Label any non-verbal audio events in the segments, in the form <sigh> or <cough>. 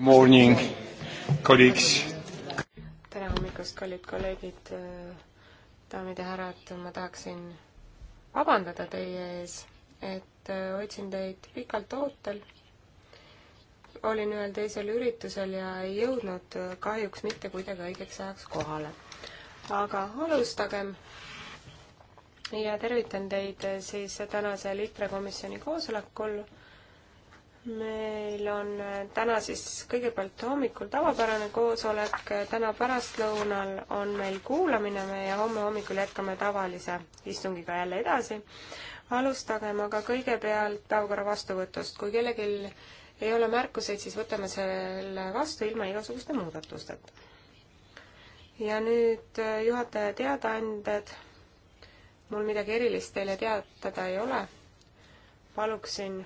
morning, colleagues. tere hommikust, kallid kolleegid, daamid ja härrad, ma tahaksin vabandada teie ees, et äh, hoidsin teid pikalt ootel. olin ühel teisel üritusel ja ei jõudnud äh, kahjuks mitte kuidagi õigeks ajaks kohale. aga alustagem ja tervitan teid äh, siis tänasel ITRE komisjoni koosolekul meil on äh, täna siis kõigepealt hommikul tavapärane koosolek, täna pärastlõunal on meil kuulamine ja homme hommikul jätkame tavalise istungiga jälle edasi. alustagem aga kõigepealt päevakorra vastuvõtust. kui kellelgi ei ole märkuseid, siis võtame selle vastu ilma igasuguste muudatusteta. ja nüüd äh, juhataja teadaanded. mul midagi erilist teile teatada ei ole. paluksin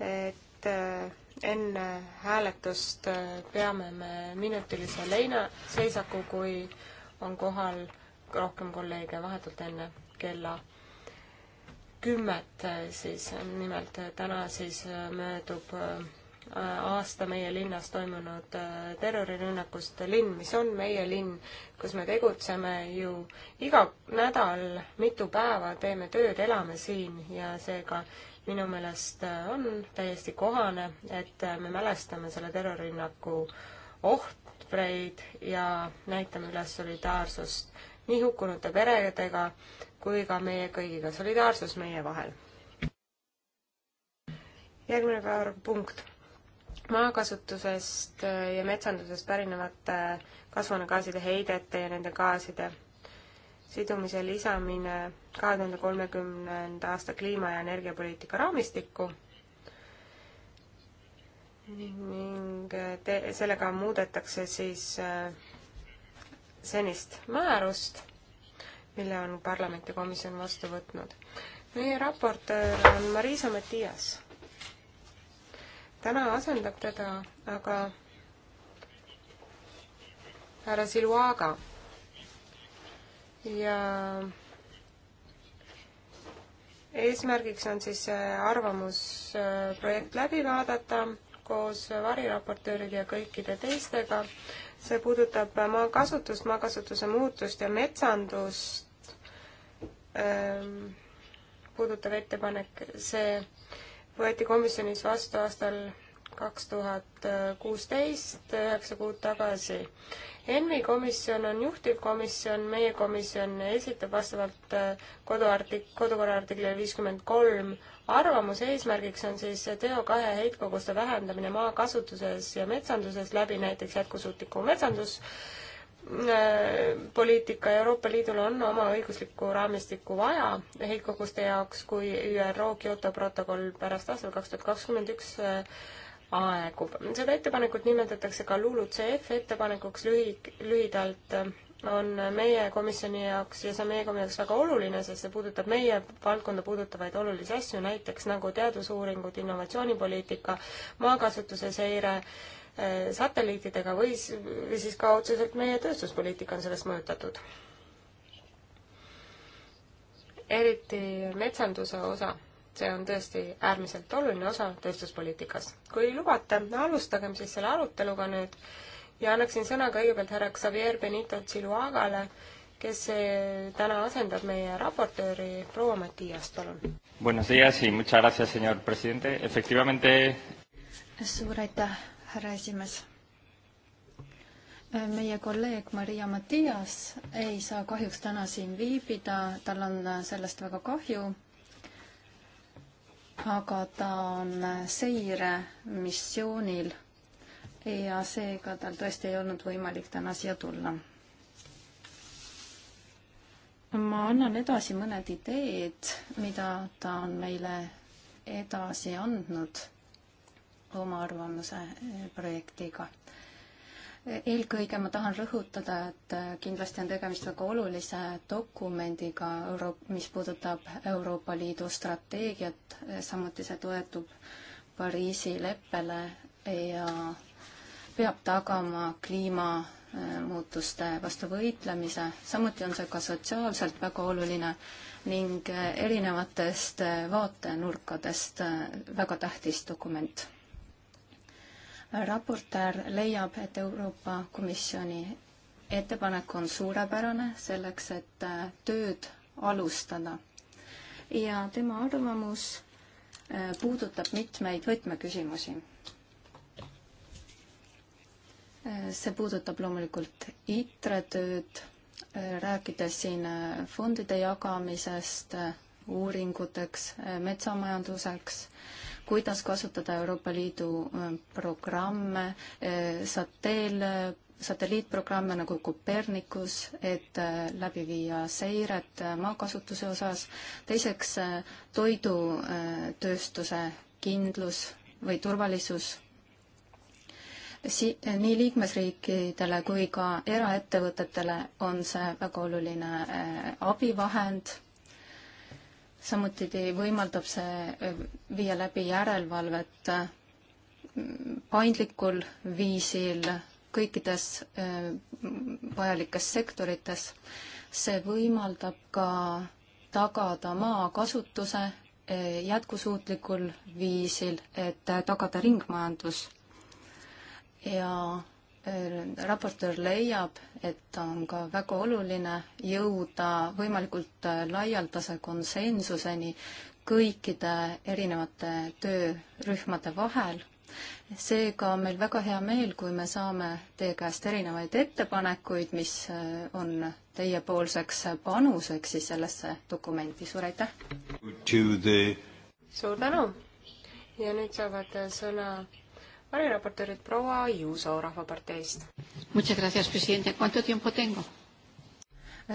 et äh, enne hääletust äh, peame me minutilise leinaseisaku, kui on kohal rohkem kolleege vahetult enne kella kümmet äh, siis, nimelt täna siis möödub aasta meie linnas toimunud terrorirünnakust, linn, mis on meie linn, kus me tegutseme ju iga nädal mitu päeva, teeme tööd, elame siin ja seega minu meelest äh, on täiesti kohane, et äh, me mälestame selle terrorirünnaku ohvreid ja näitame üles solidaarsust nii hukkunute peredega kui ka meie kõigiga, solidaarsus meie vahel. järgmine päevapunkt. maakasutusest äh, ja metsandusest pärinevate kasvuhoonegaaside heidete ja nende gaaside sidumise lisamine kahe tuhande kolmekümnenda aasta kliima- ja energiapoliitika raamistikku ning te-, sellega muudetakse siis äh, senist määrust, mille on parlament ja komisjon vastu võtnud. meie raportöör on Marisa Matias. täna asendab teda aga härra Siluaga ja eesmärgiks on siis arvamusprojekt läbi vaadata koos variraportööride ja kõikide teistega. see puudutab maakasutust, maakasutuse muutust ja metsandust ehm, puudutav ettepanek, see võeti komisjonis vastu aastal kaks tuhat kuusteist, üheksa kuud tagasi. ENVI komisjon on juhtivkomisjon, meie komisjon esitab vastavalt äh, koduartik-, kodukorra artiklile viiskümmend kolm arvamuse eesmärgiks on siis CO2 heitkoguste vähendamine maakasutuses ja metsanduses läbi näiteks jätkusuutliku metsandus, äh, poliitika Euroopa Liidul on oma õiguslikku raamistikku vaja heitkoguste jaoks, kui ÜRO Kyoto protokoll pärast aastal kaks tuhat kakskümmend üks äh, aegub. seda ettepanekut nimetatakse ka LULUCF ettepanekuks lühi, lühidalt äh, on meie komisjoni jaoks ja see on meie komisjoni jaoks väga oluline, sest see puudutab meie valdkonda puudutavaid olulisi asju, näiteks nagu teadusuuringud, innovatsioonipoliitika, maakasutuse seire, äh, satelliitidega või, või siis ka otseselt meie tööstuspoliitika on sellest mõjutatud. eriti metsanduse osa see on tõesti äärmiselt oluline osa tööstuspoliitikas. kui lubate, alustagem siis selle aruteluga nüüd ja annaksin sõna kõigepealt härra Xavier Benito Tšiluagale, kes eh, täna asendab meie raportööri proua Matiast, palun. Buenos dias y muchas gracias, señor presidente, efectivamente. suur aitäh, härra esimees. Eh, meie kolleeg Maria Matias ei saa kahjuks täna siin viibida, tal on eh, sellest väga kahju aga ta on seiremissioonil ja seega tal tõesti ei olnud võimalik täna siia tulla. ma annan edasi mõned ideed, mida ta on meile edasi andnud oma arvamuse projektiga eelkõige ma tahan rõhutada, et kindlasti on tegemist väga olulise dokumendiga, euro-, mis puudutab Euroopa Liidu strateegiat, samuti see toetub Pariisi leppele ja peab tagama kliimamuutuste vastu võitlemise, samuti on see ka sotsiaalselt väga oluline ning erinevatest vaatenurkadest väga tähtis dokument raportöör leiab, et Euroopa Komisjoni ettepanek on suurepärane selleks, et äh, tööd alustada. ja tema arvamus äh, puudutab mitmeid võtmeküsimusi. Äh, see puudutab loomulikult ITRE tööd, rääkides siin fondide jagamisest uuringuteks, metsamajanduseks äh, kuidas kasutada Euroopa Liidu äh, programme, äh, sateel, satelliitprogramme nagu Copernicus, et äh, läbi viia seiret maakasutuse osas, teiseks toidutööstuse kindlus või turvalisus si-, nii liikmesriikidele kui ka eraettevõtetele on see väga oluline abivahend samuti võimaldab see äh, viia läbi järelevalvet äh, paindlikul viisil kõikides äh, vajalikes sektorites. see võimaldab ka tagada maa kasutuse jätkusuutlikul viisil, et tagada ringmajandus ja Äh, raportöör leiab, et on ka väga oluline jõuda võimalikult äh, laialdase konsensuseni kõikide erinevate töörühmade vahel. seega on meil väga hea meel, kui me saame teie käest erinevaid ettepanekuid, mis äh, on teiepoolseks panuseks siis sellesse dokumenti. suur aitäh! The... suur tänu! ja nüüd saavad sõna variraportöörid proua Juuso Rahvaparteist.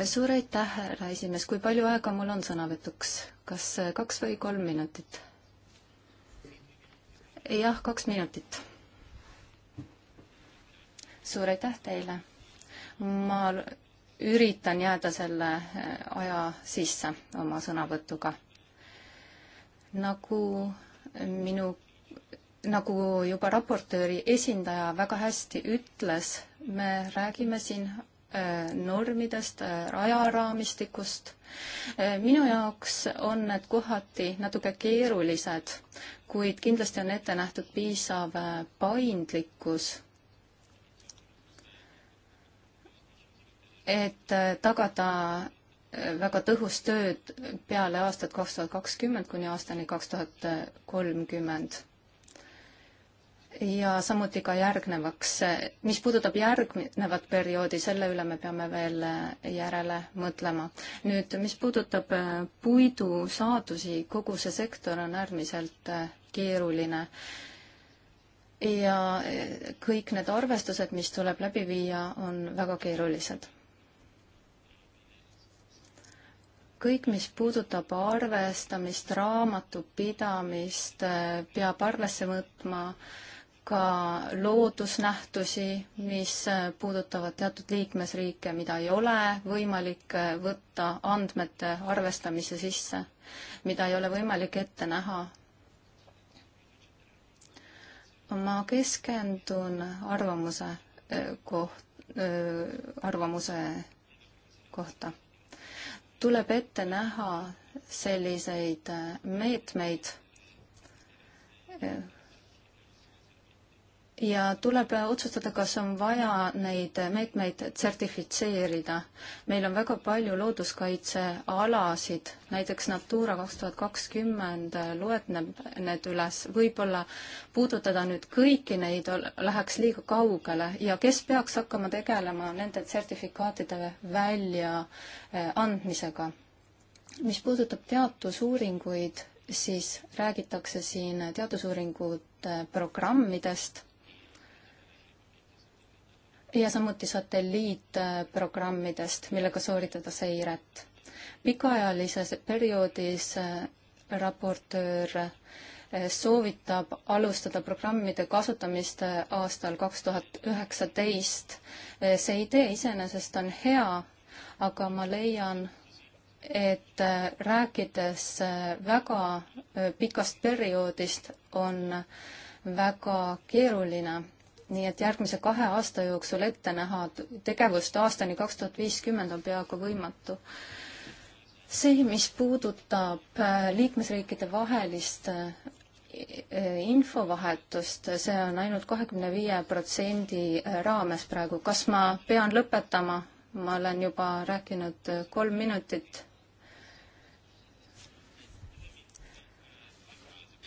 suur aitäh, härra esimees, kui palju aega mul on sõnavõtuks, kas äh, kaks või kolm minutit? jah, kaks minutit. suur aitäh teile. ma üritan jääda selle äh, aja sisse oma sõnavõtuga. nagu minu nagu juba raportööri esindaja väga hästi ütles, me räägime siin äh, normidest, äh, ajaraamistikust. Äh, minu jaoks on need kohati natuke keerulised, kuid kindlasti on ette nähtud piisav paindlikkus, et tagada väga tõhus tööd peale aastat kaks tuhat kakskümmend kuni aastani kaks tuhat kolmkümmend ja samuti ka järgnevaks. mis puudutab järgnevat perioodi, selle üle me peame veel järele mõtlema. nüüd, mis puudutab äh, puidu saadusi, kogu see sektor on äärmiselt äh, keeruline. ja äh, kõik need arvestused, mis tuleb läbi viia, on väga keerulised. kõik, mis puudutab arvestamist, raamatupidamist, peab arvesse võtma äh, ka loodusnähtusi, mis puudutavad teatud liikmesriike, mida ei ole võimalik võtta andmete arvestamise sisse, mida ei ole võimalik ette näha. ma keskendun arvamuse eh, koht, eh, arvamuse kohta. tuleb ette näha selliseid meetmeid, eh, ja tuleb otsustada, kas on vaja neid meetmeid sertifitseerida. meil on väga palju looduskaitsealasid, näiteks Natura kaks tuhat kakskümmend loetleb need üles, võib-olla puudutada nüüd kõiki neid läheks liiga kaugele ja kes peaks hakkama tegelema nende sertifikaatide väljaandmisega. Eh, mis puudutab teadusuuringuid, siis räägitakse siin teadusuuringute programmidest ja samuti satelliitprogrammidest, millega sooritada seiret. pikaajalises perioodis äh, raportöör äh, soovitab alustada programmide kasutamist äh, aastal kaks tuhat üheksateist. see idee iseenesest on hea, aga ma leian, et rääkides väga pikast perioodist, on väga keeruline nii et järgmise kahe aasta jooksul ette näha tegevust aastani kaks tuhat viiskümmend on peaaegu võimatu. see, mis puudutab äh, liikmesriikide vahelist äh, äh, infovahetust, see on ainult kahekümne viie protsendi raames praegu. kas ma pean lõpetama? ma olen juba rääkinud kolm minutit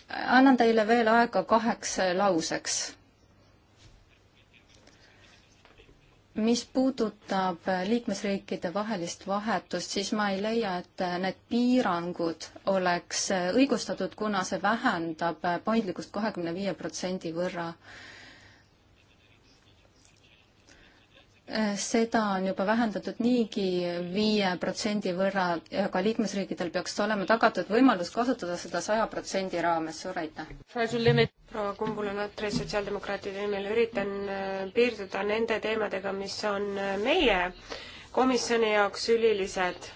annan teile veel aega kaheks lauseks. mis puudutab liikmesriikide vahelist vahetust, siis ma ei leia, et need piirangud oleks õigustatud, kuna see vähendab paindlikkust kahekümne viie protsendi võrra Äh, seda on juba vähendatud niigi viie protsendi võrra ja ka liikmesriikidel peaks olema tagatud võimalus kasutada seda saja protsendi raames. suur aitäh! proua Kumbula-Natri sotsiaaldemokraatide nimel üritan äh, piirduda nende teemadega, mis on äh, meie komisjoni jaoks ülilised.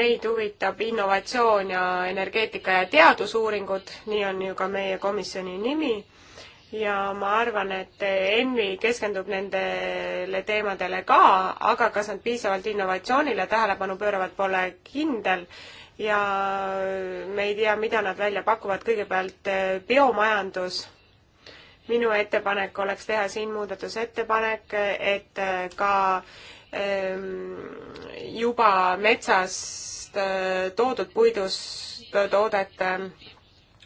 meid huvitab innovatsioon ja energeetika ja teadusuuringud, nii on ju ka meie komisjoni nimi ja ma arvan, et ENMi keskendub nendele teemadele ka, aga kas nad piisavalt innovatsioonile tähelepanu pööravad, pole kindel ja me ei tea, mida nad välja pakuvad, kõigepealt eh, biomajandus, minu ettepanek oleks teha siin muudatusettepanek, et eh, ka ehm, juba metsast eh, toodud puidust toodete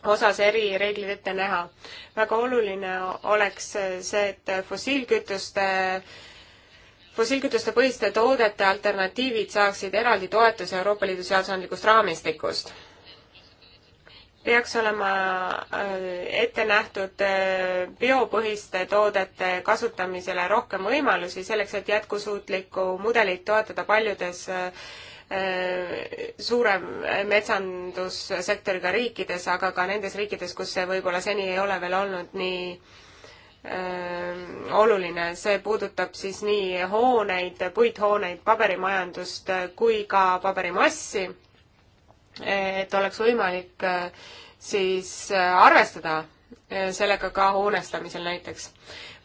osas erireeglid ette näha. väga oluline oleks see, et fossiilkütuste, fossiilkütuste põhiste toodete alternatiivid saaksid eraldi toetuse Euroopa Liidu seadusandlikust raamistikust. peaks olema äh, ette nähtud äh, biopõhiste toodete kasutamisele rohkem võimalusi selleks, et jätkusuutlikku mudelit toetada paljudes äh, Äh, suure metsandussektoriga riikides, aga ka nendes riikides, kus see võib-olla seni ei ole veel olnud nii äh, oluline, see puudutab siis nii hooneid, puithooneid, paberimajandust kui ka paberimassi, et oleks võimalik äh, siis arvestada sellega ka hoonestamisel näiteks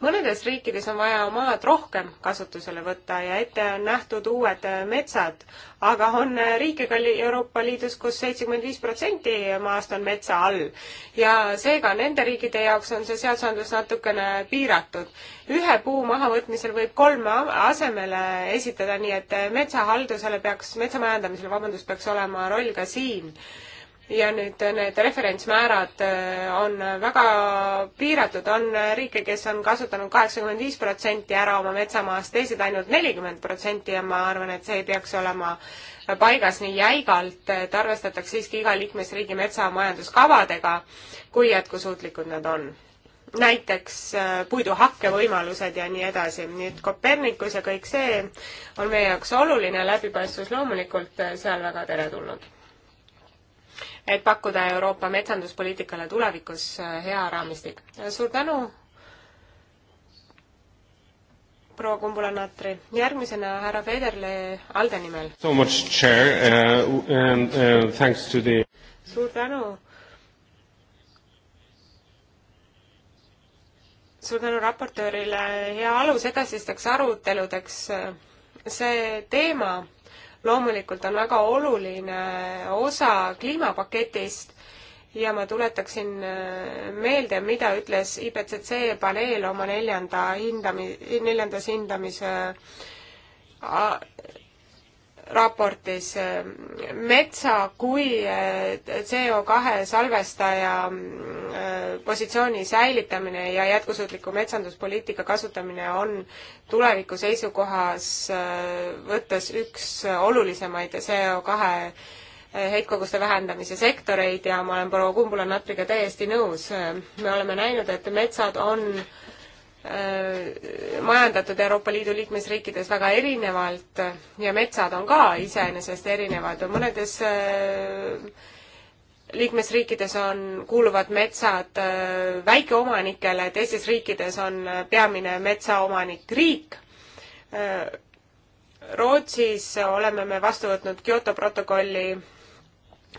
mõnedes riikides on vaja maad rohkem kasutusele võtta ja ette on nähtud uued metsad, aga on riike ka Euroopa Liidus kus, kus seitsekümmend viis protsenti maast on metsa all. ja seega nende riikide jaoks on see seadusandlus natukene piiratud. ühe puu mahavõtmisel võib kolme asemele esitada, nii et metsahaldusele peaks, metsamajandamisele, vabandust, peaks olema roll ka siin ja nüüd eh, need referentsmäärad eh, on väga piiratud, on eh, riike, kes on kasutanud kaheksakümmend viis protsenti ära oma metsamaast, teised ainult nelikümmend protsenti ja ma arvan, et see ei peaks olema paigas nii jäigalt, et arvestatakse siiski iga liikmesriigi metsamajanduskavadega, kui jätkusuutlikud nad on. näiteks puiduhakke võimalused ja nii edasi, nii et Kopernikus ja kõik see on meie jaoks oluline, läbipaistvus loomulikult seal väga teretulnud et pakkuda Euroopa metsanduspoliitikale tulevikus äh, hea raamistik. suur tänu, proua Kumbula-Natri. järgmisena härra Federle ALDE nimel. So much, chair uh,, and uh, thanks to the suur tänu. suur tänu raportöörile hea alus edasisteks aruteludeks. see teema loomulikult on väga oluline osa kliimapaketist ja ma tuletaksin äh, meelde, mida ütles IPCC paneel oma neljanda hindami-, neljandas hindamise äh, raportis metsa kui eh, CO2 salvestaja eh, positsiooni säilitamine ja jätkusuutliku metsanduspoliitika kasutamine on tuleviku seisukohas eh, võttes üks olulisemaid CO2 heitkoguste vähendamise sektoreid ja ma olen proua Kumbula-Natriga täiesti nõus. me oleme näinud, et metsad on äh, Äh, majandatud Euroopa Liidu liikmesriikides väga erinevalt ja metsad on ka iseenesest erinevad. mõnedes äh, liikmesriikides on, kuuluvad metsad äh, väikeomanikele, teistes riikides on peamine metsaomanik riik. Rootsis oleme me vastu võtnud Kyoto protokolli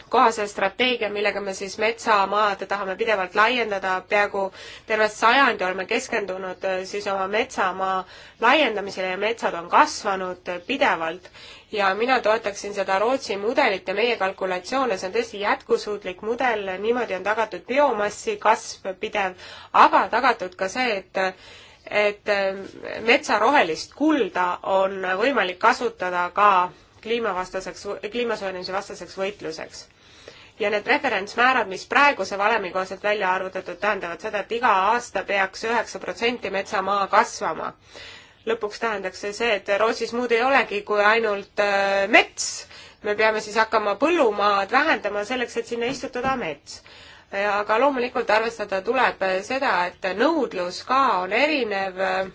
kohase strateegia, millega me siis metsamaad tahame pidevalt laiendada, peaaegu terve sajandi oleme keskendunud äh, siis oma metsamaa laiendamisele ja metsad on kasvanud äh, pidevalt. ja mina toetaksin seda Rootsi mudelit ja meie kalkulatsioone, see on tõesti jätkusuutlik mudel, niimoodi on tagatud biomassi kasv pidev, aga tagatud ka see, et et äh, metsa rohelist kulda on võimalik kasutada ka kliimavastaseks, kliima soojenemise vastaseks võitluseks. ja need referentsmäärad, mis praeguse valemi kohaselt välja arvutatud, tähendavad seda, et iga aasta peaks üheksa protsenti metsamaa kasvama. lõpuks tähendaks see see, et Rootsis muud ei olegi kui ainult äh, mets. me peame siis hakkama põllumaad vähendama selleks, et sinna istutada mets aga loomulikult arvestada tuleb äh, seda, et nõudlus ka on erinev äh,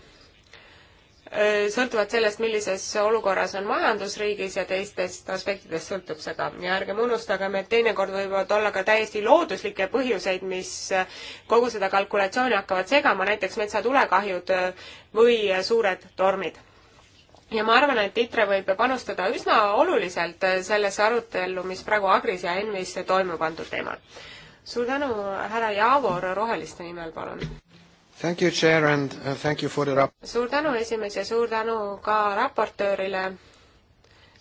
Äh, sõltuvalt sellest, millises olukorras on majandus riigis ja teistest aspektidest sõltub seda. ja ärgem unustagem, et teinekord võivad olla ka täiesti looduslikke põhjuseid, mis äh, kogu seda kalkulatsiooni hakkavad segama, näiteks metsatulekahjud äh, või suured tormid ja ma arvan, et ITRE võib panustada üsna oluliselt sellesse arutellu, mis praegu Agris ja ENVis toimub antud teemal. suur tänu, härra Javor Roheliste nimel, palun! Thank you, Chair, and uh, thank you for the rap-. suur tänu, esimees, ja suur tänu ka raportöörile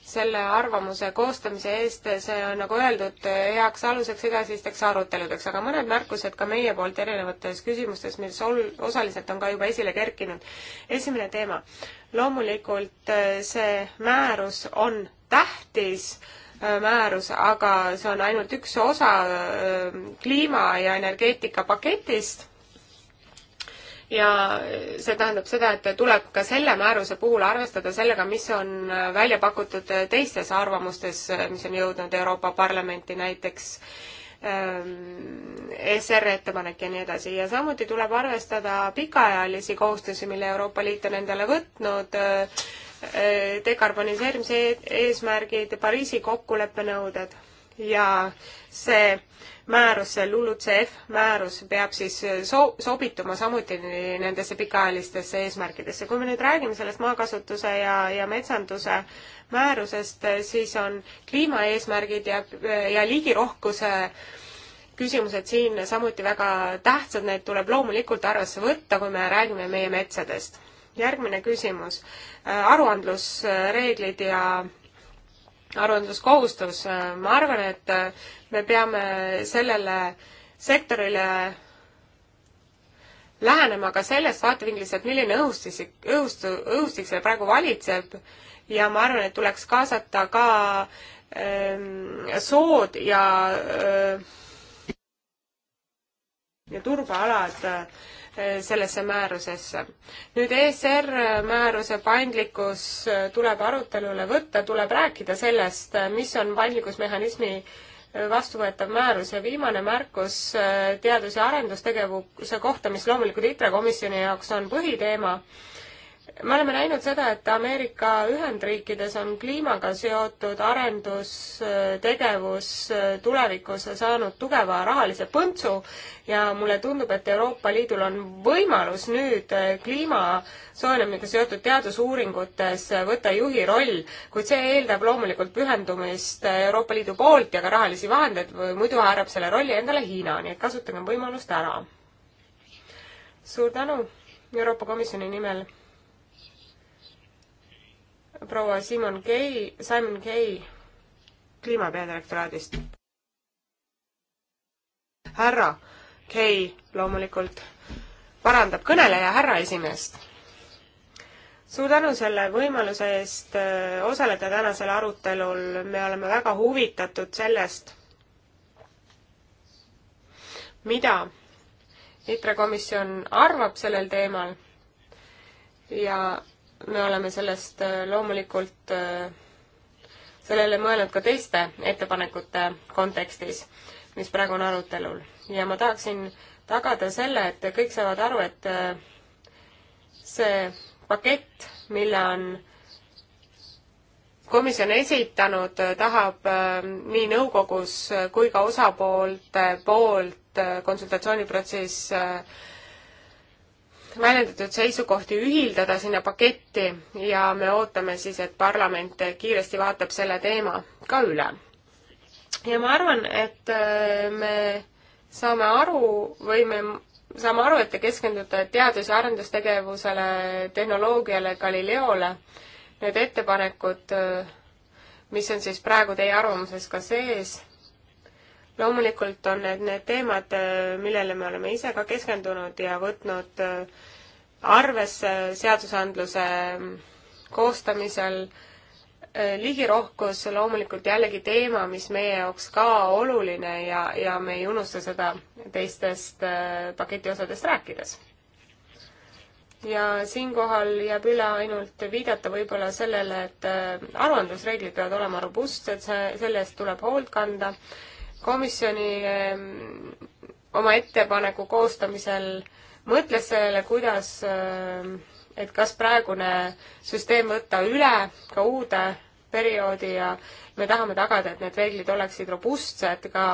selle arvamuse koostamise eest, see on, nagu öeldud, heaks aluseks edasisteks aruteludeks, aga mõned märkused ka meie poolt erinevates küsimustes, mis ol-, osaliselt on ka juba esile kerkinud. esimene teema, loomulikult äh, see määrus on tähtis äh, määrus, aga see on ainult üks osa äh, kliima- ja energeetikapaketist ja see tähendab seda, et tuleb ka selle määruse puhul arvestada sellega, mis on välja pakutud teistes arvamustes, mis on jõudnud Euroopa Parlamenti näiteks ähm, ESR-i ettepanek ja nii edasi ja samuti tuleb arvestada pikaajalisi kohustusi, mille Euroopa Liit on endale võtnud, äh, äh, dekarboniseerimise eesmärgid, Pariisi kokkuleppe nõuded ja see määrus, see LULUCF määrus peab siis äh, so-, sobituma samuti nendesse pikaajalistesse eesmärkidesse. kui me nüüd räägime sellest maakasutuse ja, ja metsanduse määrusest, äh, siis on kliimaeesmärgid ja, äh, ja liigirohkuse küsimused siin samuti väga tähtsad, need tuleb loomulikult arvesse võtta, kui me räägime meie metsadest. järgmine küsimus, aruandlusreeglid ja aruandluskohustus. ma arvan, et me peame sellele sektorile lähenema ka sellest vaatevinklist, et milline õhustik, õhustu, õhustik seal praegu valitseb ja ma arvan, et tuleks kaasata ka ähm, sood ja äh, ja turbaalad äh, Äh, sellesse määrusesse. nüüd ESR määruse paindlikkus äh, tuleb arutelule võtta, tuleb rääkida sellest, äh, mis on paindlikkusmehhanismi vastuvõetav määrus ja viimane märkus teadus- ja arendustegevuse kohta, mis loomulikult ITRE komisjoni jaoks on põhiteema me oleme näinud seda, et Ameerika Ühendriikides on kliimaga seotud arendustegevus tulevikus saanud tugeva rahalise põntsu ja mulle tundub, et Euroopa Liidul on võimalus nüüd kliima soojenemisega seotud teadusuuringutes võtta juhi roll, kuid see eeldab loomulikult pühendumist Euroopa Liidu poolt ja ka rahalisi vahendeid, muidu haarab selle rolli endale Hiina, nii et kasutagem võimalust ära. suur tänu Euroopa Komisjoni nimel proua Simon Gay, Simon Gay kliima peadirektoraadist. härra Gay loomulikult parandab kõneleja härra esimeest. suur tänu selle võimaluse eest äh, osaleda tänasel arutelul, me oleme väga huvitatud sellest, mida ITRE komisjon arvab sellel teemal ja me oleme sellest äh, loomulikult, äh, sellele mõelnud ka teiste ettepanekute kontekstis, mis praegu on arutelul. ja ma tahaksin tagada selle, et kõik saavad aru, et äh, see pakett, mille on komisjon esitanud, tahab nii nõukogus kui ka osapoolte poolt konsultatsiooniprotsess väljendatud seisukohti ühildada sinna paketti ja me ootame siis, et parlament kiiresti vaatab selle teema ka üle. ja ma arvan, et äh, me saame aru või me saame aru, et te keskendute teadus- ja arendustegevusele, tehnoloogiale, Galileole. Need ettepanekud, äh, mis on siis praegu teie arvamuses ka sees loomulikult on need need teemad, äh, millele me oleme ise ka keskendunud ja võtnud äh, arvesse seadusandluse mm, koostamisel. Äh, ligirohkus loomulikult jällegi teema, mis meie jaoks ka oluline ja, ja me ei unusta seda teistest paketi osadest rääkides ja siinkohal jääb üle ainult viidata võib-olla sellele, et aruandlusreeglid peavad olema robustsed, see, selle eest tuleb hoolt kanda komisjoni ehm, oma ettepaneku koostamisel mõtles sellele, kuidas, ehm, et kas praegune süsteem võtta üle ka uude perioodi ja me tahame tagada, et need reeglid oleksid robustsed ka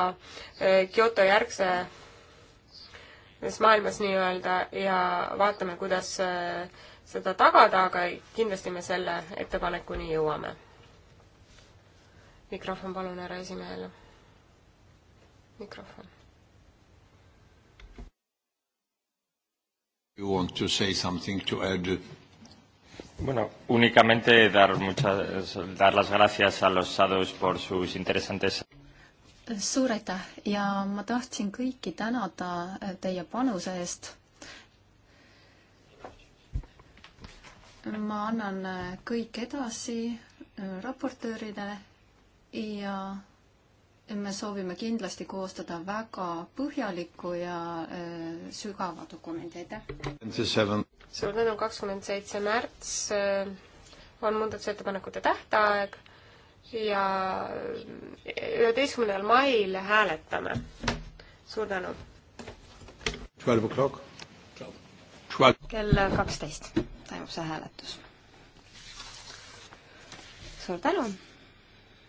eh, Kyoto järgses maailmas nii-öelda ja vaatame, kuidas eh, seda tagada, aga kindlasti me selle ettepanekuni jõuame. mikrofon palun härra esimehele mikrofon. You want to say something to add? Bueno, únicamente dar, muchas, dar las gracias a los SADOS por sus interesantes suur aitäh ja ma tahtsin kõiki tänada eh, teie panuse eest. ma annan eh, kõik edasi eh, raportöörile ja me soovime kindlasti koostada väga põhjaliku ja äh, sügava dokumendi, aitäh! suur tänu, kakskümmend seitse märts äh, on muudatusettepanekute tähtaeg ja äh, üheteistkümnendal mail hääletame. suur tänu! kell kaksteist toimub see hääletus. suur tänu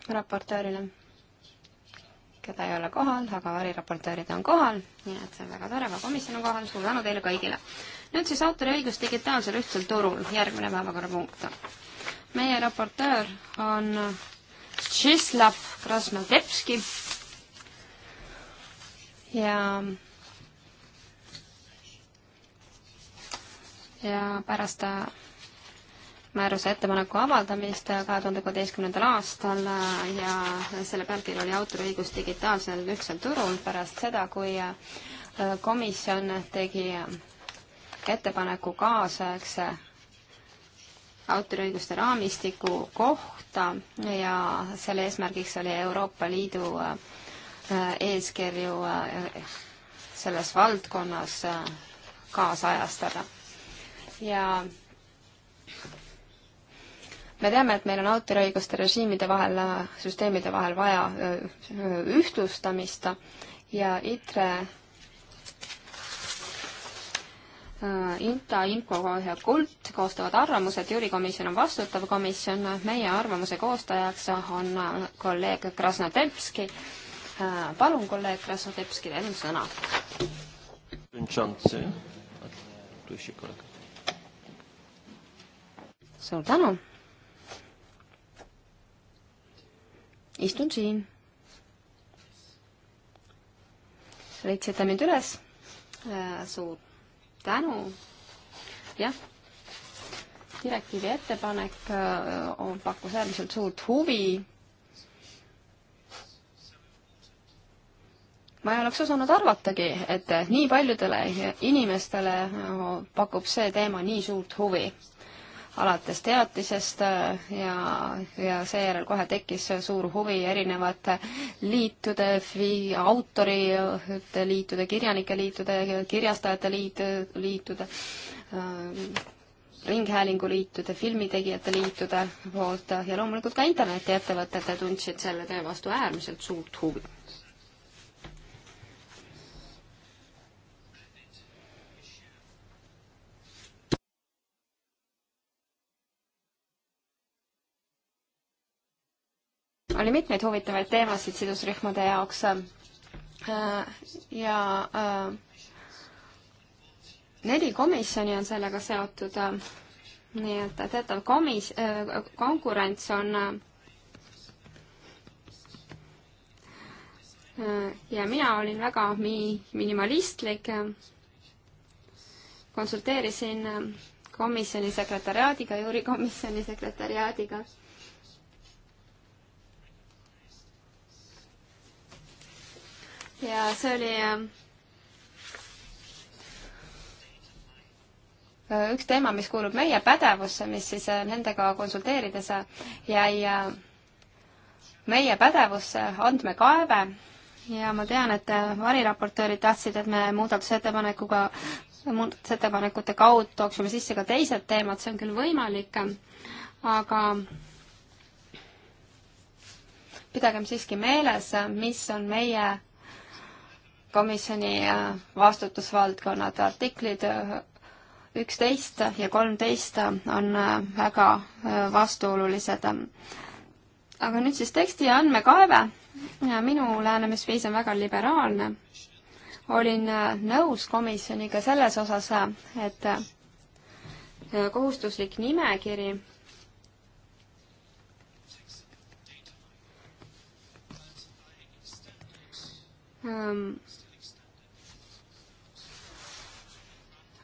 raportöörile! keda ei ole kohal, aga variraportöörid on kohal, nii et see on väga tore, ka komisjon on kohal, suur tänu teile kõigile. nüüd siis autoriõigus digitaalsel ühtsel turul, järgmine päevakorrapunkt. meie raportöör on Tšislav Krasnodebski ja ja pärast määruse ettepaneku avaldamist kahe tuhande kuueteistkümnendal aastal ja selle pealkiri oli autoriõigus digitaalsel ühtsel turul pärast seda, kui äh, komisjon tegi ettepaneku kaasaegse autoriõiguste raamistiku kohta ja selle eesmärgiks oli Euroopa Liidu äh, eeskirju äh, selles valdkonnas kaasajastada. ja me teame, et meil on autoriõiguste režiimide vahel, süsteemide vahel vaja ühtlustamist ja ITRE INTA, IMCO ja KULT koostavad arvamused, juurikomisjon on vastutav komisjon, meie arvamuse koostajaks on kolleeg Krasnodebski. palun, kolleeg Krasnodebski, teil on sõna. suur tänu istun siin. leidsite mind üles. Äh, suur tänu. jah, direktiivi ettepanek äh, on, pakkus äärmiselt suurt huvi. ma ei oleks osanud arvatagi, et nii paljudele inimestele äh, pakub see teema nii suurt huvi alates teatisest äh, ja, ja seejärel kohe tekkis suur huvi erinevate liitude, autorite liitude, kirjanike liitude, kirjastajate liit, liitude, äh, ringhäälinguliitude, filmitegijate liitude poolt ja loomulikult ka internetiettevõtted tundsid selle töö vastu äärmiselt suurt huvi oli mitmeid huvitavaid teemasid sidusrühmade jaoks äh, ja äh, neli komisjoni on sellega seotud, nii et teatav komis-, äh, konkurents on ja mina olin väga mi-, minimalistlik, konsulteerisin komisjoni sekretäriaadiga, juurikomisjoni sekretäriaadiga ja see oli ähm, äh, üks teema, mis kuulub meie pädevusse, mis siis äh, nendega konsulteerides äh, jäi meie pädevusse andmekaeve ja ma tean, et variraportöörid tahtsid, et me muudatusettepanekuga, muudatusettepanekute kaudu tooksime sisse ka teised teemad, see on küll võimalik, aga pidagem siiski meeles, mis on meie komisjoni äh, vastutusvaldkonnad, artiklid äh, üksteist ja kolmteist äh, on väga vastuolulised. aga nüüd siis teksti ja andmekaeve. minu lähenemisviis on väga liberaalne. olin nõus komisjoniga selles osas, et kohustuslik nimekiri ähm,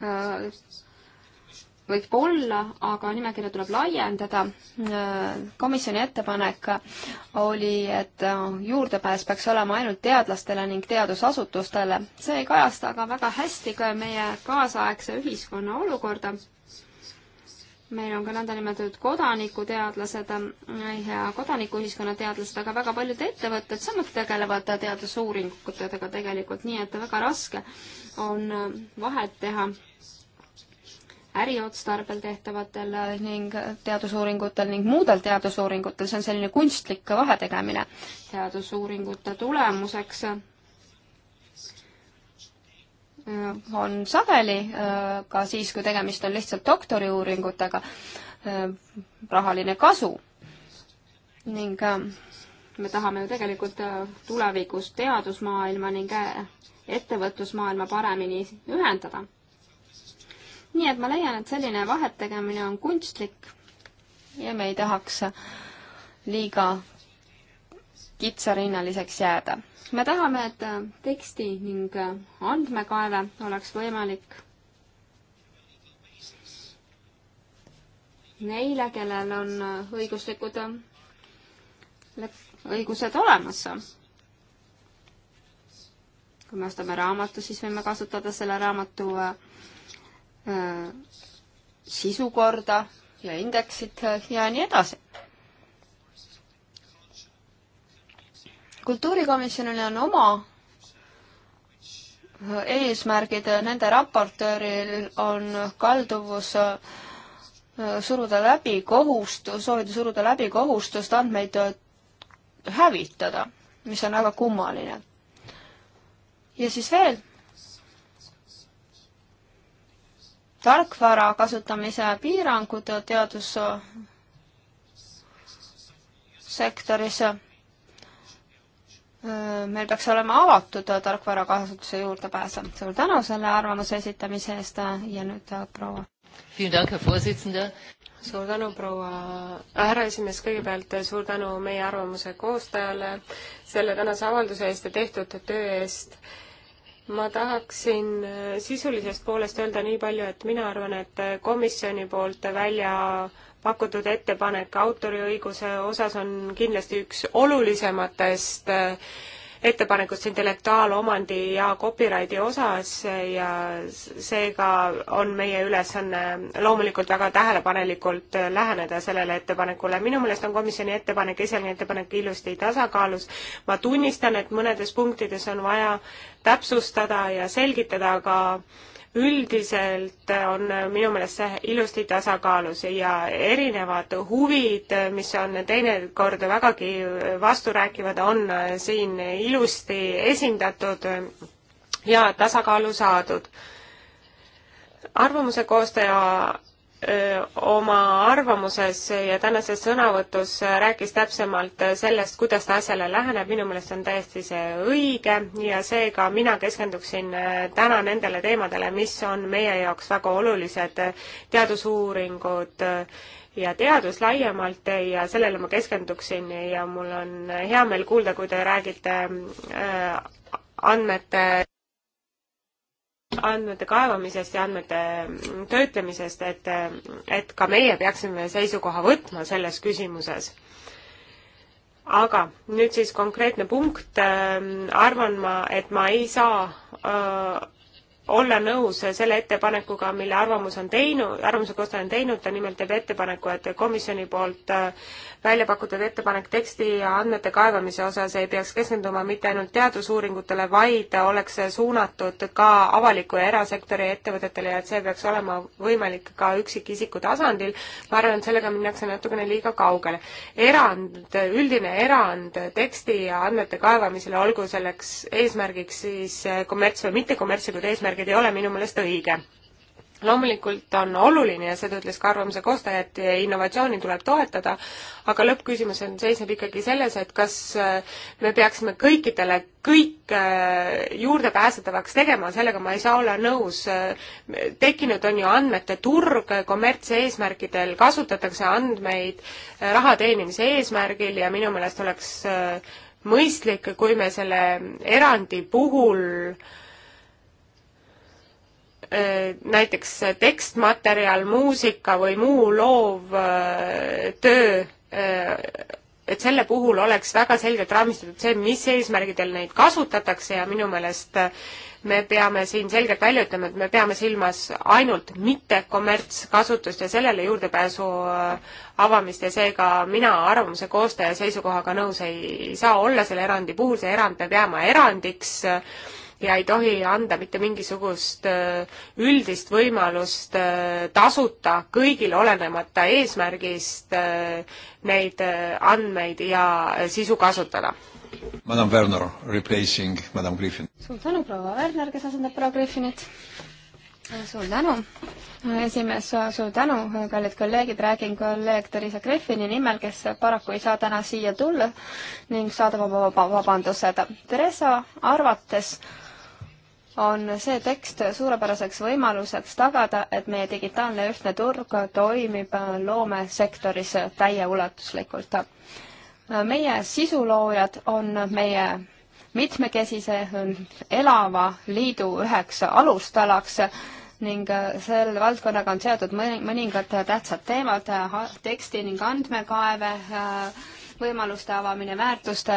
Äh, võib olla, aga nimekirja tuleb laiendada. Äh, komisjoni ettepanek oli, et äh, juurdepääs peaks olema ainult teadlastele ning teadusasutustele. see ei kajasta aga väga hästi ka meie kaasaegse ühiskonna olukorda meil on ka nõndanimetatud kodanikuteadlased ja kodanikuühiskonna teadlased, aga väga paljud ettevõtted samuti tegelevad teadusuuringutega tegelikult, nii et väga raske on äh, vahet teha äriotstarbel tehtavatel äh, ning teadusuuringutel ning muudel teadusuuringutel, see on selline kunstlik vahetegemine. teadusuuringute tulemuseks Äh, on sageli äh, ka siis, kui tegemist on lihtsalt doktoriuuringutega, äh, rahaline kasu ning me tahame ju tegelikult tulevikus teadusmaailma ning ettevõtlusmaailma paremini ühendada. nii et ma leian, et selline vahetegemine on kunstlik ja me ei tahaks liiga kitsarinnaliseks jääda me tahame, et teksti ning andmekaeve oleks võimalik neile, kellel on õiguslikud õigused olemas. kui me ostame raamatu, siis võime kasutada selle raamatu äh, sisukorda ja indeksit ja nii edasi. kultuurikomisjonil on oma eesmärgid, nende raportööril on kalduvus äh, suruda läbi kohustus, soovida suruda läbi kohustust andmeid äh, hävitada, mis on väga kummaline. ja siis veel tarkvara kasutamise piirangud teadussektoris Äh, meil peaks olema avatud tarkvara kasutuse juurdepääs. suur tänu selle arvamuse esitamise eest äh, ja nüüd äh, proua. suur tänu, proua härra esimees, kõigepealt suur tänu meie arvamuse koostajale selle tänase avalduse eest ja tehtud töö eest. ma tahaksin sisulisest poolest öelda nii palju, et mina arvan, et komisjoni poolt välja pakutud ettepanek autoriõiguse osas on kindlasti üks olulisematest äh, ettepanekust intellektuaalomandi ja copyrighti osas ja seega on meie ülesanne loomulikult väga tähelepanelikult äh, läheneda sellele ettepanekule. minu meelest on komisjoni ettepanek, esialgne ettepanek ilusti tasakaalus. ma tunnistan, et mõnedes punktides on vaja täpsustada ja selgitada, aga üldiselt on minu meelest see ilusti tasakaalus ja erinevad huvid, mis on teinekord vägagi vasturääkivad, on siin ilusti esindatud ja tasakaalu saadud. arvamuse koostaja oma arvamuses ja tänases sõnavõtus rääkis täpsemalt sellest, kuidas ta asjale läheneb, minu meelest on täiesti see õige ja seega mina keskenduksin täna nendele teemadele, mis on meie jaoks väga olulised teadusuuringud ja teadus laiemalt ja sellele ma keskenduksin ja mul on hea meel kuulda, kui te räägite andmete andmete kaevamisest ja andmete töötlemisest, et, et ka meie peaksime seisukoha võtma selles küsimuses. aga nüüd siis konkreetne punkt, äh, arvan ma, et ma ei saa öö, äh, olla nõus selle ettepanekuga, mille arvamus on teinud, arvamuse koostaja on teinud, ta nimelt teeb ettepaneku, et komisjoni poolt äh, välja pakutud ettepanek teksti ja andmete kaevamise osas ei peaks keskenduma mitte ainult teadusuuringutele, vaid oleks suunatud ka avaliku ja erasektori ettevõtetele ja et see peaks olema võimalik ka üksikisiku tasandil. ma arvan, et sellega minnakse natukene liiga kaugele. erand, üldine erand teksti ja andmete kaevamisele, olgu selleks eesmärgiks siis kommerts või mittekommertslikud eesmärgid, eesmärgid ei ole minu meelest õige loomulikult on oluline ja seda ütles ka arvamuse koostaja, et innovatsiooni tuleb toetada, aga lõppküsimus on, seisneb ikkagi selles, et kas äh, me peaksime kõikidele kõik äh, juurdepääsetavaks tegema, sellega ma ei saa olla nõus. Äh, tekkinud on ju andmete turg, kommertseesmärkidel kasutatakse andmeid raha teenimise eesmärgil ja minu meelest oleks mõistlik, kui me selle erandi puhul äh, Äh, näiteks tekstmaterjal, muusika või muu loov äh, töö, äh, et selle puhul oleks väga selgelt raamistatud see, mis eesmärgidel neid kasutatakse ja minu meelest me peame siin selgelt välja ütlema, et me peame silmas ainult mittekommertskasutust ja sellele juurdepääsu avamist ja seega mina arvamuse koostaja seisukohaga nõus ei saa olla selle erandi puhul, see erand peab jääma erandiks äh, ja ei tohi anda mitte mingisugust äh, üldist võimalust äh, tasuta kõigil, olenemata eesmärgist, äh, neid andmeid ja sisu kasutada. Madam Werner replacing Madam Griffin. suur tänu, proua Werner, kes asendab proua Griffinit. suur tänu, esimees, suur tänu, kallid kolleegid, räägin kolleeg Teresa Griffini nimel, kes paraku ei saa täna siia tulla ning saadab oma vabandused. Teresa arvates äh, on see tekst suurepäraseks võimaluseks tagada, et meie digitaalne ühtne turg toimib loomesektoris täieulatuslikult. meie sisuloojad on meie mitmekesise elava liidu üheks alustalaks ning selle valdkonnaga on seotud mõningad tähtsad teemad, teksti ning andmekaeve äh,, võimaluste avamine, väärtuste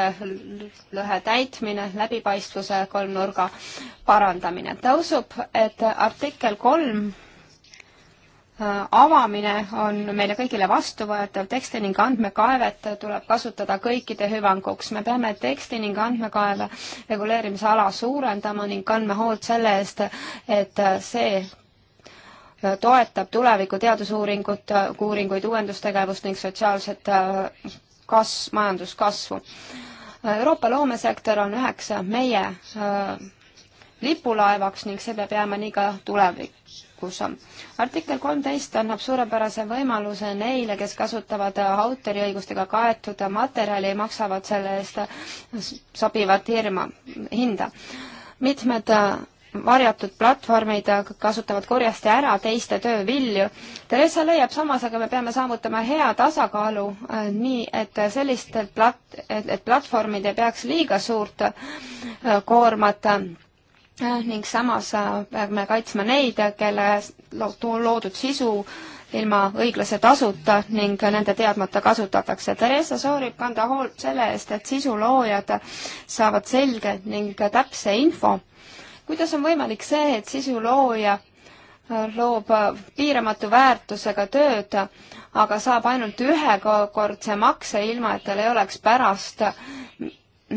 lõhe täitmine, läbipaistvuse kolmnurga parandamine. tõusub, et artikkel kolm äh, avamine on meile kõigile vastuvõetav, teksti ning andmekaevet tuleb kasutada kõikide hüvanguks. me peame teksti ning andmekaeve reguleerimise ala suurendama ning kandma hoolt selle eest, et see äh, toetab tuleviku teadusuuringut, äh, uuringuid, uuendustegevust ning sotsiaalset kas-, majanduskasvu. Euroopa loomesektor on üheks meie äh, lipulaevaks ning see peab jääma nii ka tulevikus. artikkel kolmteist annab suurepärase võimaluse neile, kes kasutavad autoriõigustega kaetud materjali, maksavad selle eest sobivat hirma, hinda. mitmed äh, varjatud platvormid kasutavad kurjasti ära teiste töövilju. Theresa leiab samas, aga me peame saavutama hea tasakaalu äh, nii, et sellistelt plat-, et, et platvormid ei peaks liiga suurt äh, koormat äh, ning samas äh, peame kaitsma neid, kelle loodud sisu ilma õiglase tasuta ning nende teadmata kasutatakse. Theresa soovib kanda hoolt selle eest, et sisuloojad saavad selge ning täpse info äh, kuidas on võimalik see, et sisulooja loob piiramatu väärtusega tööd, aga saab ainult ühekordse makse, ilma et tal ei oleks pärast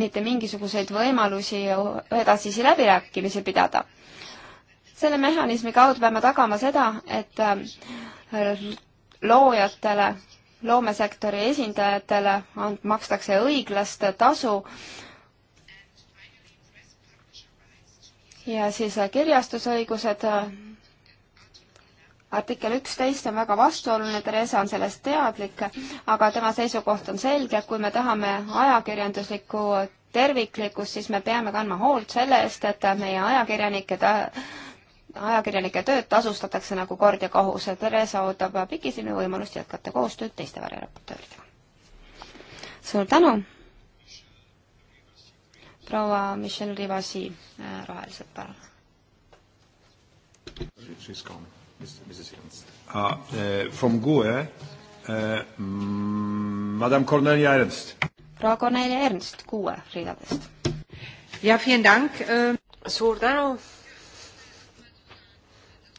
mitte mingisuguseid võimalusi edasisi läbirääkimisi pidada. selle mehhanismi kaudu peame tagama seda, et äh, loojatele, loomesektori esindajatele makstakse õiglast tasu ja siis äh, kirjastusõigused. Äh, artikkel üksteist on väga vastuoluline, Theresa on sellest teadlik, aga tema seisukoht on selge, kui me tahame ajakirjanduslikku terviklikkust, siis me peame kandma hoolt selle eest, et meie ajakirjanike ta-, ajakirjanike tööd tasustatakse nagu kord ja kohus ja Theresa ootab pikisilmi võimalust jätkata koostööd teiste varjaraportööridega. suur tänu! proua Michelle Rivasi äh, roheliselt, palun. Uh, uh, from GUE, uh, äh, mm, Madame Cornelia Ernst. proua Cornelia Ernst, GUE ridadest. jah, vielen Dank uh.... suur tänu.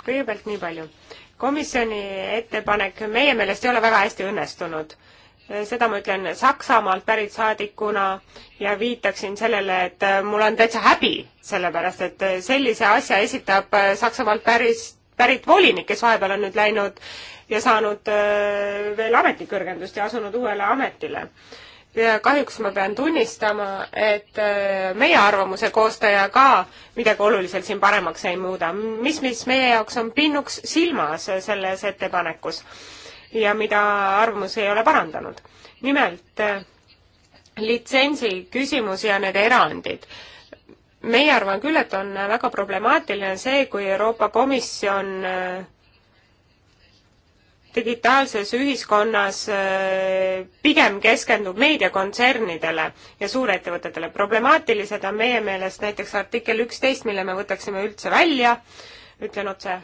kõigepealt nii palju. komisjoni ettepanek meie meelest ei ole väga hästi õnnestunud uh, seda ma ütlen Saksamaalt pärit saadikuna ja viitaksin sellele, et äh, mul on täitsa häbi, sellepärast et äh, sellise asja esitab äh, Saksamaalt päris, pärit volinik, kes vahepeal on nüüd läinud ja saanud veel ametikõrgendust ja asunud uuele ametile. ja kahjuks ma pean tunnistama, et meie arvamuse koostaja ka midagi oluliselt siin paremaks ei muuda. mis, mis meie jaoks on pinnuks silmas selles ettepanekus ja mida arvamus ei ole parandanud. nimelt äh, litsentsi küsimus ja need erandid meie arvan küll, et on väga problemaatiline see, kui Euroopa Komisjon äh, digitaalses ühiskonnas äh, pigem keskendub meediakontsernidele ja suurettevõtetele. problemaatilised on meie meelest näiteks artikkel üksteist, mille me võtaksime üldse välja, ütlen otse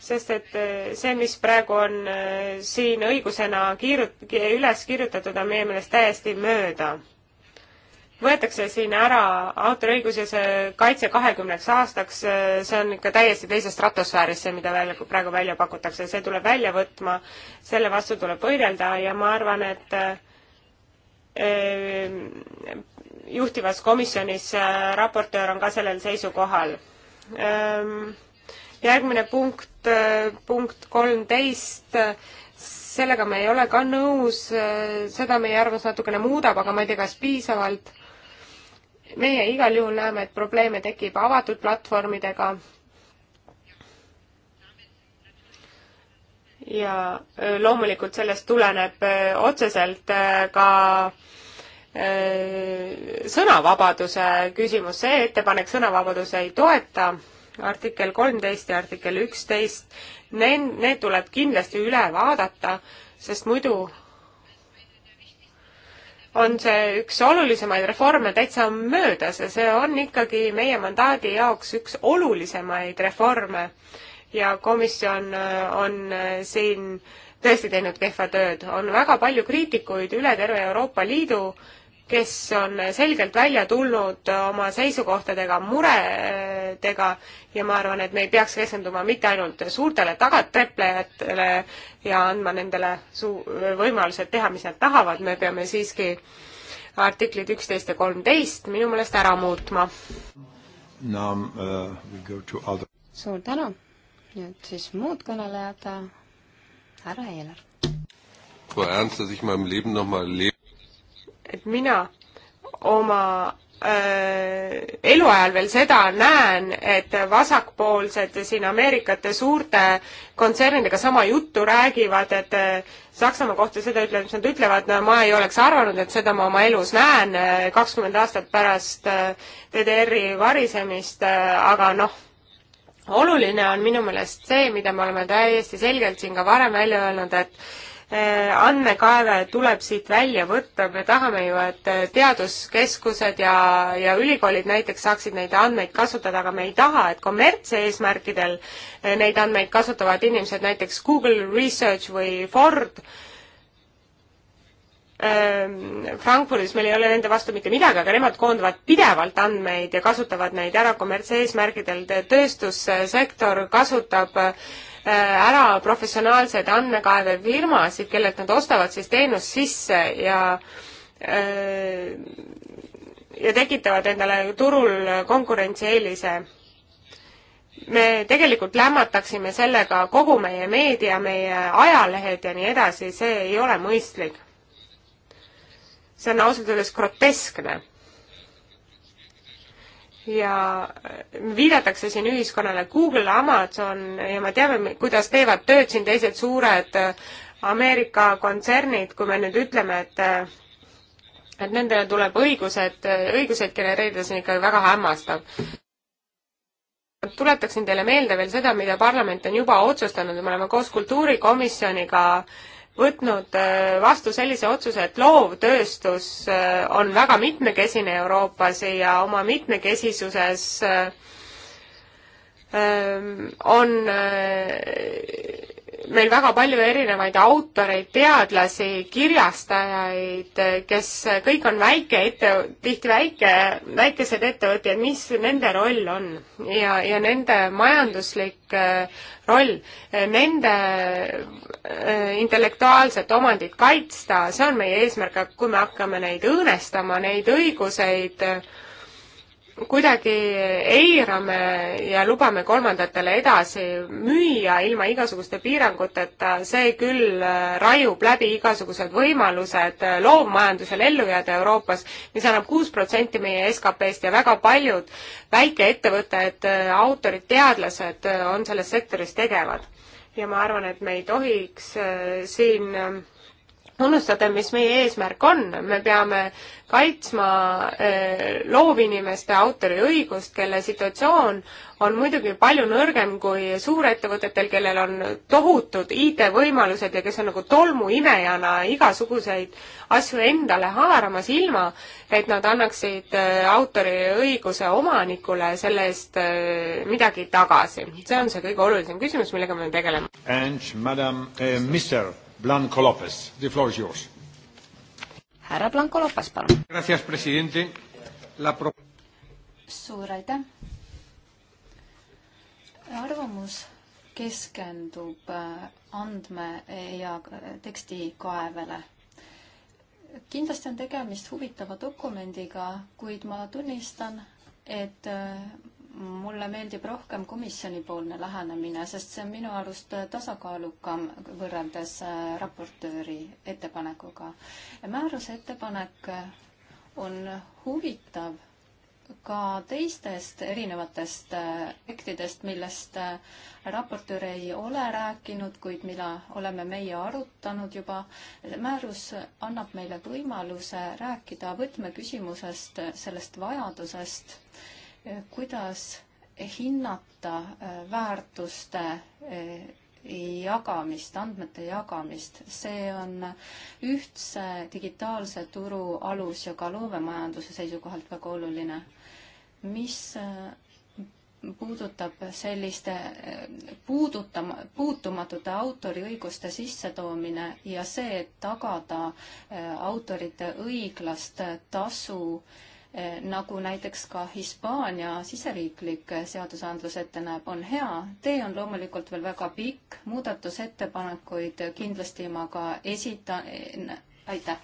sest et äh, see, mis praegu on äh, siin õigusena kiirut-, üles kirjutatud, on meie meelest täiesti mööda. võetakse siin ära autoriõiguse kaitse kahekümneks aastaks, äh, see on ikka täiesti teises stratosfääris, see, mida välja, praegu välja pakutakse, see tuleb välja võtma, selle vastu tuleb võidelda ja ma arvan, et äh, juhtivas komisjonis äh, raportöör on ka sellel seisukohal ähm, järgmine punkt punkt, äh, punkt kolmteist, sellega me ei ole ka nõus, äh, seda meie arvamus natukene muudab, aga ma ei tea, kas piisavalt. meie igal juhul näeme, et probleeme tekib avatud platvormidega. ja äh, loomulikult sellest tuleneb otseselt ka sõnavabaduse küsimus, see ettepanek sõnavabaduse ei toeta artikkel kolmteist ja artikkel üksteist, need, need tuleb kindlasti üle vaadata, sest muidu on see üks olulisemaid reforme täitsa möödas ja see on ikkagi meie mandaadi jaoks üks olulisemaid reforme. ja komisjon äh, on äh, siin tõesti teinud kehva tööd, on väga palju kriitikuid üle terve Euroopa Liidu kes on selgelt välja tulnud oma seisukohtadega, muredega ja ma arvan, et me ei peaks keskenduma mitte ainult suurtele tagatreplejatele ja andma nendele suu-, võimalused teha, mis nad tahavad, me peame siiski artiklid üksteist ja kolmteist minu meelest ära muutma. Uh, suur tänu, nüüd siis muud kõnelejad, härra Eeler. Frau Ernst, dass ich meinem Leben nochmal lebe et mina oma äh, eluajal veel seda näen, et vasakpoolsed siin Ameerikate suurte kontsernidega sama juttu räägivad, et äh, Saksamaa kohta seda ütlevad, mis nad ütlevad, no ma ei oleks arvanud, et seda ma oma elus näen äh, kakskümmend äh, aastat pärast äh, DDR-i varisemist äh,, aga noh, oluline on minu meelest see, mida me oleme täiesti selgelt siin ka varem välja öelnud, et Äh, andmekaeve tuleb siit välja võtta, me tahame ju, et äh, teaduskeskused ja, ja ülikoolid näiteks saaksid neid andmeid kasutada, aga me ei taha, et kommertseesmärkidel äh, neid andmeid kasutavad inimesed, näiteks Google Research või Ford, ähm, Frankfurdis meil ei ole nende vastu mitte midagi, aga nemad koondavad pidevalt andmeid ja kasutavad neid ära kommertseesmärkidel. tööstussektor kasutab äh, Äh, ära professionaalseid andmekaevefirmasid, kellelt nad ostavad siis teenust sisse ja äh, ja tekitavad endale turul konkurentsieelise. me tegelikult lämmataksime sellega kogu meie meedia, meie ajalehed ja nii edasi, see ei ole mõistlik. see on ausalt öeldes groteskne ja viidatakse siin ühiskonnale Google, Amazon ja me teame, kuidas teevad tööd siin teised suured äh, Ameerika kontsernid, kui me nüüd ütleme, et äh, et nendele tuleb õigused, äh, õiguseid genereerida, see on ikkagi väga hämmastav. tuletaksin teile meelde veel seda, mida parlament on juba otsustanud, me oleme koos kultuurikomisjoniga äh, võtnud äh, vastu sellise otsuse, et loovtööstus äh, on väga mitmekesine Euroopas ja oma mitmekesisuses äh, ähm, on meil väga palju erinevaid autoreid, teadlasi, kirjastajaid, kes kõik on väike ette, tihti väike, väikesed ettevõtjad, mis nende roll on ja, ja nende majanduslik äh, roll, nende äh, intellektuaalset omandit kaitsta, see on meie eesmärk, aga kui me hakkame neid õõnestama, neid õiguseid, kuidagi eirame ja lubame kolmandatele edasi müüa ilma igasuguste piiranguteta, see küll äh, raiub läbi igasugused võimalused äh, loovmajandusel ellu jääda Euroopas, mis annab kuus protsenti meie SKP-st ja väga paljud väikeettevõtted, äh, autorid, teadlased on selles sektoris tegevad. ja ma arvan, et me ei tohiks siin unustada, mis meie eesmärk on, me peame kaitsma eh, loovinimeste autoriõigust, kelle situatsioon on muidugi palju nõrgem kui suurettevõtetel, kellel on tohutud IT-võimalused ja kes on nagu tolmuimejana igasuguseid asju endale haaramas, ilma et nad annaksid eh, autoriõiguse omanikule selle eest eh, midagi tagasi. see on see kõige olulisem küsimus, millega me tegeleme. And madam eh, Mister Blanco Lopez. The floor is yours. härra Blanco Lopez, palun. Gracias, presidente. La pro-. suur aitäh. arvamus keskendub äh, andme ja teksti kaevele. kindlasti on tegemist huvitava dokumendiga, kuid ma tunnistan, et äh, mulle meeldib rohkem komisjonipoolne lähenemine, sest see on minu arust tasakaalukam võrreldes äh, raportööri ettepanekuga. määruse ettepanek on huvitav ka teistest erinevatest äh, aspektidest, millest äh, raportöör ei ole rääkinud, kuid mida oleme meie arutanud juba. määrus annab meile võimaluse rääkida võtmeküsimusest, sellest vajadusest Eh, kuidas hinnata eh, väärtuste eh, jagamist, andmete jagamist, see on ühtse digitaalse turu alus ja ka loomemajanduse seisukohalt väga oluline. mis puudutab selliste puudutama, puutumatute autoriõiguste sissetoomine ja see, et tagada autorite õiglast tasu äh, nagu näiteks ka Hispaania siseriiklik seadusandlus ette näeb, on hea. tee on loomulikult veel väga pikk, muudatusettepanekuid kindlasti ma ka esitan, aitäh!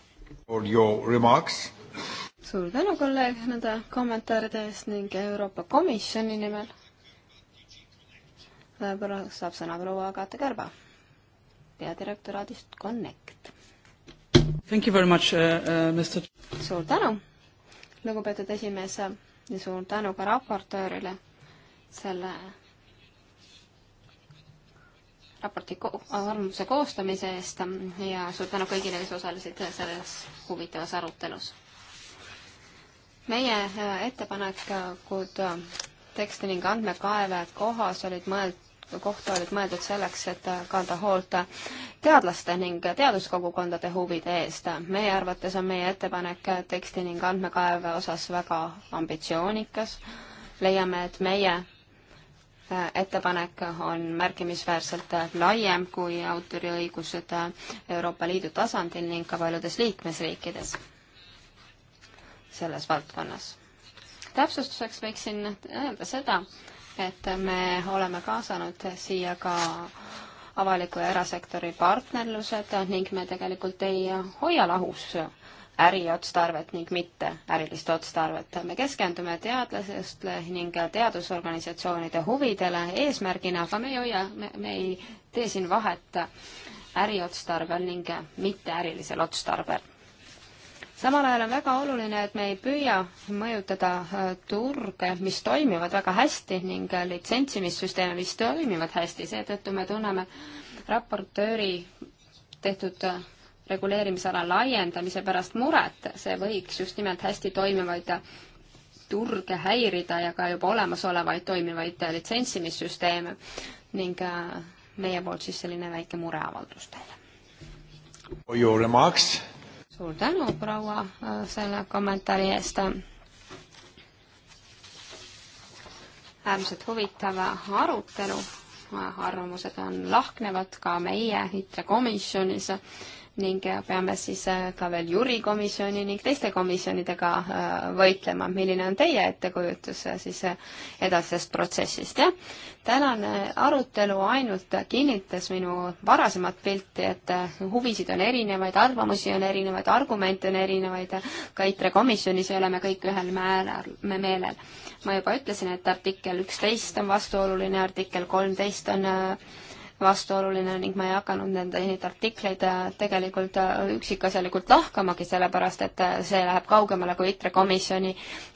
suur tänu, kolleeg, nende kommentaaride eest ning Euroopa Komisjoni nimel võib-olla saab sõna proua Agate Kärba peadirektoraadist Connect. Thank you very much uh,, uh, Mr. suur tänu! lugupeetud esimees ja suur tänu ka raportöörile selle raporti ko arvamuse koostamise eest ja suur tänu kõigile, kes osalesid selles huvitavas arutelus. meie äh, ettepanekud äh, teksti ning andmekaeve kohas olid mõeld-, kohta olid mõeldud selleks, et kanda hoolt teadlaste ning teaduskogukondade huvide eest. meie arvates on meie ettepanek teksti ning andmekaeve osas väga ambitsioonikas. leiame, et meie äh, ettepanek on märkimisväärselt laiem kui autoriõigused Euroopa Liidu tasandil ning ka paljudes liikmesriikides selles valdkonnas. täpsustuseks võiksin öelda seda, et me oleme kaasanud siia ka avaliku ja erasektori partnerlused ning me tegelikult ei hoia lahus äriotstarvet ning mitte ärilist otstarvet. me keskendume teadlastele ning teadusorganisatsioonide huvidele eesmärgina, aga me ei hoia, me ei tee siin vahet äriotstarvel ning mitte ärilisel otstarbel samal ajal on väga oluline, et me ei püüa mõjutada äh, turge, mis toimivad väga hästi ning äh, litsentsimissüsteeme, mis toimivad hästi, seetõttu me tunneme raportööri tehtud äh, reguleerimisala laiendamise pärast muret, see võiks just nimelt hästi toimivaid turge häirida ja ka juba olemasolevaid toimivaid litsentsimissüsteeme ning meie poolt siis selline väike mureavaldus teile. Your remarks suur tänu, proua, äh, selle kommentaari eest. äärmiselt huvitav arutelu, arvamused on lahknevad ka meie IT komisjonis ning peame siis äh, ka veel jurikomisjoni ning teiste komisjonidega äh, võitlema, milline on teie ettekujutus äh, siis edasisest protsessist, jah. tänane arutelu ainult kinnitas minu varasemat pilti, et huvisid on erinevaid, arvamusi on erinevaid, argumente on erinevaid, ka ITRE komisjonis ei ole me kõik ühel määral, me meelel. ma juba ütlesin, et artikkel üksteist on vastuoluline, artikkel kolmteist on äh, vastuoluline ning ma ei hakanud nende, neid artikleid äh, tegelikult äh, üksikasjalikult lahkamagi, sellepärast et äh, see läheb kaugemale kui ITRE komisjoni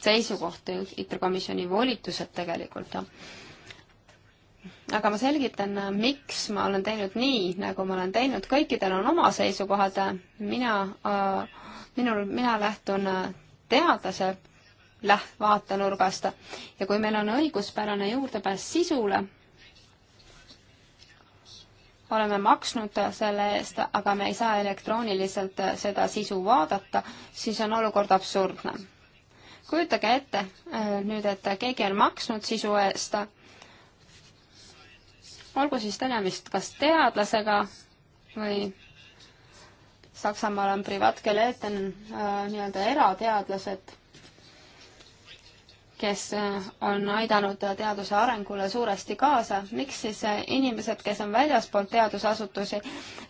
seisukoht, ITRE komisjoni volitused tegelikult. aga ma selgitan, miks ma olen teinud nii, nagu ma olen teinud, kõikidel on oma seisukohad, mina, minul, mina lähtun teadlase läht-, vaatenurgast ja kui meil on õiguspärane juurdepääs sisule, oleme maksnud selle eest, aga me ei saa elektrooniliselt seda sisu vaadata, siis on olukord absurdne. kujutage ette äh, nüüd, et keegi on maksnud sisu eest, olgu siis tegemist kas teadlasega või Saksamaal on privatkeleeten äh, nii-öelda erateadlased kes äh, on aidanud teaduse arengule suuresti kaasa, miks siis äh, inimesed, kes on väljaspool teadusasutusi,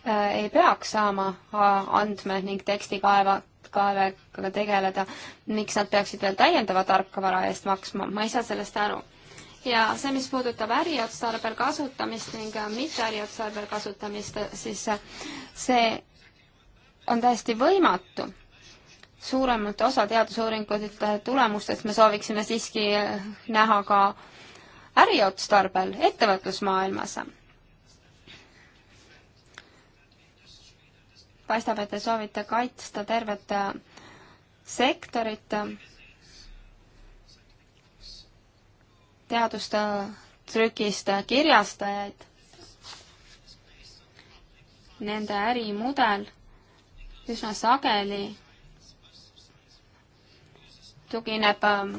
äh, ei peaks saama andme- ning tekstikaeva, kaevega tegeleda, miks nad peaksid veel täiendava tarkvara eest maksma, ma ei saa sellest aru ja see, mis puudutab äriotstarbel kasutamist ning mitte äriotstarbel kasutamist, siis see on täiesti võimatu suuremat osa teadusuuringute tulemustest me sooviksime siiski näha ka äriotstarbel ettevõtlusmaailmas. paistab, et te soovite kaitsta tervet sektorit teaduste trükist kirjastajaid. Nende ärimudel üsna sageli tugineb ähm,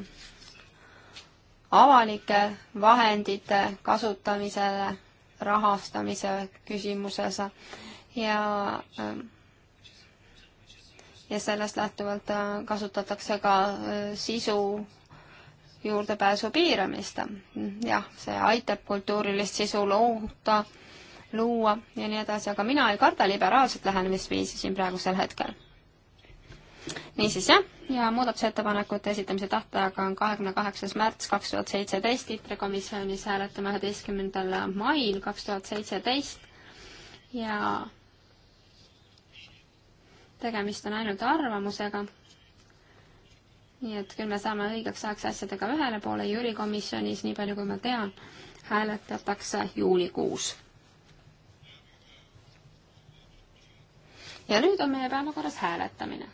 avalike vahendite kasutamisele rahastamise küsimuses ja ähm, ja sellest lähtuvalt äh, kasutatakse ka äh, sisu juurdepääsu piiramist. jah, see aitab kultuurilist sisu loota, luua ja nii edasi, aga mina ei karda liberaalset lähenemisviisi siin praegusel hetkel niisiis jah, ja muudatusettepanekute esitamise tähtaeg on kahekümne kaheksas märts kaks tuhat seitseteist, ITRE komisjonis hääletame üheteistkümnendal mail kaks tuhat seitseteist ja tegemist on ainult arvamusega. nii et küll me saame õigeks ajaks asjadega ühele poole, Jüri komisjonis, nii palju kui ma tean, hääletatakse juulikuus. ja nüüd on meie päevakorras hääletamine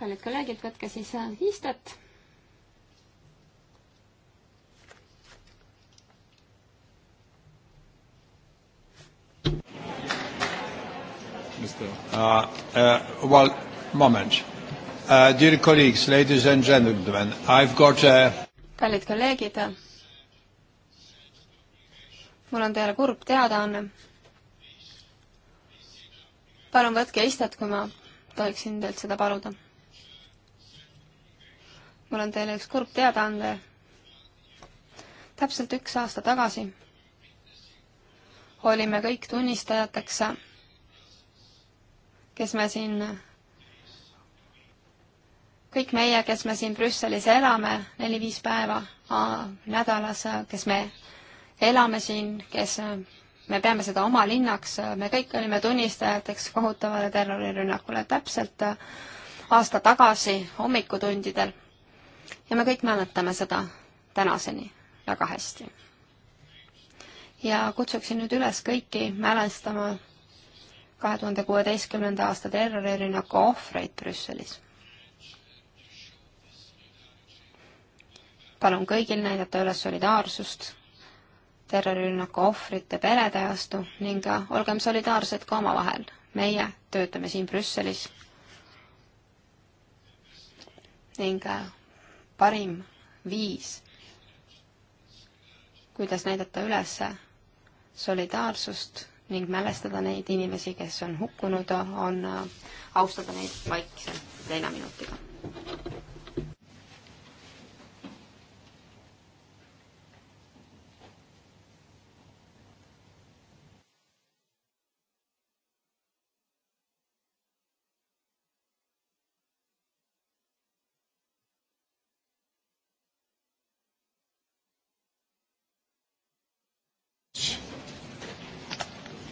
kallid kolleegid, võtke siis äh, istet. Uh, uh, well, moment. Uh, dear colleagues, ladies and gentlemen, I've got a... Uh, kallid kolleegid, mul on teile kurb teadaanne. palun võtke istet, kui ma tohiksin teilt seda paluda mul on teile üks kurb teadaande. täpselt üks aasta tagasi olime kõik tunnistajateks, kes me siin, kõik meie, kes me siin Brüsselis elame neli-viis päeva aa, nädalas, kes me elame siin, kes me peame seda oma linnaks, me kõik olime tunnistajateks kohutavale terrorirünnakule täpselt aasta tagasi hommikutundidel ja me kõik mäletame seda tänaseni väga hästi. ja kutsuksin nüüd üles kõiki mälestama kahe tuhande kuueteistkümnenda aasta terrorirünnaku ohvreid Brüsselis. palun kõigil näidata üles solidaarsust terrorirünnaku ohvrite perede vastu ning olgem solidaarsed ka omavahel. meie töötame siin Brüsselis ning äh, parim viis, kuidas näidata üles solidaarsust ning mälestada neid inimesi, kes on hukkunud, on äh, austada neid vaikselt leinaminutiga.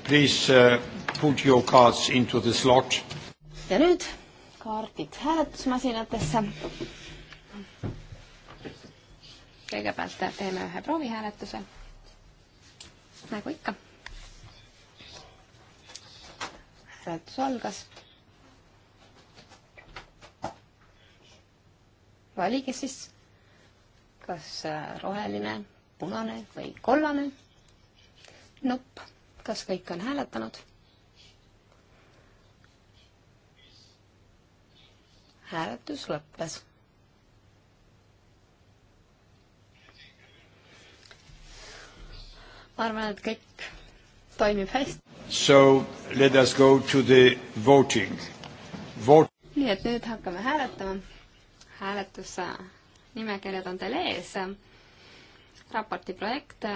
Please uh, put your cards into the slot. ja nüüd kaardid hääletusmasinatesse. kõigepealt teeme ühe proovihääletuse, nagu ikka. hääletus algas. valige siis, kas äh, roheline, punane või kollane nupp kas kõik on hääletanud? hääletus lõppes. ma arvan, et kõik toimib hästi. So let us go to the voting Vot.... nii et nüüd hakkame hääletama. hääletuse nimekirjad on teil ees. raporti projekt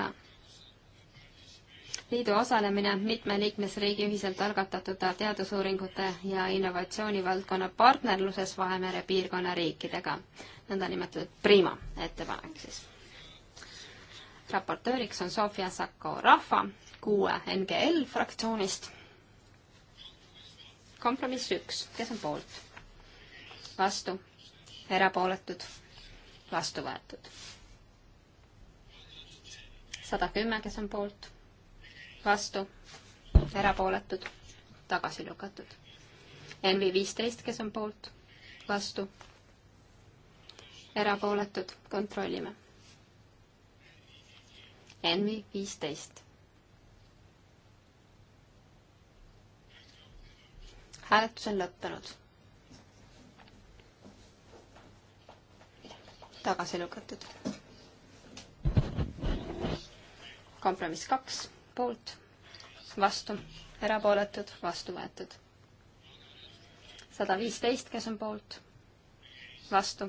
Liidu osalemine mitme liikmesriigi ühiselt algatatud teadusuuringute ja innovatsioonivaldkonna partnerluses Vahemere piirkonna riikidega, nõndanimetatud Prima ettepanek siis. raportööriks on Sofia Sako Rahva kuue NGL fraktsioonist. kompromiss üks, kes on poolt? vastu? erapooletud? vastu võetud? sada kümme, kes on poolt? vastu, erapooletud, tagasi lükatud. NV viisteist, kes on poolt, vastu, erapooletud, kontrollime. NV viisteist. hääletus on lõppenud. tagasi lükatud. kompromiss kaks poolt, vastu, erapooletud, vastu võetud. sada viisteist, kes on poolt, vastu,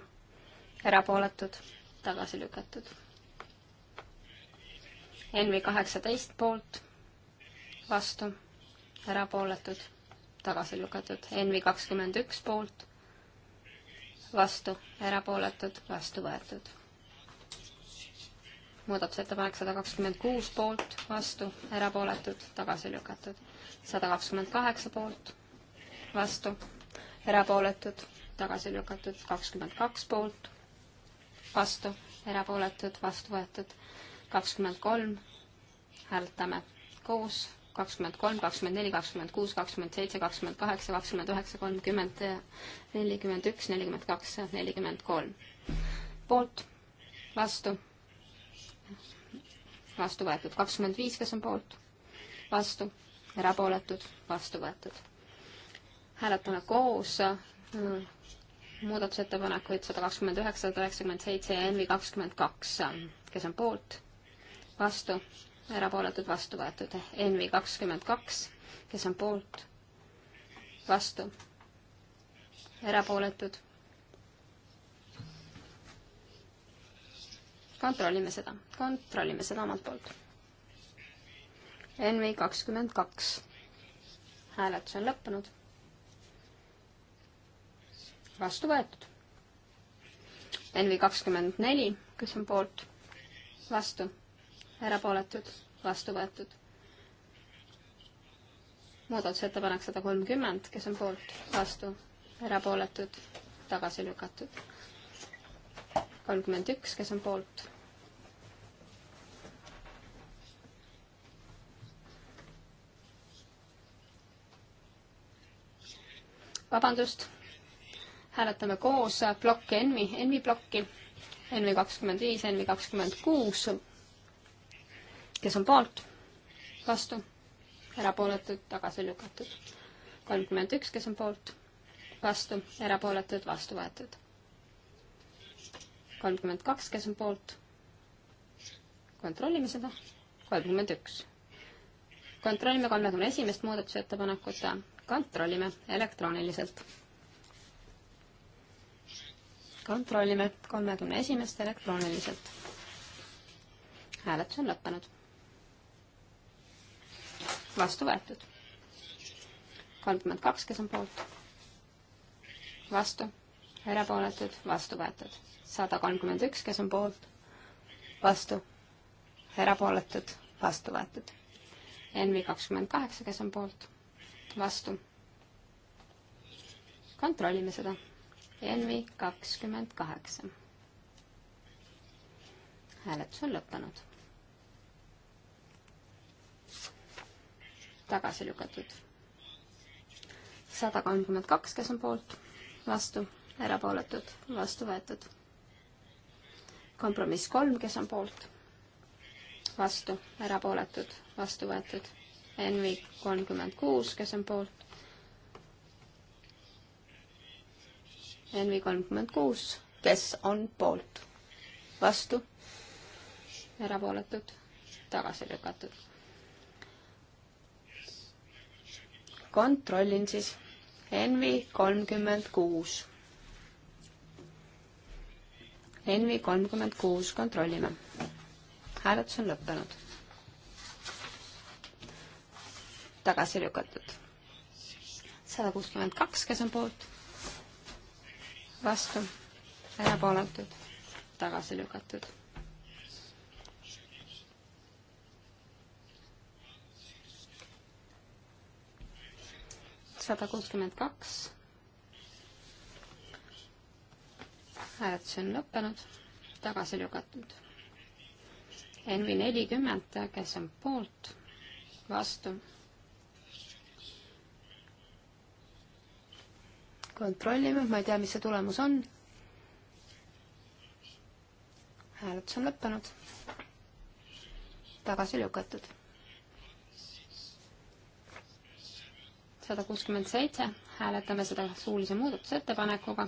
erapooletud, tagasi lükatud. NV kaheksateist poolt, vastu, erapooletud, tagasi lükatud. NV kakskümmend üks poolt, vastu, erapooletud, vastu võetud muudatusettepanek sada kakskümmend kuus poolt, vastu, erapooletud, tagasi lükatud. sada kakskümmend kaheksa poolt, vastu, erapooletud, tagasi lükatud, kakskümmend kaks poolt, vastu, erapooletud, vastu võetud, kakskümmend kolm, hääletame koos, kakskümmend kolm, kakskümmend neli, kakskümmend kuus, kakskümmend seitse, kakskümmend kaheksa, kakskümmend üheksa, kolmkümmend, nelikümmend üks, nelikümmend kaks, nelikümmend kolm. poolt, vastu vastu võetud. kakskümmend viis, kes on poolt? vastu, erapooletud, vastu võetud. hääletame koos mm, muudatusettepanekuid sada kakskümmend üheksa, sada üheksakümmend seitse ja NV kakskümmend kaks. kes on poolt? vastu, erapooletud, vastu võetud. NV kakskümmend kaks, kes on poolt? vastu, erapooletud kontrollime seda, kontrollime seda omalt poolt. NV kakskümmend kaks. hääletus on lõppenud. vastu võetud. NV kakskümmend neli, kes on poolt, vastu, erapooletud, vastu võetud muudatusettepanek sada kolmkümmend, kes on poolt, vastu, erapooletud, tagasi lükatud. kolmkümmend üks, kes on poolt, vabandust, hääletame koos plokki Envi, Envi plokki, Envi kakskümmend viis, Envi kakskümmend kuus. kes on poolt, vastu, erapooletud, tagasi lükatud. kolmkümmend üks, kes on poolt, vastu, erapooletud, vastu võetud. kolmkümmend kaks, kes on poolt, kontrollime seda, kolmkümmend üks kontrollime kolmekümne esimest muudatusettepanekut kontrollime elektrooniliselt. kontrollime kolmekümne esimest elektrooniliselt. hääletus on lõppenud. vastu võetud. kolmkümmend kaks, kes on poolt. vastu, erapooletud, vastu võetud. sada kolmkümmend üks, kes on poolt. vastu, erapooletud, vastu võetud. NV kakskümmend kaheksa, kes on poolt vastu. kontrollime seda. Envi kakskümmend kaheksa. hääletus on lõppenud. tagasi lükatud. sada kolmkümmend kaks, kes on poolt, vastu, erapooletud, vastu võetud. kompromiss kolm, kes on poolt, vastu, erapooletud, vastu võetud NV kolmkümmend kuus, kes on poolt. NV kolmkümmend kuus, kes on poolt, vastu, erapooletud, tagasi lükatud. kontrollin siis NV kolmkümmend kuus. NV kolmkümmend kuus, kontrollime. hääletus on lõppenud tagasi lükatud. sada kuuskümmend kaks, kes on poolt, vastu, erapooletud, tagasi lükatud. sada kuuskümmend kaks. hääletus on lõppenud, tagasi lükatud. NV nelikümmend, kes on poolt, vastu kontrollime, ma ei tea, mis see tulemus on. hääletus on lõppenud. tagasi lükatud. sada kuuskümmend seitse, hääletame seda suulise muudatusettepanekuga.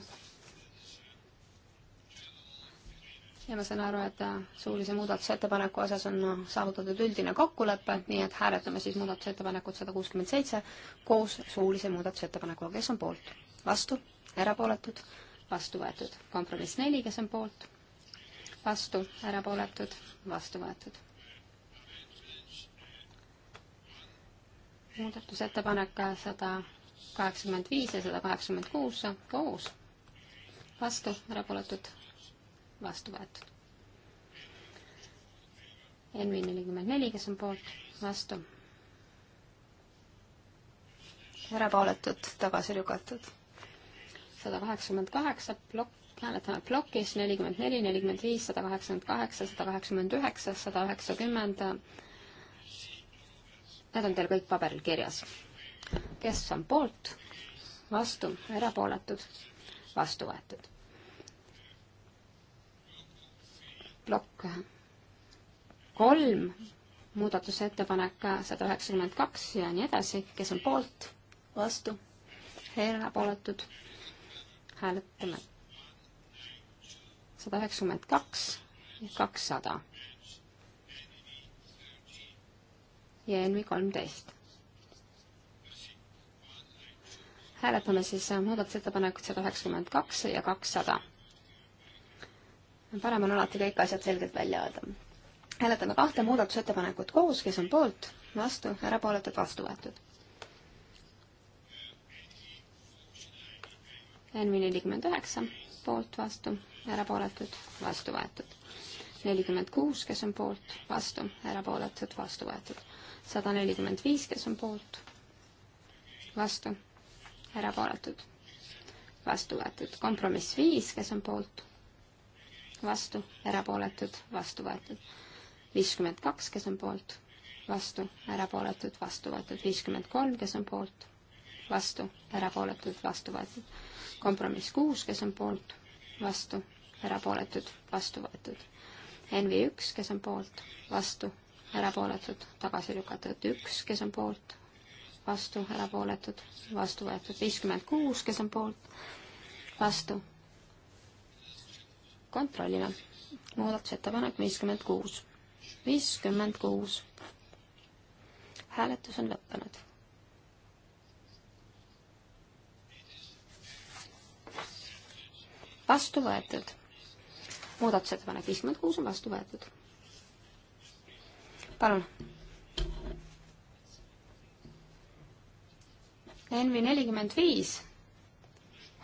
ja ma saan aru, et suulise muudatusettepaneku osas on saavutatud üldine kokkulepe, nii et hääletame siis muudatusettepanekut sada kuuskümmend seitse koos suulise muudatusettepanekuga, kes on poolt vastu, erapooletud, vastu võetud. kompromiss neli, kes on poolt, vastu, erapooletud, vastu võetud. muudatusettepanek sada kaheksakümmend viis ja sada kaheksakümmend kuus koos, vastu, erapooletud, vastu võetud. NV nelikümmend neli, kes on poolt, vastu, erapooletud, tagasi lükatud sada kaheksakümmend kaheksa plokk, hääletame plokis nelikümmend neli, nelikümmend viis, sada kaheksakümmend kaheksa, sada kaheksakümmend üheksa, sada üheksakümmend. Need on teil kõik paberil kirjas. kes on poolt, vastu, erapooletud, vastu võetud. plokk kolm, muudatusettepanek sada üheksakümmend kaks ja nii edasi, kes on poolt, vastu, erapooletud hääletame sada üheksakümmend kaks ja kakssada. ja ENV kolmteist. hääletame siis muudatusettepanekut sada üheksakümmend kaks ja kakssada. parem on alati kõik asjad selgelt välja öelda. hääletame kahte muudatusettepanekut koos, kes on poolt, vastu, erapooletud, vastu võetud NV nelikümmend üheksa, poolt, vastu, erapooletud, vastu võetud. nelikümmend kuus, kes on poolt, vastu, erapooletud, vastu võetud. sada nelikümmend viis, kes on poolt, vastu, erapooletud, vastu võetud. kompromiss viis, kes on poolt, vastu, erapooletud, vastu võetud. viiskümmend kaks, kes on poolt, vastu, erapooletud, vastu võetud. viiskümmend kolm, kes on poolt vastu, erapooletud, vastu võetud. kompromiss kuus, kes on poolt, vastu, erapooletud, vastu võetud. NV üks, kes on poolt, vastu, erapooletud, tagasi lükatud, üks, kes on poolt, vastu, erapooletud, vastu võetud, viiskümmend kuus, kes on poolt, vastu. kontrollime. muudatusettepanek viiskümmend kuus, viiskümmend kuus. hääletus on lõppenud vastu võetud. muudatusettepanek viiskümmend kuus on vastu võetud. palun. Envi nelikümmend viis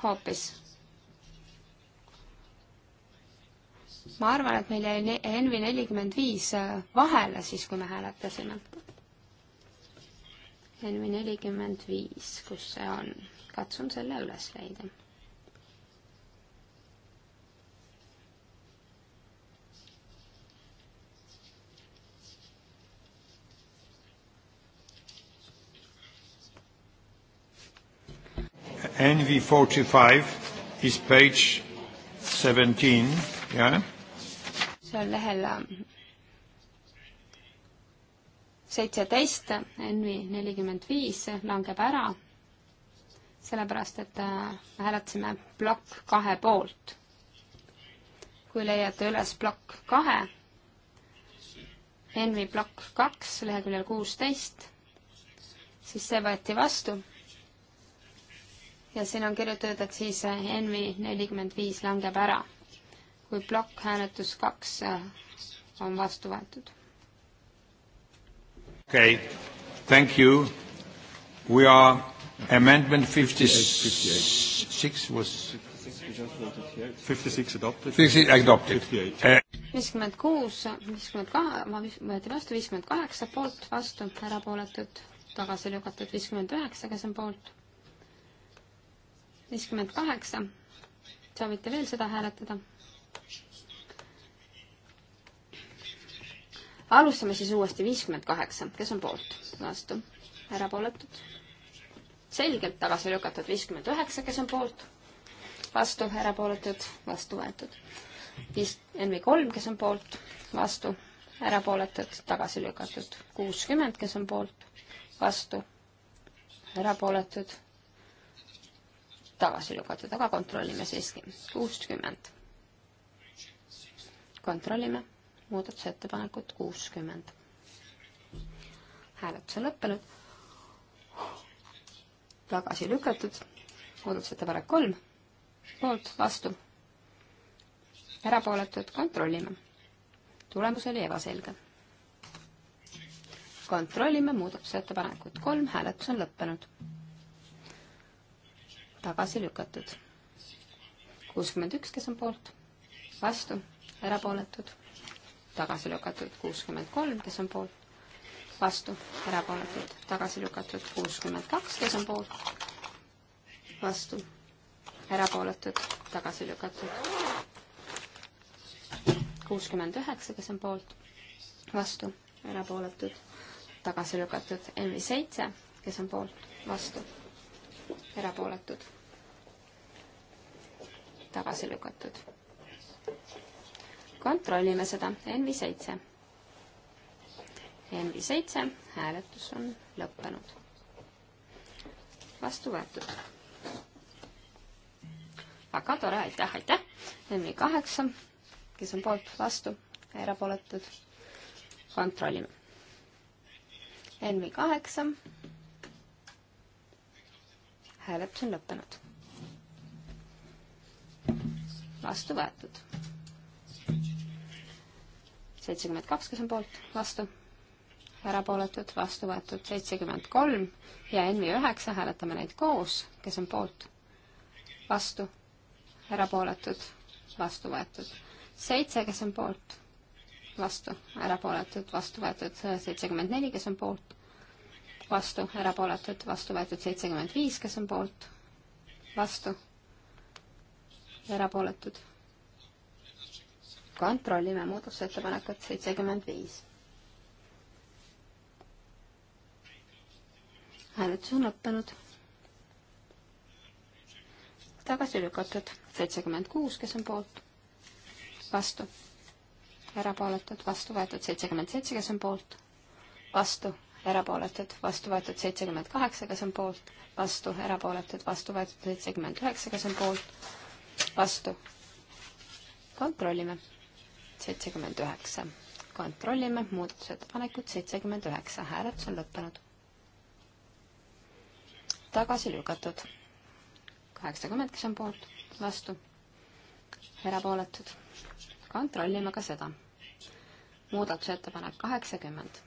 hoopis. ma arvan, et meil jäi Envi nelikümmend viis äh, vahele siis, kui me hääletasime. Envi nelikümmend viis, kus see on? katsun selle üles leida NV45 is page 17, jah yeah.? see on lehel ähm, seitseteist, NV nelikümmend viis langeb ära, sellepärast et äh, me hääletasime plokk kahe poolt. kui leiate üles plokk kahe, NV plokk kaks leheküljel kuusteist, siis see võeti vastu ja siin on kirjutatud, et siis äh, NV nelikümmend viis langeb ära, kui plokkhääletus kaks äh, on vastu võetud. okei okay., thank you. We are amendment fifty six was fifty six adopted. adopted. Eh. viiskümmend kuus, viiskümmend kahe, ma võeti vastu, viiskümmend kaheksa poolt, vastu, erapooletud, tagasi lükatud viiskümmend üheksa, kes on poolt viiskümmend kaheksa, soovite veel seda hääletada? alustame siis uuesti, viiskümmend kaheksa, kes on poolt, vastu, erapooletud? selgelt tagasi lükatud, viiskümmend üheksa, kes on poolt, vastu, erapooletud, vastu võetud. viis, NV kolm, kes on poolt, vastu, erapooletud, tagasi lükatud. kuuskümmend, kes on poolt, vastu, erapooletud tagasi lükatud, aga kontrollime siiski. kuuskümmend. kontrollime muudatusettepanekut kuuskümmend. hääletus on lõppenud. tagasi lükatud, muudatusettepanek kolm, poolt, vastu, erapooletud, kontrollime. tulemus oli ebaselge. kontrollime muudatusettepanekut kolm, hääletus on lõppenud tagasi lükatud. kuuskümmend üks, kes on poolt, vastu, erapooletud, tagasi lükatud. kuuskümmend kolm, kes on poolt, vastu, erapooletud, tagasi lükatud. kuuskümmend kaks, kes on poolt, vastu, erapooletud, tagasi lükatud. kuuskümmend üheksa, kes on poolt, vastu, erapooletud, tagasi lükatud. MV seitse, kes on poolt, vastu erapooletud, tagasi lükatud. kontrollime seda, NV7. NV7 hääletus on lõppenud. vastu võetud. väga tore, aitäh, aitäh. NV8, kes on poolt, vastu, erapooletud, kontrollime. NV8 hääletus on lõppenud. vastu võetud. seitsekümmend kaks, kes on poolt, vastu, erapooletud, vastu võetud seitsekümmend kolm ja NV üheksa, hääletame neid koos, kes on poolt, vastu, erapooletud, vastu võetud. seitse, kes on poolt, vastu, erapooletud, vastu võetud seitsekümmend neli, kes on poolt vastu, erapooletud, vastu võetud seitsekümmend viis, kes on poolt, vastu, erapooletud. kontrollime muudatusettepanekut seitsekümmend viis. hääletus on lõppenud. tagasi lükatud seitsekümmend kuus, kes on poolt, vastu, erapooletud, vastu võetud seitsekümmend seitse, kes on poolt, vastu erapooletud, vastu võetud seitsekümmend kaheksa, kes on poolt, vastu, erapooletud, vastu võetud seitsekümmend üheksa, kes on poolt, vastu. kontrollime. seitsekümmend üheksa. kontrollime muudatusettepanekut seitsekümmend üheksa, hääletus on lõppenud. tagasi lükatud. kaheksakümmend, kes on poolt, vastu, erapooletud. kontrollime ka seda muudatusettepanek kaheksakümmend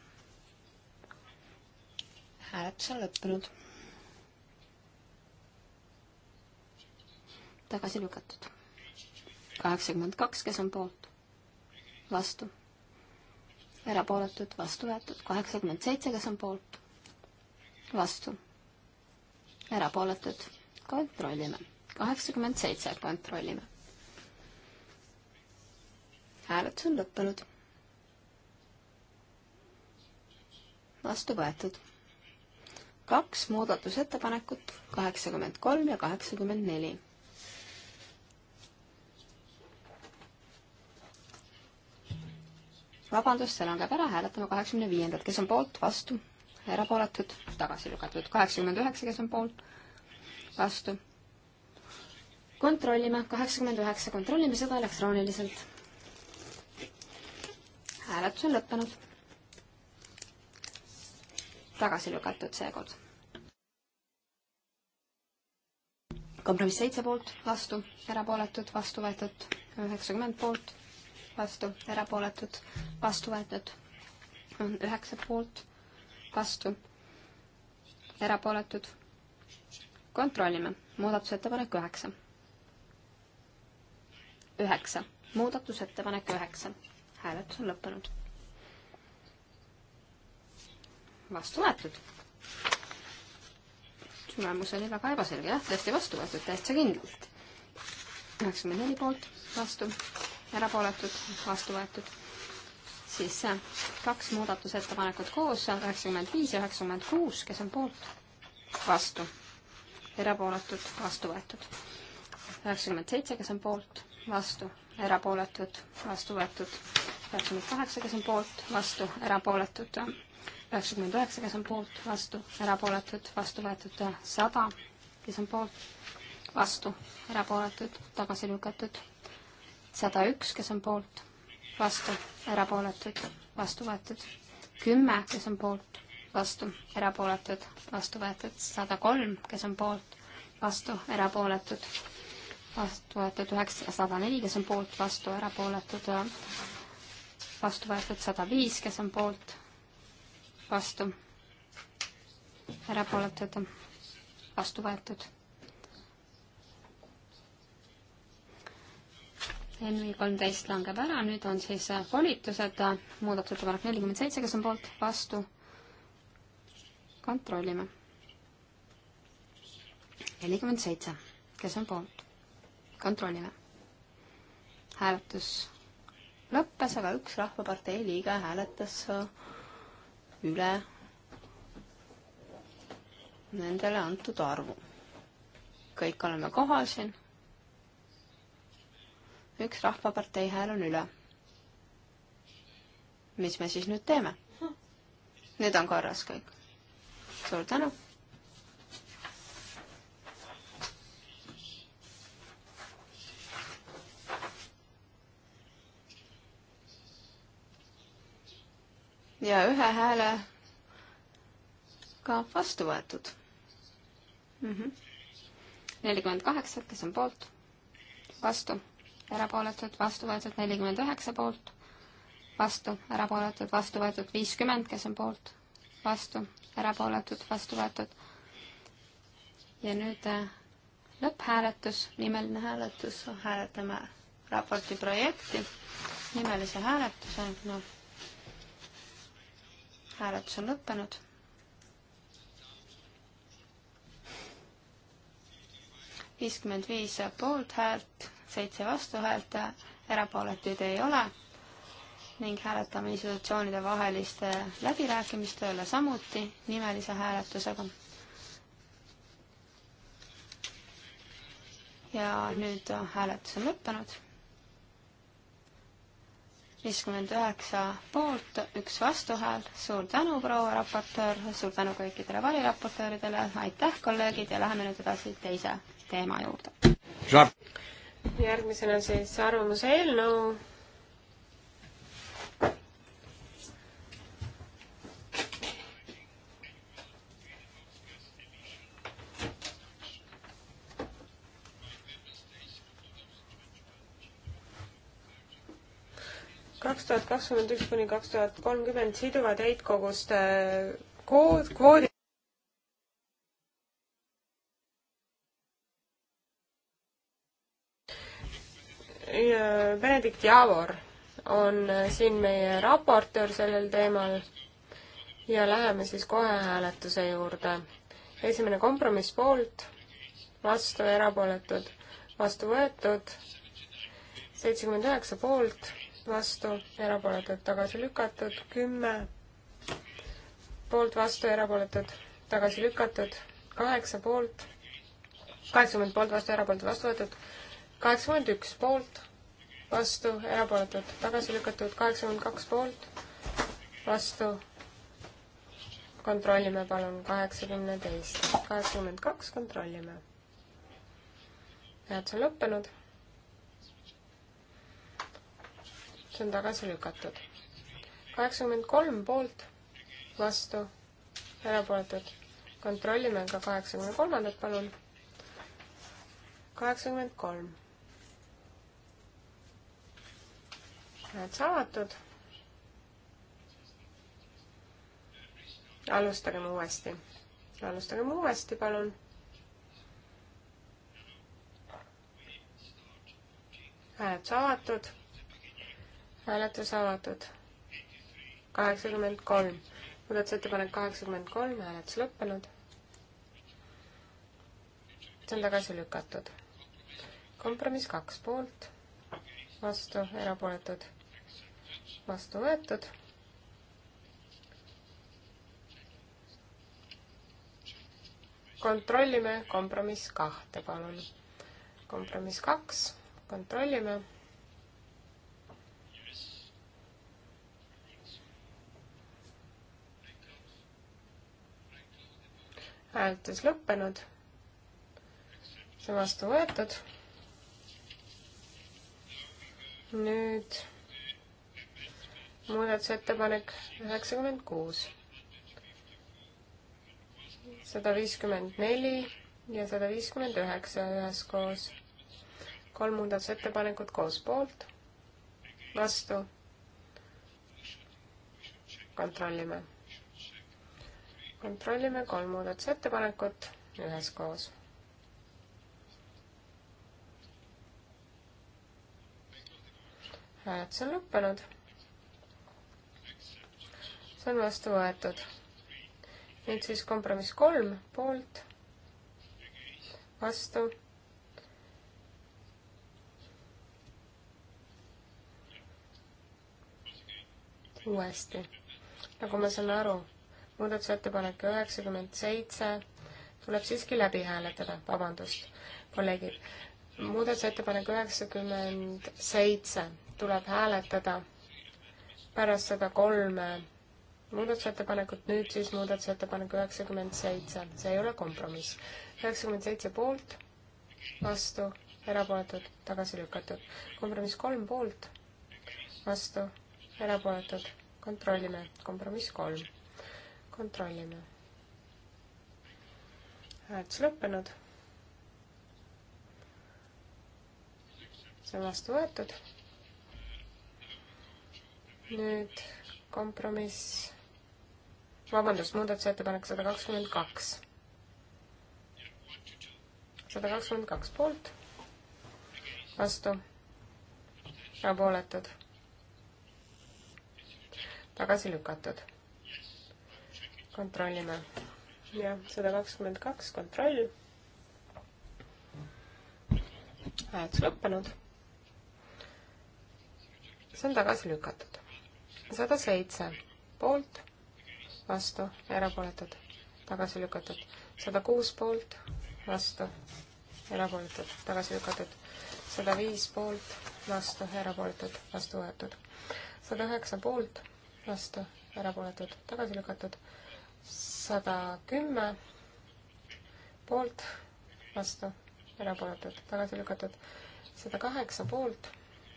hääletus on lõppenud. tagasi lükatud. kaheksakümmend kaks, kes on poolt? vastu. erapooletud, vastu võetud. kaheksakümmend seitse, kes on poolt? vastu. erapooletud. kontrollime. kaheksakümmend seitse, kontrollime. hääletus on lõppenud. vastu võetud kaks muudatusettepanekut, kaheksakümmend kolm ja kaheksakümmend neli. vabandust, see langeb ära, hääletame kaheksakümne viiendat, kes on poolt, vastu, erapooletud, tagasi lükatud, kaheksakümmend üheksa, kes on poolt, vastu. kontrollime, kaheksakümmend üheksa, kontrollime seda elektrooniliselt. hääletus on lõppenud tagasi lükatud seekord. kompromiss seitse poolt, vastu, erapooletud, vastu võetud, üheksakümmend poolt, vastu, erapooletud, vastu võetud, üheksa poolt, vastu, erapooletud. kontrollime, muudatusettepanek üheksa. üheksa, muudatusettepanek üheksa, hääletus on lõppenud vastu võetud. tulemus oli väga ebaselge, jah, tõesti vastu võetud täitsa kindlalt. üheksakümmend neli poolt, vastu, erapooletud, vastu võetud siis äh, kaks muudatusettepanekut koos, üheksakümmend viis ja üheksakümmend kuus, kes on poolt, vastu, erapooletud, vastu võetud. üheksakümmend seitse, kes on poolt, vastu, erapooletud, vastu võetud. üheksakümmend kaheksa, kes on poolt, vastu, erapooletud, üheksakümmend üheksa, kes on poolt, vastu, erapooletud, vastu võetud sada, kes on poolt, vastu, erapooletud, tagasi lükatud sada üks, kes on poolt, vastu, erapooletud, vastu võetud kümme, kes on poolt, vastu, erapooletud, vastu võetud sada kolm, kes on poolt, vastu, erapooletud, vastu võetud üheksasada neli, kes on poolt, vastu, erapooletud, vastu võetud sada viis, kes on poolt, vastu, erapooletud, vastu võetud. NV kolmteist langeb ära, nüüd on siis äh, volitused, muudatusettepanek nelikümmend seitse, kes on poolt, vastu, kontrollime. nelikümmend seitse, kes on poolt, kontrollime. hääletus lõppes, aga üks Rahvapartei liige hääletas äh, üle nendele antud arvu. kõik oleme kohal siin. üks Rahvapartei hääl on üle. mis me siis nüüd teeme? nüüd on korras kõik. suur tänu ja ühe hääle ka vastu võetud. Mhm. nelikümmend kaheksa, kes on poolt, vastu, erapooletud, vastu võetud nelikümmend üheksa poolt, vastu, erapooletud, vastu võetud viiskümmend, kes on poolt, vastu, erapooletud, vastu võetud. ja nüüd äh, lõpphääletus, nimeline hääletus, hääletame raporti projekti nimelise hääletuse, noh hääletus on lõppenud. viiskümmend viis poolthäält, seitse vastuhäält, erapooletuid ei ole ning hääletame institutsioonide vaheliste läbirääkimiste üle samuti nimelise hääletusega. ja nüüd hääletus on lõppenud viiskümmend üheksa poolt, üks vastuhääl, suur tänu, proua raportöör, suur tänu kõikidele variraportööridele, aitäh, kolleegid, ja läheme nüüd edasi teise teema juurde. järgmisena siis arvamuse eelnõu kaks tuhat kakskümmend üks kuni kaks tuhat kolmkümmend siduvad heitkoguste kood, kvoodid. Benedikt Javor on siin meie raportöör sellel teemal ja läheme siis kohe hääletuse juurde. esimene kompromiss poolt, vastu erapooletud, vastu võetud, seitsekümmend üheksa poolt vastu, erapooletud, tagasi lükatud, kümme poolt, vastu, erapooletud, tagasi lükatud, kaheksa poolt, kaheksakümmend poolt, vastu, erapooletud, vastu võetud, kaheksakümmend üks poolt, vastu, erapooletud, tagasi lükatud, kaheksakümmend kaks poolt, vastu, kontrollime palun, kaheksakümne teist, kaheksakümmend kaks, kontrollime. hääd on lõppenud see on tagasi lükatud. kaheksakümmend kolm poolt, vastu, erapooletud. kontrollime ka kaheksakümne kolmandat, palun. kaheksakümmend kolm. näed, salatud. alustagem uuesti. alustagem uuesti, palun hääled saadetud hääletus avatud. kaheksakümmend kolm, muudatusettepanek kaheksakümmend kolm, hääletus lõppenud. see on tagasi lükatud. kompromiss kaks poolt, vastu, erapooletud, vastu võetud kontrollime kompromiss kahte, palun. kompromiss kaks, kontrollime hääletus lõppenud. see vastu võetud. nüüd muudatusettepanek üheksakümmend kuus, sada viiskümmend neli ja sada viiskümmend üheksa üheskoos. kolm muudatusettepanekut koos poolt, vastu. kontrollime kontrollime kolm muudatusettepanekut üheskoos. hääletus on lõppenud. see on vastu võetud. nüüd siis kompromiss kolm poolt, vastu. uuesti, nagu ma saan aru muudatusettepanek üheksakümmend seitse tuleb siiski läbi hääletada, vabandust, kolleegid. muudatusettepanek üheksakümmend seitse tuleb hääletada pärast seda kolme muudatusettepanekut, nüüd siis muudatusettepanek üheksakümmend seitse, see ei ole kompromiss. üheksakümmend seitse poolt, vastu, erapooletud, tagasi lükatud. kompromiss kolm poolt, vastu, erapooletud, kontrollime, kompromiss kolm kontrollime. hääletus lõppenud. see on vastu võetud. nüüd kompromiss, vabandust, muudatusettepanek sada kakskümmend kaks. sada kakskümmend kaks poolt, vastu, erapooletud, tagasi lükatud kontrollime. jah, sada kakskümmend kaks, kontroll. hääletus lõppenud. see on tagasi lükatud. sada seitse poolt, vastu, erapooletud, tagasi lükatud. sada kuus poolt, vastu, erapooletud, tagasi lükatud. sada viis poolt, vastu, erapooletud, vastu võetud. sada üheksa poolt, vastu, erapooletud, tagasi lükatud sada kümme poolt, vastu, erapooletud, tagasi lükatud. sada kaheksa poolt,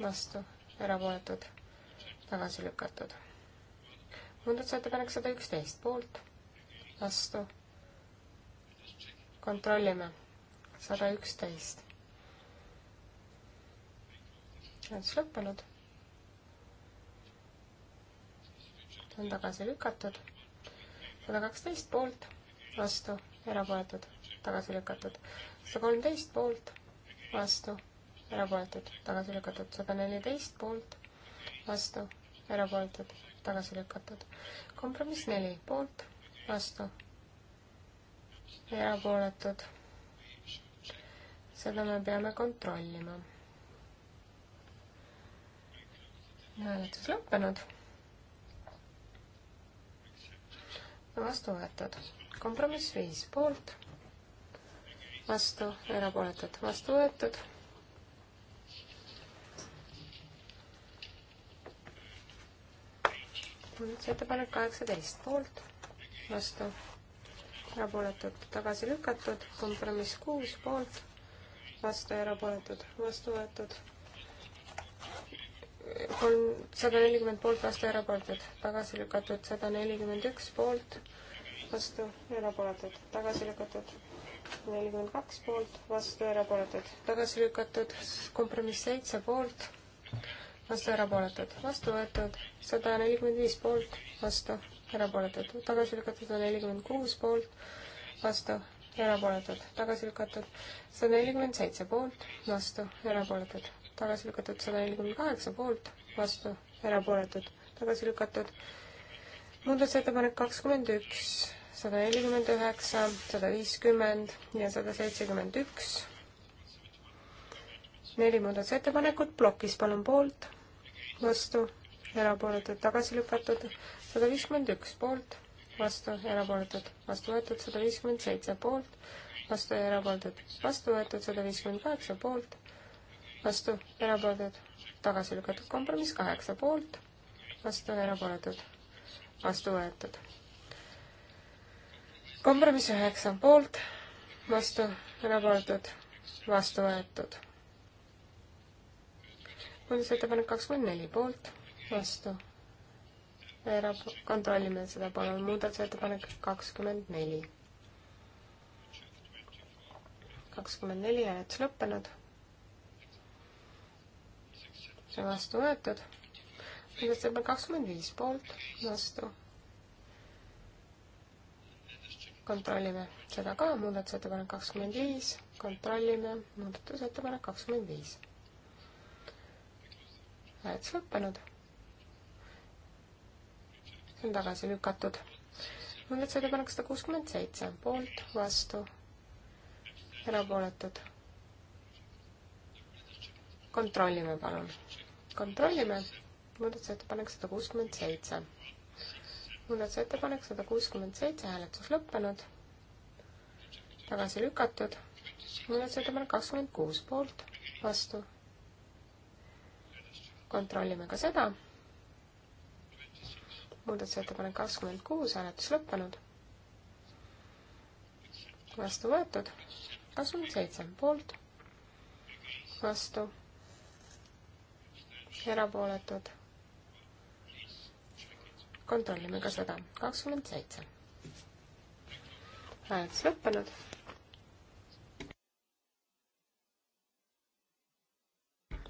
vastu, erapooletud, tagasi lükatud. muudatusettepanek sada üksteist poolt, vastu. kontrollime, sada üksteist. hääletus lõppenud. on tagasi lükatud sada kaksteist poolt, vastu, erapooletud, tagasi lükatud. sada kolmteist poolt, vastu, erapooletud, tagasi lükatud. sada neliteist poolt, vastu, erapooletud, tagasi lükatud. kompromiss neli poolt, vastu, erapooletud. seda me peame kontrollima. hääletus lõppenud vastu võetud. kompromiss viis poolt, vastu, erapooletud, vastu võetud. muudatusettepanek kaheksateist poolt, vastu, erapooletud, tagasi lükatud, kompromiss kuus poolt, vastu, erapooletud, vastu võetud kolm, sada nelikümmend poolt, vastu, erapooletud, tagasi lükatud, sada nelikümmend üks poolt, vastu, erapooletud, tagasi lükatud, nelikümmend kaks poolt, vastu, erapooletud, tagasi lükatud, kompromiss seitse poolt, vastu, erapooletud, vastu võetud, sada nelikümmend viis poolt, vastu, erapooletud, tagasi lükatud, sada nelikümmend kuus poolt, vastu, erapooletud, tagasi lükatud, sada nelikümmend seitse poolt, vastu, erapooletud, tagasi lükatud, sada nelikümmend kaheksa poolt, vastu, erapooletud, tagasi lükatud. muudatusettepanek kakskümmend üks, sada nelikümmend üheksa, sada viiskümmend ja sada seitsekümmend üks. neli muudatusettepanekut plokis, palun poolt, vastu, erapooletud, tagasi lükatud, sada viiskümmend üks poolt vastu, erapooletud, vastu võetud sada viiskümmend seitse poolt, vastu ja erapooletud, vastu võetud sada viiskümmend kaheksa poolt, vastu, erapooletud, tagasi lükatud kompromiss kaheksa poolt, vastu ja erapooletud, vastu võetud. kompromiss üheksa poolt, vastu, erapooletud, vastu võetud. muudatusettepanek kakskümmend neli poolt, vastu kontrollime seda, palun, muudatusettepanek kakskümmend neli. kakskümmend neli hääletus lõppenud. see vastu võetud. muudatusettepanek kakskümmend viis poolt, vastu. kontrollime seda ka, muudatusettepanek kakskümmend viis, kontrollime muudatusettepanek kakskümmend viis. hääletus lõppenud see on tagasi lükatud. muudatusettepanek sada kuuskümmend seitse, poolt, vastu, erapooletud. kontrollime palun. kontrollime muudatusettepanek sada kuuskümmend seitse. muudatusettepanek sada kuuskümmend seitse, hääletus lõppenud, tagasi lükatud. muudatusettepanek kakskümmend kuus, poolt, vastu. kontrollime ka seda muudatusettepanek kakskümmend kuus, hääletus lõppenud. vastu võetud, kakskümmend seitse poolt, vastu, erapooletud. kontrollime ka seda, kakskümmend seitse. hääletus lõppenud.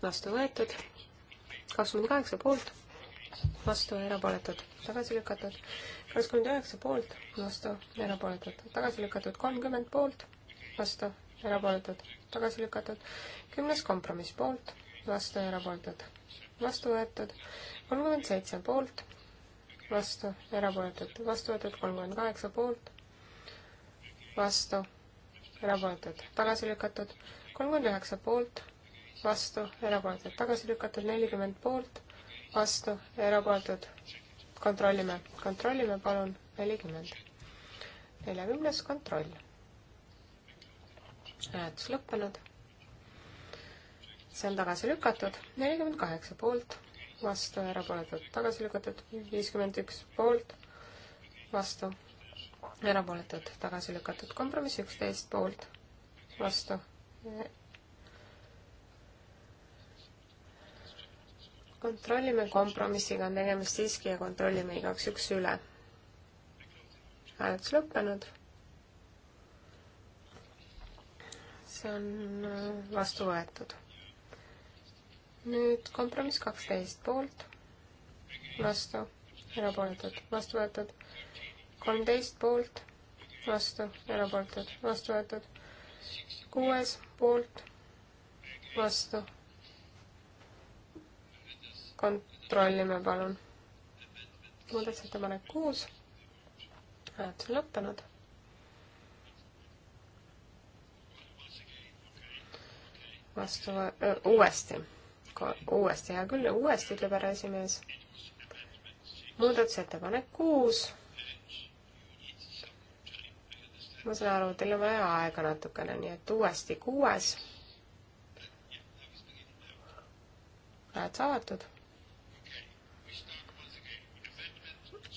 vastu võetud, kakskümmend kaheksa poolt vastu, erapooletud, tagasi lükatud. kakskümmend üheksa poolt, vastu, erapooletud, tagasi lükatud. kolmkümmend poolt, vastu, erapooletud, tagasi lükatud. kümnes kompromiss poolt, vastu, erapooletud, vastu võetud. kolmkümmend seitse poolt, vastu, erapooletud, vastu võetud. kolmkümmend kaheksa poolt, vastu, erapooletud, tagasi lükatud. kolmkümmend üheksa poolt, vastu, erapooletud, tagasi lükatud. nelikümmend poolt vastu, erapooletud. kontrollime, kontrollime, palun, nelikümmend. neljakümnes kontroll. hääletus lõppenud. see on tagasi lükatud, nelikümmend kaheksa poolt, vastu, erapooletud, tagasi lükatud, viiskümmend üks poolt, vastu, erapooletud, tagasi lükatud, kompromiss üksteist poolt, vastu kontrollime, kompromissiga on tegemist siiski ja kontrollime igaks juks üle. hääletus lõppenud. see on äh, vastu võetud. nüüd kompromiss kaksteist poolt, vastu, erapooletud, vastu võetud, kolmteist poolt, vastu, erapooletud, vastu võetud, kuues poolt, vastu kontrollime, palun. muudatusettepanek kuus, hääletus on lõppenud. vastu öö, uuesti, uuesti, hea küll, uuesti ütleb härra esimees. muudatusettepanek kuus ma saan aru, teil on vaja aega natukene, nii et uuesti kuues. hääled saadetud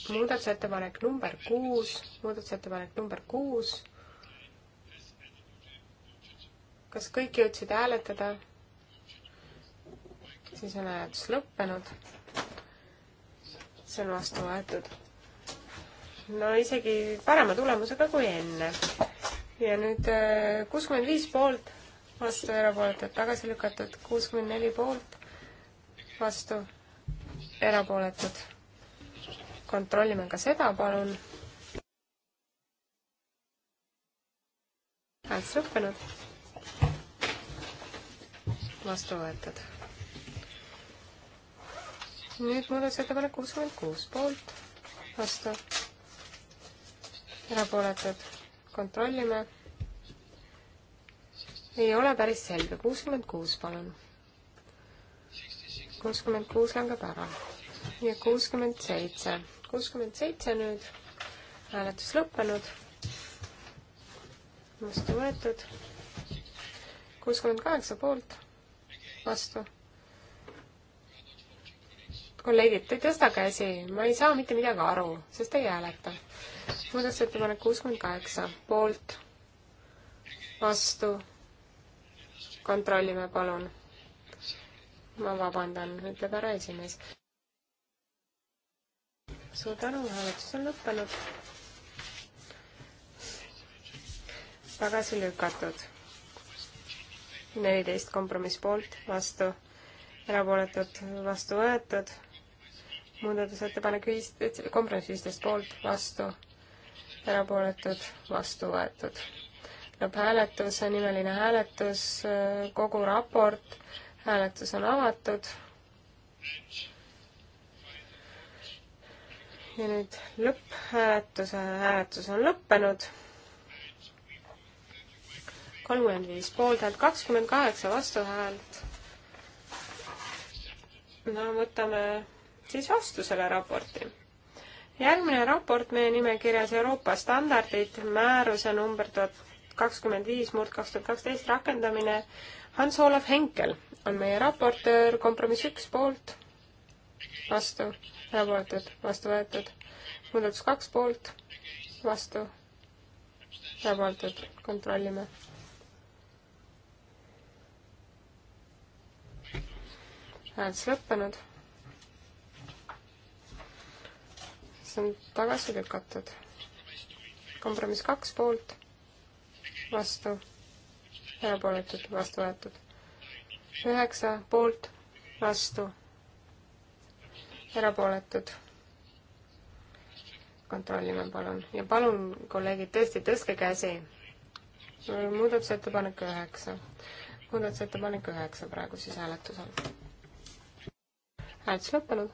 muudatusettepanek number kuus, muudatusettepanek number kuus. kas kõik jõudsid hääletada? siis on hääletus lõppenud. see on vastu võetud. no isegi parema tulemusega kui enne. ja nüüd äh, kuuskümmend viis poolt, vastu erapooletud, tagasi lükatud, kuuskümmend neli poolt, vastu erapooletud kontrollime ka seda, palun. hääletus lõppenud. vastu võetud. nüüd muudatusettepanek kuuskümmend kuus, poolt, vastu, erapooletud, kontrollime. ei ole päris selge, kuuskümmend kuus, palun. kuuskümmend kuus langeb ära ja kuuskümmend seitse kuuskümmend seitse nüüd, hääletus lõppenud, vastu võetud, kuuskümmend kaheksa poolt, vastu. kolleegid, te ei tõsta käsi, ma ei saa mitte midagi aru, sest ei hääleta. muudatusettepanek kuuskümmend kaheksa, poolt, vastu, kontrollime palun ma vabandan, ütleb härra esimees suur tänu, hääletus on lõppenud. tagasi lükatud. neliteist kompromiss poolt, vastu, erapooletud, vastu võetud. muudatusettepanek viis, kompromiss viisteist poolt, vastu, erapooletud, vastu võetud. lõpphääletus, nimeline hääletus, kogu raport, hääletus on avatud ja nüüd lõpphääletuse hääletus on lõppenud. kolmkümmend viis poolthäält, kakskümmend kaheksa vastuhäält. no võtame siis vastu selle raporti. järgmine raport meie nimekirjas Euroopa standardid, määruse number tuhat kakskümmend viis murd kaks tuhat kaksteist rakendamine. Hans-Olav Henkel on meie raportöör, kompromiss üks poolt, vastu Nagu erapooletud, vastu võetud. muudatus kaks poolt, vastu, nagu erapooletud, kontrollime. hääletus lõppenud. see on tagasi lükatud. kompromiss kaks poolt, vastu, erapooletud, vastu võetud. üheksa poolt, vastu erapooletud. kontrollime palun ja palun, kolleegid, tõesti tõstke käsi. muudatusettepanek üheksa, muudatusettepanek üheksa praegu siis hääletusel. hääletus lõppenud.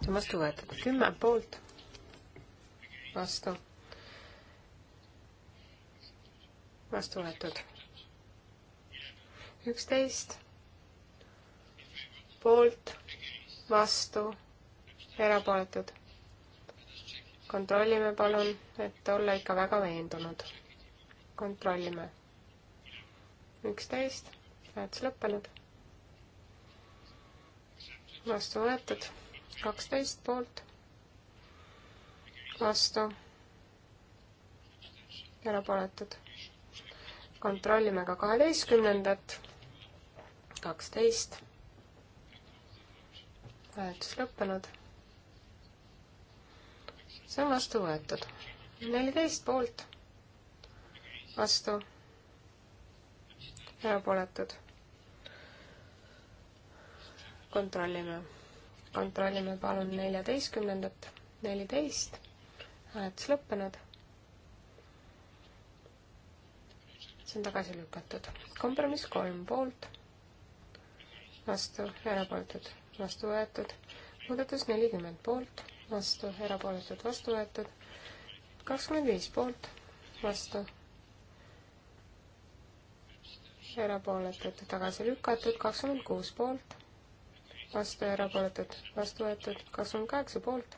see on vastu võetud, kümme poolt, vastu, vastu võetud üksteist poolt, vastu, erapooletud. kontrollime palun, et olla ikka väga veendunud. kontrollime. üksteist, hääletus lõppenud. vastu võetud, kaksteist poolt, vastu, erapooletud. kontrollime ka kaheteistkümnendat, kaksteist hääletus lõppenud. see on vastu võetud. neliteist poolt, vastu, erapooletud. kontrollime, kontrollime palun neljateistkümnendat, neliteist, hääletus lõppenud see on tagasi lükatud. kompromiss kolm poolt, vastu, erapooletud, vastu võetud. muudatus nelikümmend poolt, vastu, erapooletud, vastu võetud. kakskümmend viis poolt, vastu, erapooletud, tagasi lükatud. kakskümmend kuus poolt, vastu, erapooletud, vastu võetud. kakskümmend kaheksa poolt,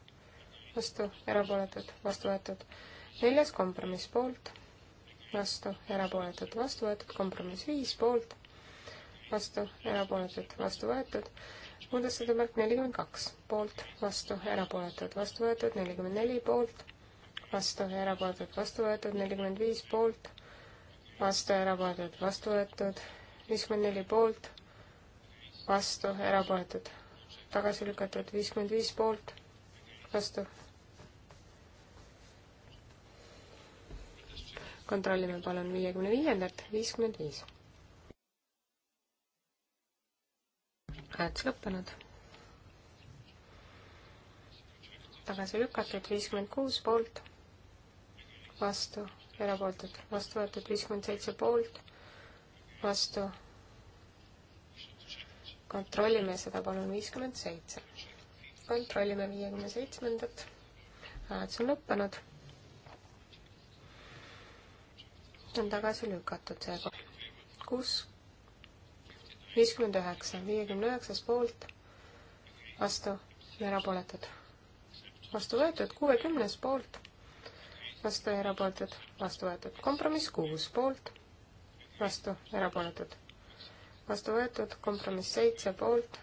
vastu, erapooletud, vastu võetud. neljas kompromiss poolt, vastu, erapooletud, vastu võetud. kompromiss viis poolt vastu, erapooletud, vastu võetud muudatusettepanek nelikümmend kaks, poolt, vastu, erapooletud, vastu võetud, nelikümmend neli, poolt, vastu, erapooletud, vastu võetud, nelikümmend viis, poolt, vastu, erapooletud, vastu võetud, viiskümmend neli, poolt, vastu, erapooletud, tagasi lükatud, viiskümmend viis, poolt, vastu. kontrollime palun viiekümne viiendat, viiskümmend viis hääletus lõppenud. tagasi lükatud viiskümmend kuus poolt, vastu, erapooletud, vastu võetud viiskümmend seitse poolt, vastu. kontrollime seda, palun, viiskümmend seitse. kontrollime viiekümne seitsmendat. hääletus on lõppenud on tagasi lükatud seekord. kus viiskümmend üheksa, viiekümne üheksas poolt, vastu, erapooletud. vastu võetud, kuuekümnes poolt, vastu, erapooletud, vastu võetud. kompromiss kuus poolt, vastu, erapooletud. vastu võetud, kompromiss seitse poolt,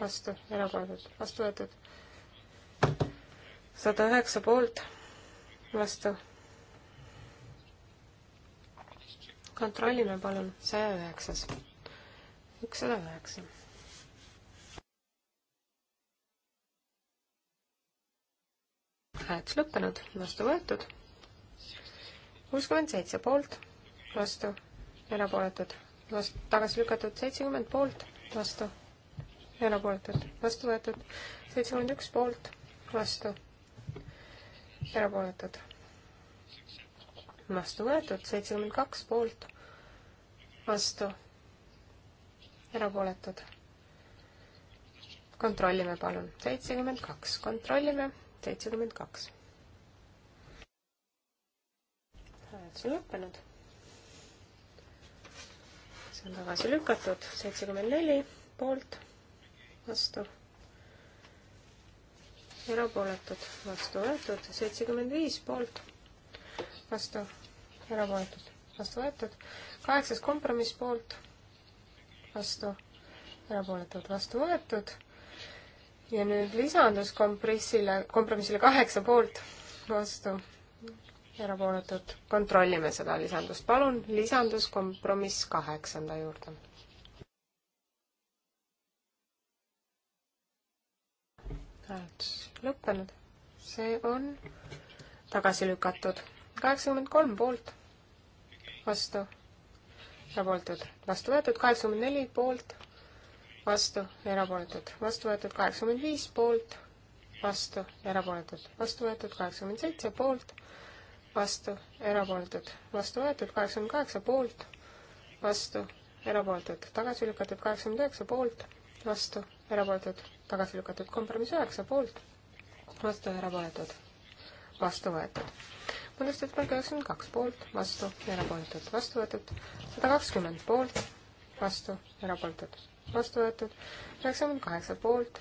vastu, erapooletud, vastu võetud. sada üheksa poolt, vastu. kontrollime palun, saja üheksas kakssada üheksa. hääletus lõppenud, vastu võetud. kuuskümmend seitse poolt, vastu, erapooletud, vastu, tagasi lükatud seitsekümmend poolt, vastu, erapooletud, vastu võetud, seitsekümmend üks poolt, vastu, erapooletud, vastu võetud, seitsekümmend kaks poolt, vastu erapooletud. kontrollime palun, seitsekümmend kaks, kontrollime, seitsekümmend kaks. hääletus on lõppenud. see on tagasi lükatud, seitsekümmend neli poolt, vastu erapooletud, vastu võetud, seitsekümmend viis poolt, vastu, erapooletud, vastu võetud, kaheksas kompromiss poolt, vastu, erapooletud, vastu võetud. ja nüüd lisandus kompressile, kompromissile kaheksa poolt, vastu, erapooletud. kontrollime seda lisandust, palun, lisandus kompromiss kaheksanda juurde. hääletus lõppenud, see on tagasi lükatud. kaheksakümmend kolm poolt, vastu erapooletud, vastu võetud, kaheksakümmend neli poolt, vastu, erapooletud, vastu võetud, kaheksakümmend viis poolt, vastu, erapooletud, vastu võetud, kaheksakümmend seitse poolt, vastu, erapooletud, vastu võetud, kaheksakümmend kaheksa poolt, vastu, erapooletud, tagasi lükatud, kaheksakümmend üheksa poolt, vastu, erapooletud, tagasi lükatud, kompromiss üheksa poolt, vastu, erapooletud, vastu võetud muudatusettepanek üheksakümmend kaks poolt, vastu, erapooletud, vastu võetud, sada kakskümmend poolt, vastu, erapooletud, vastu võetud, üheksakümmend kaheksa poolt,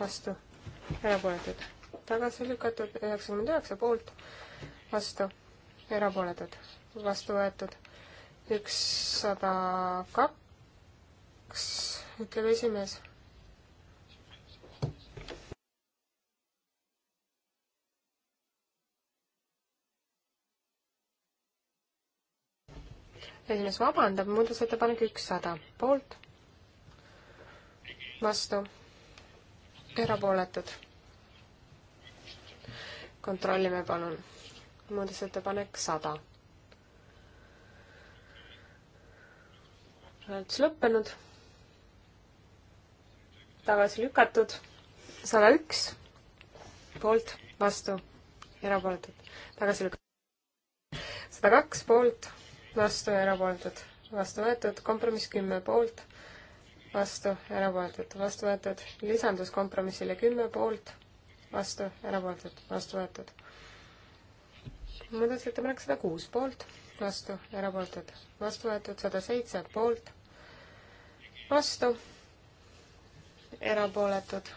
vastu, erapooletud, tagasi lükatud, üheksakümmend üheksa poolt, vastu, erapooletud, vastu võetud, ükssada kaks, ütleb esimees esimees vabandab, muudatusettepanek ükssada, poolt, vastu, erapooletud. kontrollime palun, muudatusettepanek sada. hääletus lõppenud, tagasi lükatud, sada üks, poolt, vastu, erapooletud, tagasi lükatud, sada kaks poolt vastu, erapooletud, vastu võetud, kompromiss kümme poolt, vastu, erapooletud, vastu võetud, lisandus kompromissile kümme poolt, vastu, erapooletud, vastu võetud. muudatusettepanek sada kuus poolt, vastu, erapooletud, vastu võetud, sada seitse poolt, vastu, erapooletud.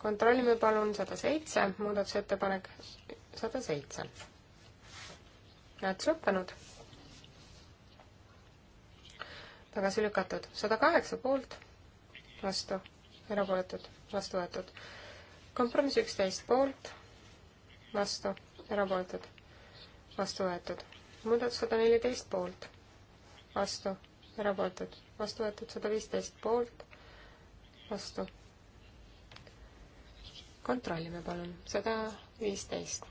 kontrollime palun sada seitse, muudatusettepanek sada seitse hääletus lõppenud. tagasi lükatud, sada kaheksa poolt, vastu, erapooletud, vastu võetud. kompromiss üksteist poolt, vastu, erapooletud, vastu võetud. muudatus sada neliteist poolt, vastu, erapooletud, vastu võetud, sada viisteist poolt, vastu kontrollime palun, sada viisteist.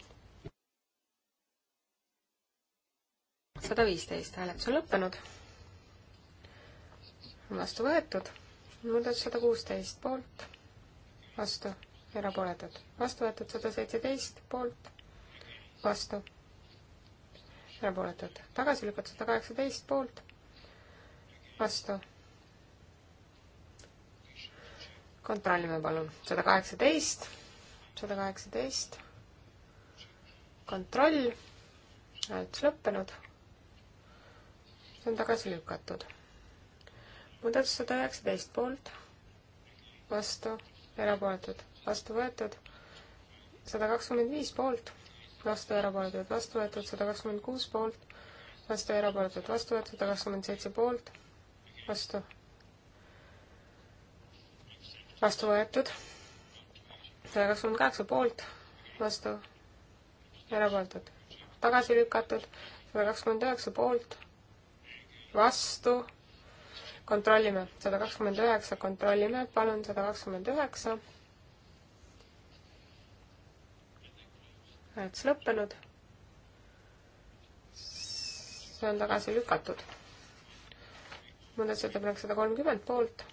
sada viisteist, hääletus on lõppenud. vastu võetud. muudatus sada kuusteist, poolt, vastu, erapooletud. vastu võetud sada seitseteist, poolt, vastu, erapooletud. tagasi lükatud sada kaheksateist, poolt, vastu. kontrollime palun, sada kaheksateist, sada kaheksateist kontroll, hääletus lõppenud see on tagasi lükatud. muudatus sada üheksateist poolt, vastu, erapooletud, vastu võetud, sada kakskümmend viis poolt, vastu, erapooletud, vastu võetud, sada kakskümmend kuus poolt, vastu, erapooletud, vastu võetud, sada kakskümmend seitse poolt, vastu, vastu võetud, sada kakskümmend kaheksa poolt, vastu, erapooletud, tagasi lükatud, sada kakskümmend üheksa poolt vastu, kontrollime, sada kakskümmend üheksa, kontrollime, palun, sada kakskümmend üheksa. hääletus lõppenud. see on tagasi lükatud. muudatusettepanek sada kolmkümmend poolt,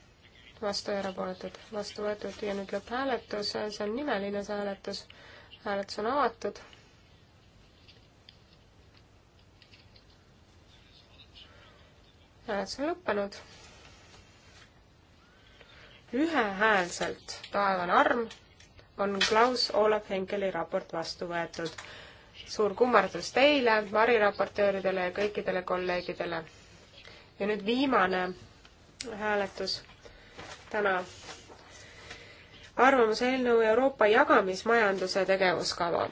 vastu ja erapooletud, vastu võetud ja nüüd lõpphääletus, see on nimeline see hääletus. hääletus on avatud hääletus on lõppenud. ühehäälselt, taevane arm, on Klaus Olav Henkeli raport vastu võetud. suur kummardus teile, variraportööridele ja kõikidele kolleegidele. ja nüüd viimane hääletus täna. arvamuse eelnõu Euroopa jagamismajanduse tegevuskava.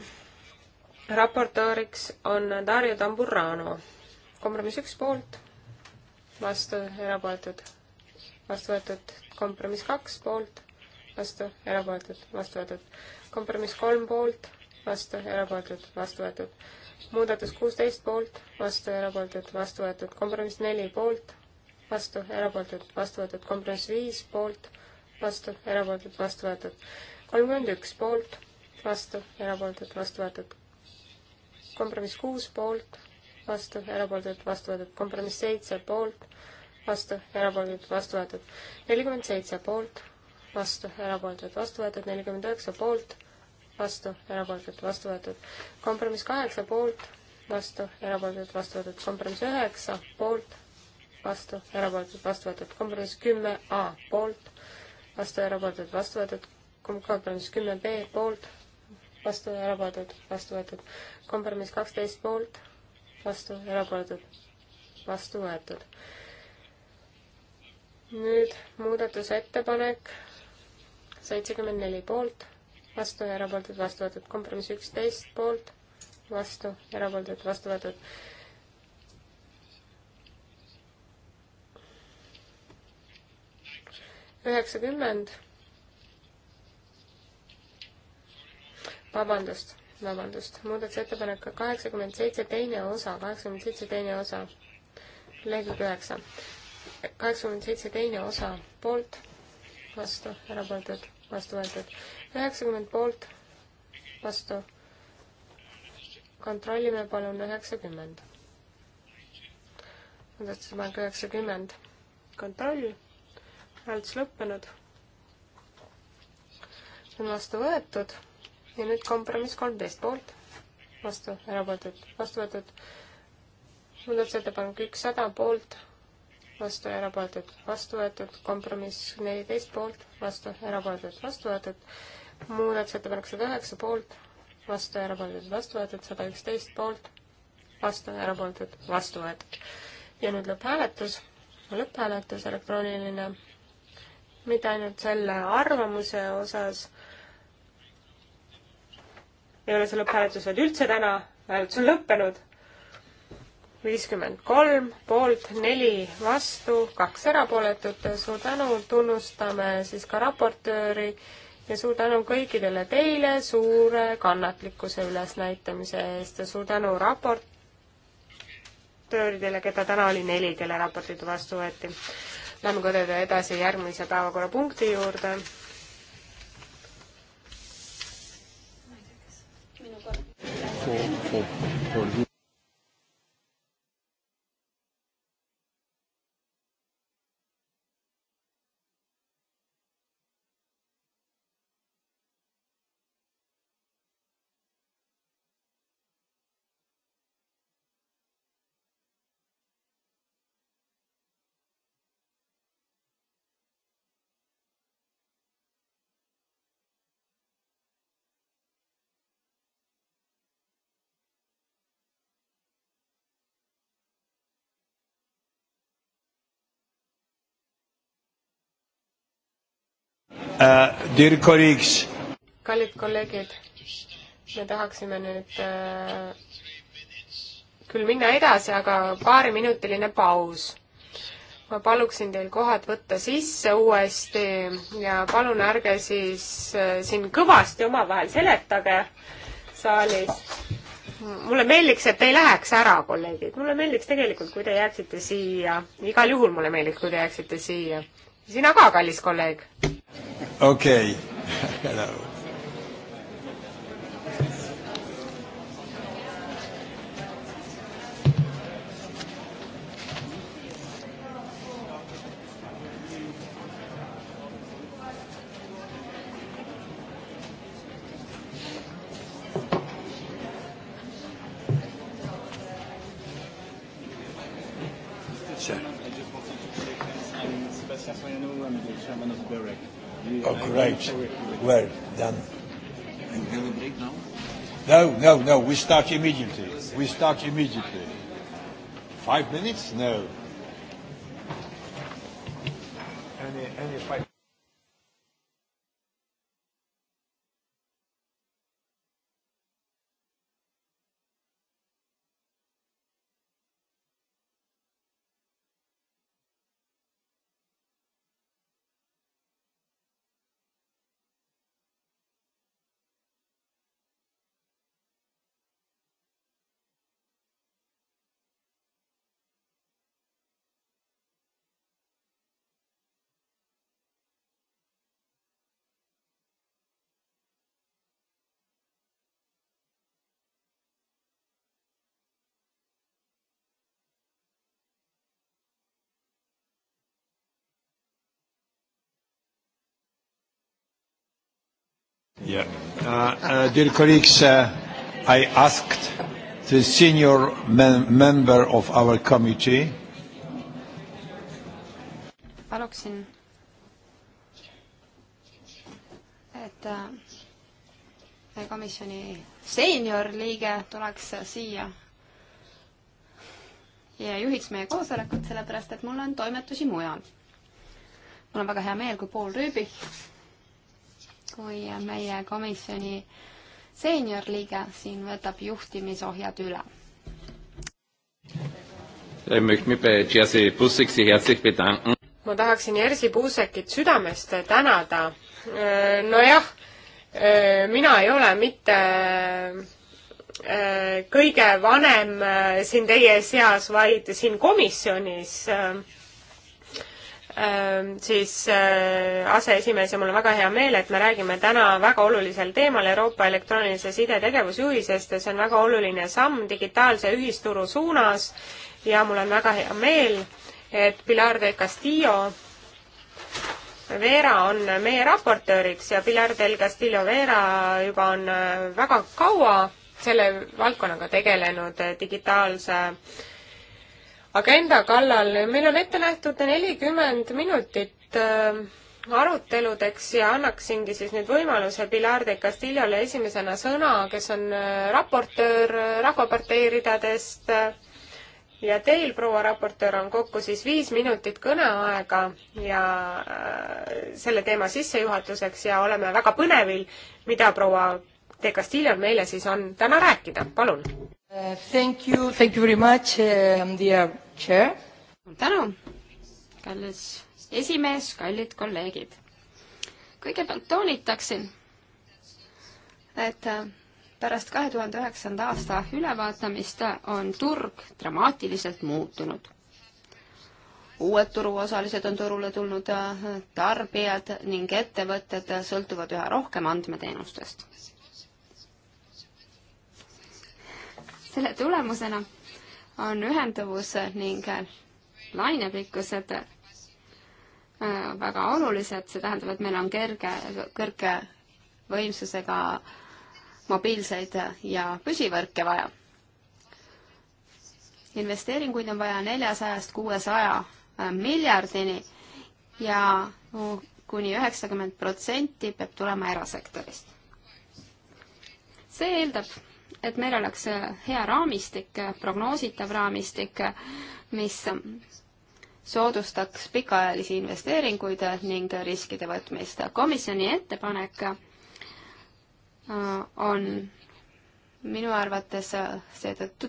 raportööriks on Dario Tamburano. kompromiss üks poolt vastu, erapooletud, vastu võetud. kompromiss kaks poolt, vastu, erapooletud, vastu võetud. kompromiss kolm poolt, vastu, erapooletud, vastu võetud. muudatus kuusteist poolt, vastu, erapooletud, vastu võetud. kompromiss neli poolt, vastu, erapooletud, vastu võetud. kompromiss viis poolt, vastu, erapooletud, vastu võetud. kolmkümmend üks poolt, vastu, erapooletud, vastu võetud. kompromiss kuus poolt, vastu, erapooletud, vastu võetud. kompromiss seitse poolt, vastu, erapooletud, vastu võetud. nelikümmend seitse poolt, vastu, erapooletud, vastu võetud. nelikümmend üheksa poolt, vastu, erapooletud, vastu võetud. kompromiss kaheksa poolt, vastu, erapooletud, vastu võetud. kompromiss üheksa poolt, vastu, erapooletud, vastu võetud. kompromiss kümme A poolt, vastu, erapooletud, vastu võetud. kompromiss kümme B poolt, vastu, erapooletud, vastu võetud. kompromiss kaksteist poolt vastu, erapooletud, vastu võetud. nüüd muudatusettepanek seitsekümmend neli poolt, vastu, erapooletud, vastu võetud, kompromiss üksteist poolt, vastu, erapooletud, vastu võetud. üheksakümmend vabandust vabandust, muudatusettepanek kaheksakümmend seitse teine osa, kaheksakümmend seitse teine osa, lehekülg üheksa. kaheksakümmend seitse teine osa poolt, vastu, erapooletud, vastu võetud. üheksakümmend poolt, vastu. kontrollime palun üheksakümmend. muudatusettepanek üheksakümmend. kontroll, hääletus lõppenud. on vastu võetud ja nüüd kompromiss kolmteist poolt, vastu, erapooletud, vastu võetud. muudatusettepanek ükssada poolt, vastu, erapooletud, vastu võetud, kompromiss neliteist poolt, vastu, erapooletud, vastu võetud. muudatusettepanek sada üheksa poolt, vastu, erapooletud, vastu võetud, sada üksteist poolt, vastu, erapooletud, vastu võetud. ja nüüd lõpphääletus, lõpphääletus elektrooniline, mitte ainult selle arvamuse osas ei ole see lõpphääletus veel üldse täna, hääletus on lõppenud. viiskümmend kolm poolt, neli vastu, kaks erapooletut, suur tänu, tunnustame siis ka raportööri ja suur tänu kõigidele teile suure kannatlikkuse ülesnäitamise eest ja suur tänu raportööridele, keda täna oli neli, kelle raportid vastu võeti. Lähme kodade edasi järgmise päevakorrapunkti juurde for, for, for uh,. kallid kolleegid, me tahaksime nüüd uh, küll minna edasi, aga paariminutiline paus. ma paluksin teil kohad võtta sisse uuesti ja palun ärge siis uh, siin kõvasti omavahel seletage saalis mulle meeldiks, et te ei läheks ära, kolleegid. mulle meeldiks tegelikult, kui te jääksite siia. igal juhul mulle meeldiks, kui te jääksite siia sina ka, kallis kolleeg. okei okay., <laughs> hello no, no, we start immediately. We start immediately. Five minutes? No. Any, any five Yeah. Uh, uh, dear colleagues, uh, I asked the senior mem member of our committee. paluksin, et äh, meie komisjoni seeniorliige tuleks siia ja juhiks meie koosolekut, sellepärast et mul on toimetusi mujal. mul on väga hea meel, kui Paul Rüübi kui meie komisjoni seeniorliige siin võtab juhtimisohjad üle. Äh, ma tahaksin Jerzy Buzekit südamest tänada. Äh, nojah, äh, mina ei ole mitte kõige vanem siin teie seas, vaid siin komisjonis äh, Ehm, siis äh, aseesimees ja mul on väga hea meel, et me räägime täna väga olulisel teemal Euroopa elektroonilise side tegevusjuhisest ja see on väga oluline samm digitaalse ühisturu suunas ja mul on väga hea meel, et Pilar del Castillo Veera on meie raportööriks ja Pilar del Castillo Veera juba on äh, väga kaua selle valdkonnaga tegelenud äh, digitaalse äh, agenda kallal. meil on ette nähtud nelikümmend minutit ähm, aruteludeks ja annaksingi siis nüüd võimaluse Pilar de Castillole esimesena sõna, kes on äh, raportöör äh, Rahvapartei ridadest. ja teil, proua raportöör, on kokku siis viis minutit kõneaega ja äh, selle teema sissejuhatuseks ja oleme väga põnevil, mida proua De Castillo meile siis on täna rääkida, palun uh,. Thank you, thank you very much uh,, um, dear chair. tänu, kallis esimees, kallid kolleegid. kõigepealt toonitaksin, et uh, pärast kahe tuhande üheksanda aasta ülevaatamist on turg dramaatiliselt muutunud. uued turuosalised on turule tulnud, uh, tarbijad ning ettevõtted uh, sõltuvad üha rohkem andmeteenustest selle tulemusena on ühenduvus ning lainepikkused äh, väga olulised, see tähendab, et meil on kerge, kõrge võimsusega mobiilseid ja püsivõrke vaja. investeeringuid on vaja neljasajast kuuesaja äh, miljardini ja kuni üheksakümmend protsenti peab tulema erasektorist. see eeldab et meil oleks hea raamistik, prognoositav raamistik, mis soodustaks pikaajalisi investeeringuid ning riskide võtmist. komisjoni ettepanek äh, on minu arvates seetõttu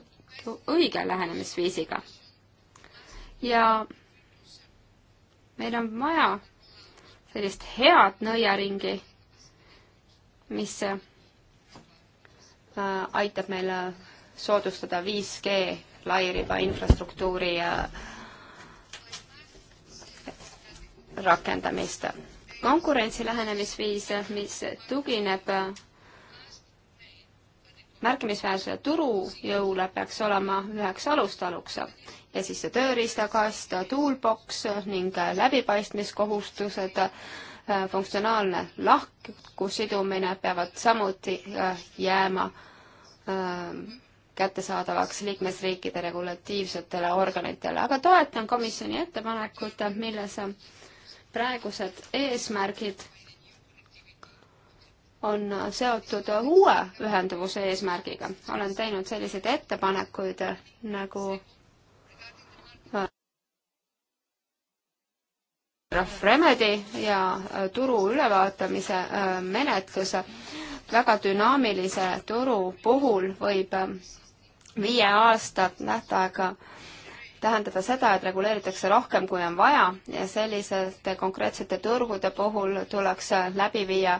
õige lähenemisviisiga. ja meil on vaja sellist head nõiaringi, mis Äh, aitab meil äh, soodustada 5G lairiba infrastruktuuri äh, rakendamist. konkurentsi lähenemisviis, mis tugineb märkimisväärsele turujõule, peaks olema üheks alustaluks ja siis see tööriistakast, toolbox ning läbipaistmiskohustused Äh, funktsionaalne lahkusidumine peavad samuti äh, jääma ähm, kättesaadavaks liikmesriikide regulatiivsetele organitele, aga toetan komisjoni ettepanekut, milles praegused eesmärgid on seotud uue ühenduvuse eesmärgiga. olen teinud selliseid ettepanekuid nagu Rough Remedy ja äh, turu ülevaatamise äh, menetlus. väga dünaamilise turu puhul võib äh, viie aasta tähtaega tähendada seda, et reguleeritakse rohkem, kui on vaja ja selliste konkreetsete turgude puhul tuleks läbi viia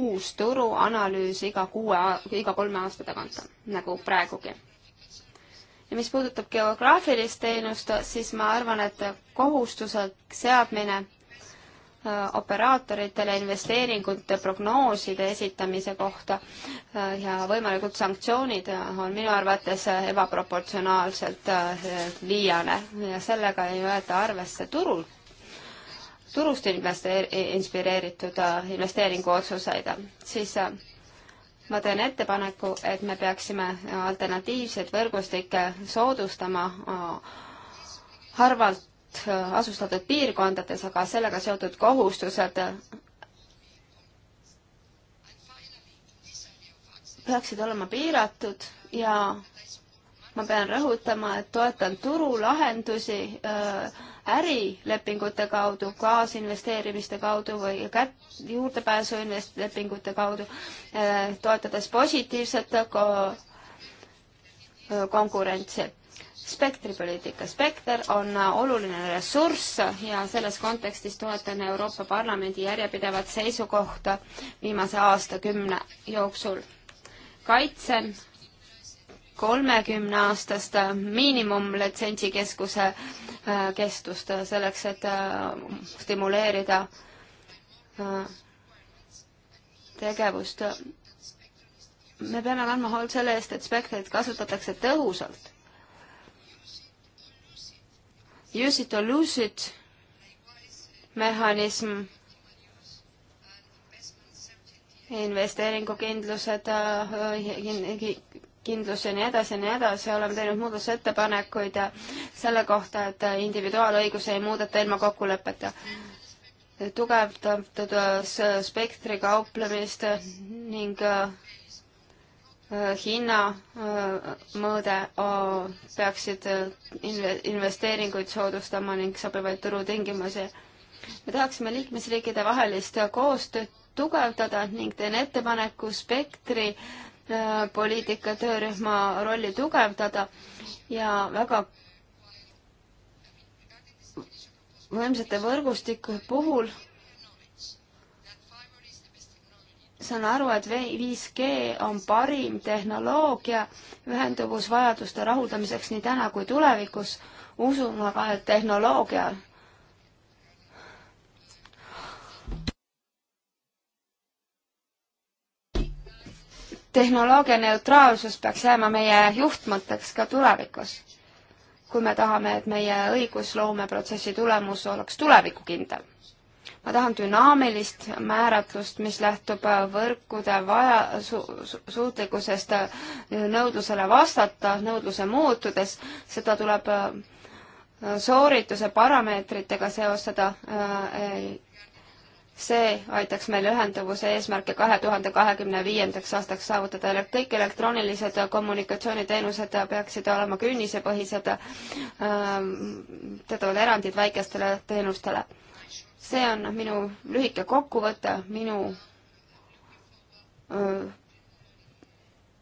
uus turuanalüüs iga kuue, iga kolme aasta tagant, nagu praegugi ja mis puudutab geograafilist teenust, siis ma arvan, et kohustuse seadmine äh, operaatoritele investeeringute prognooside esitamise kohta äh, ja võimalikud sanktsioonid äh, on minu arvates ebaproportsionaalselt liiane ja sellega ei võeta arvesse turul, turust investeer-, inspireeritud investeeringuotsuseid. siis ma teen ettepaneku, et me peaksime alternatiivseid võrgustikke soodustama harvalt asustatud piirkondades, aga sellega seotud kohustused peaksid olema piiratud ja ma pean rõhutama, et toetan turulahendusi äh, ärilepingute kaudu, kaasinvesteerimiste kaudu või kät-, juurdepääsu investeeringute kaudu, äh, toetades positiivset ko-, konkurentsi. spektripoliitika. spekter on oluline ressurss ja selles kontekstis toetan Euroopa Parlamendi järjepidevat seisukohta viimase aastakümne jooksul. kaitsen kolmekümneaastast miinimumlitsentsikeskuse äh, kestust äh, selleks, et äh, stimuleerida tegevust. me peame kandma hoolt selle eest, et spektrit kasutatakse tõhusalt. Use it or lose it mehhanism investeeringukindlused kindlus ja nii edasi ja nii edasi, oleme teinud muudatusettepanekuid selle kohta, et individuaalõigusi ei muudeta ilma kokkuleppeta. tugevdatud spektri kauplemist ning äh, hinna äh, mõõde äh, peaksid investeeringuid soodustama ning sobivaid turutingimusi. me tahaksime liikmesriikide vahelist koostööd tugevdada ning teen ettepaneku spektri äh, Äh, poliitika töörühma rolli tugevdada ja väga võimsate võrgustike puhul saan aru, et 5G on parim tehnoloogia ühenduvusvajaduste rahuldamiseks nii täna kui tulevikus. usun aga, et tehnoloogia tehnoloogia neutraalsus peaks jääma meie juhtmõtteks ka tulevikus, kui me tahame, et meie õigusloomeprotsessi tulemus oleks tulevikukindel. ma tahan dünaamilist määratlust, mis lähtub võrkude vaja su,, su, suutlikkusest nõudlusele vastata, nõudluse muutudes, seda tuleb äh, soorituse parameetritega seostada äh, see aitaks meil ühenduvuse eesmärke kahe tuhande kahekümne viiendaks aastaks saavutada. kõik elektroonilised kommunikatsiooniteenused peaksid olema künnisepõhised, ähm, teatavad erandid väikestele teenustele. see on minu lühike kokkuvõte minu öö,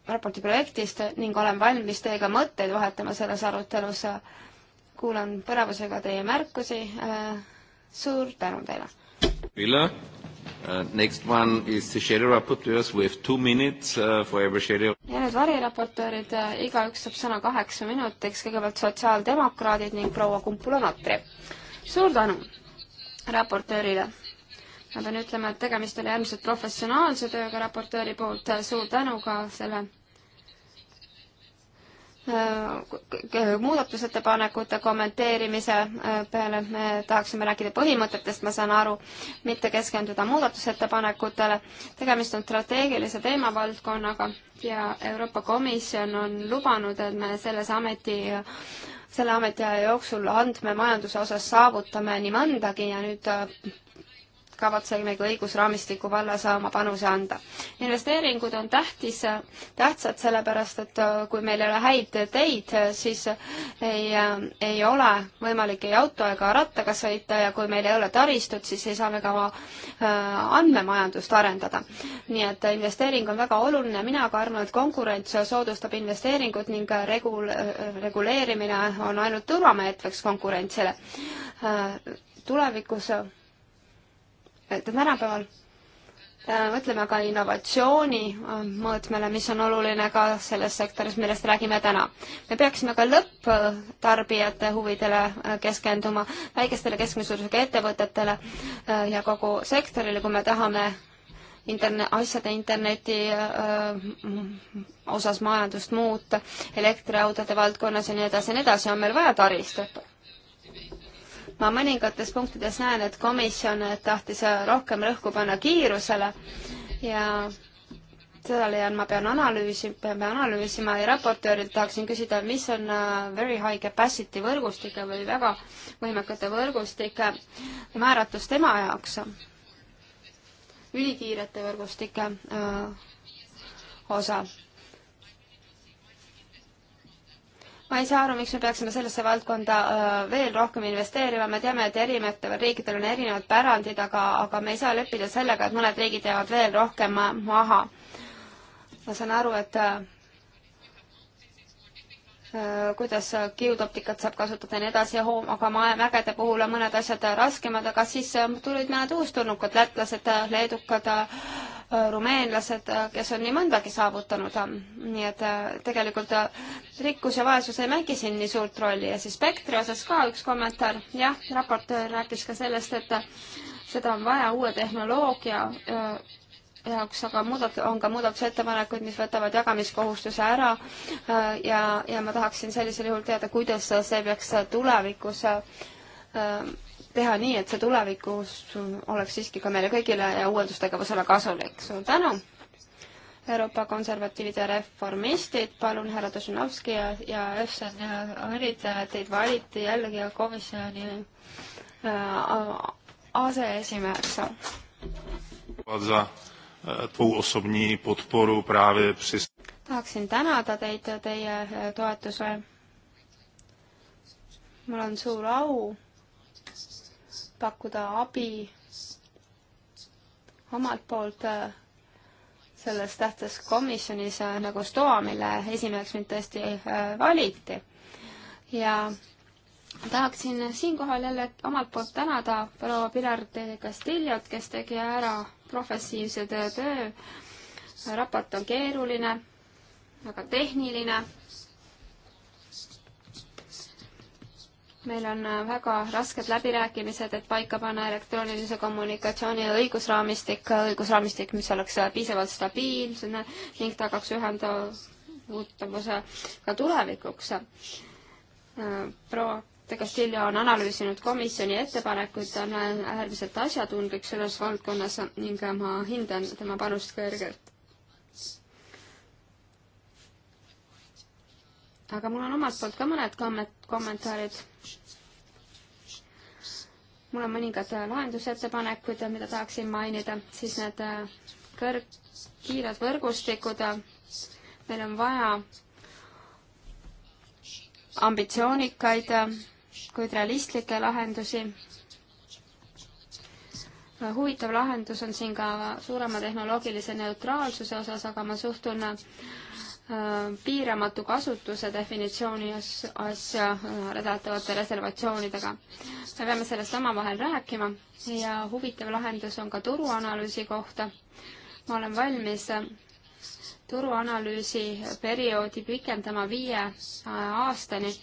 raporti projektist ning olen valmis teiega mõtteid vahetama selles arutelus. kuulan põnevusega teie märkusi. Äh, suur tänu teile! Villa. Uh, next one is the shadow rapporteurs with two minutes uh, for every shadow. ja nüüd variraportöörid uh,, igaüks saab sõna kaheksa minutiks, kõigepealt sotsiaaldemokraadid ning proua Kumpula-Natri. suur tänu raportöörile. ma pean ütlema, et tegemist oli äärmiselt professionaalse tööga raportööri poolt, suur tänu ka selle Äh, muudatusettepanekute kommenteerimise äh, peale me tahaksime rääkida põhimõtetest, ma saan aru, mitte keskenduda muudatusettepanekutele. tegemist on strateegilise teemavaldkonnaga ja Euroopa Komisjon on lubanud, et me selles ameti, selle ametiaja jooksul andmemajanduse osas saavutame nii mõndagi ja nüüd äh, kavatsemegi õigusraamistiku vallas oma panuse anda. investeeringud on tähtis, tähtsad sellepärast, et äh, kui meil ei ole häid teid, äh, siis ei, äh, ei ole võimalik ei auto ega rattaga sõita ja kui meil ei ole taristut, siis ei saa me ka oma andmemajandust arendada. nii et investeering on väga oluline, mina ka arvan, et konkurents soodustab investeeringut ning regul-, reguleerimine on ainult turvameetveks konkurentsile. tulevikus tänapäeval äh, mõtleme ka innovatsiooni äh, mõõtmele, mis on oluline ka selles sektoris, millest räägime täna. me peaksime ka lõpptarbijate huvidele äh, keskenduma, väikestele keskmise suurusega ettevõtetele ja kogu sektorile, kui me tahame interne-, asjade interneti öö, osas majandust muuta, elektriautode valdkonnas ja nii edasi ja nii edasi, on meil vaja taristut ma mõningates punktides näen, et komisjon tahtis rohkem rõhku panna kiirusele ja seda leian, ma pean analüüsi-, peame analüüsima ja raportöörilt tahaksin küsida, mis on äh, very high capacity võrgustike või väga võimekate võrgustike määratus tema jaoks? ülikiirete võrgustike öö, äh, osa ma ei saa aru, miks me peaksime sellesse valdkonda äh, veel rohkem investeerima, me teame, et erinevatel riikidel on erinevad pärandid, aga, aga me ei saa leppida sellega, et mõned riigid jäävad veel rohkem maha. ma saan aru, et äh, äh, kuidas kiudoptikat saab kasutada ja nii edasi, aga mägede puhul on mõned asjad raskemad, aga siis tulid mõned uustulnukad, lätlased, leedukad, rumeenlased, kes on nii mõndagi saavutanud. nii et äh, tegelikult äh, rikkus ja vaesus ei mängi siin nii suurt rolli ja siis spektri osas ka üks kommentaar. jah, raportöör rääkis ka sellest, et äh, seda on vaja uue tehnoloogia jaoks, aga muudat-, on ka muudatusettepanekuid, mis võtavad jagamiskohustuse ära ja, ja ma tahaksin sellisel juhul teada, kuidas see peaks tulevikus teha nii, et see tulevikus oleks siiski ka meile kõigile ja uuendustegevusele kasulik. suur tänu! Euroopa konservatiivid ja reformistid, palun, härra Dušanovski ja, ja Öfsen, õnnitlen, et teid valiti jällegi komisjoni äh, aseesimeheks. Äh, tahaksin tänada teid teie äh, toetuse. mul on suur au pakkuda abi omalt poolt äh, selles tähtsas komisjonis äh, nagu STOA, mille esimeheks mind tõesti äh, valiti. ja tahaksin siinkohal jälle omalt poolt tänada proua Pilar de Castillot, kes tegi ära professiivse töö. raport on keeruline, väga tehniline meil on äh, väga rasked läbirääkimised, et paika panna elektroonilise kommunikatsiooni õigusraamistik, äh, õigusraamistik, mis oleks äh, piisavalt stabiilne ning tagaks ühendavutavuse ka tulevikuks. proua De Castillo on analüüsinud komisjoni ettepanekuid, ta on äärmiselt asjatundlik selles valdkonnas ning ma hindan tema panust kõrgelt aga mul on omalt poolt ka mõned kommentaarid. mul on mõningad äh, lahendusettepanekud, mida tahaksin mainida, siis need äh, kõrg, kiired võrgustikud, meil on vaja ambitsioonikaid, äh, kuid realistlikke lahendusi. huvitav lahendus on siin ka suurema tehnoloogilise neutraalsuse osas, aga ma suhtun Äh, piiramatu kasutuse definitsiooni asja redatavate äh, reservatsioonidega. me peame sellest omavahel rääkima ja huvitav lahendus on ka turuanalüüsi kohta. ma olen valmis äh, turuanalüüsi perioodi pikendama viie aastani,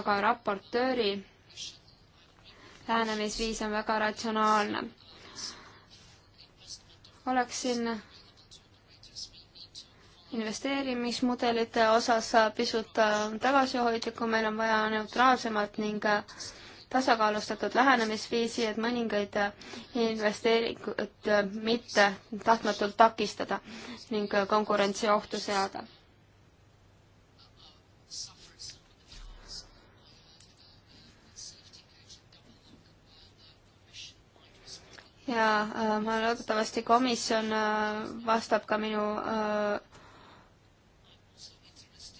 aga raportööri lähenemisviis on väga ratsionaalne. oleksin investeerimismudelite osas pisut äh, tagasihoidlikum, meil on vaja neutraalsemat ning äh, tasakaalustatud lähenemisviisi, et mõningaid äh, investeeringuid mitte tahtmatult takistada ning konkurentsiohtu seada. ja ma loodetavasti komisjon vastab ka minu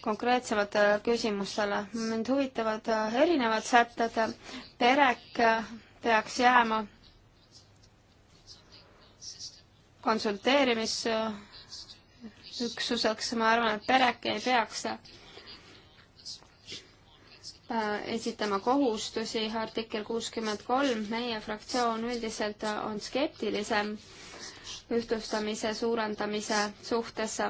konkreetsematele äh, küsimustele. mind huvitavad äh, erinevad sätted. perek äh, peaks jääma konsulteerimisüksuseks, ma arvan, et perek ei peaks esitama kohustusi, artikkel kuuskümmend kolm, meie fraktsioon üldiselt on skeptilisem ühtlustamise suurendamise suhtes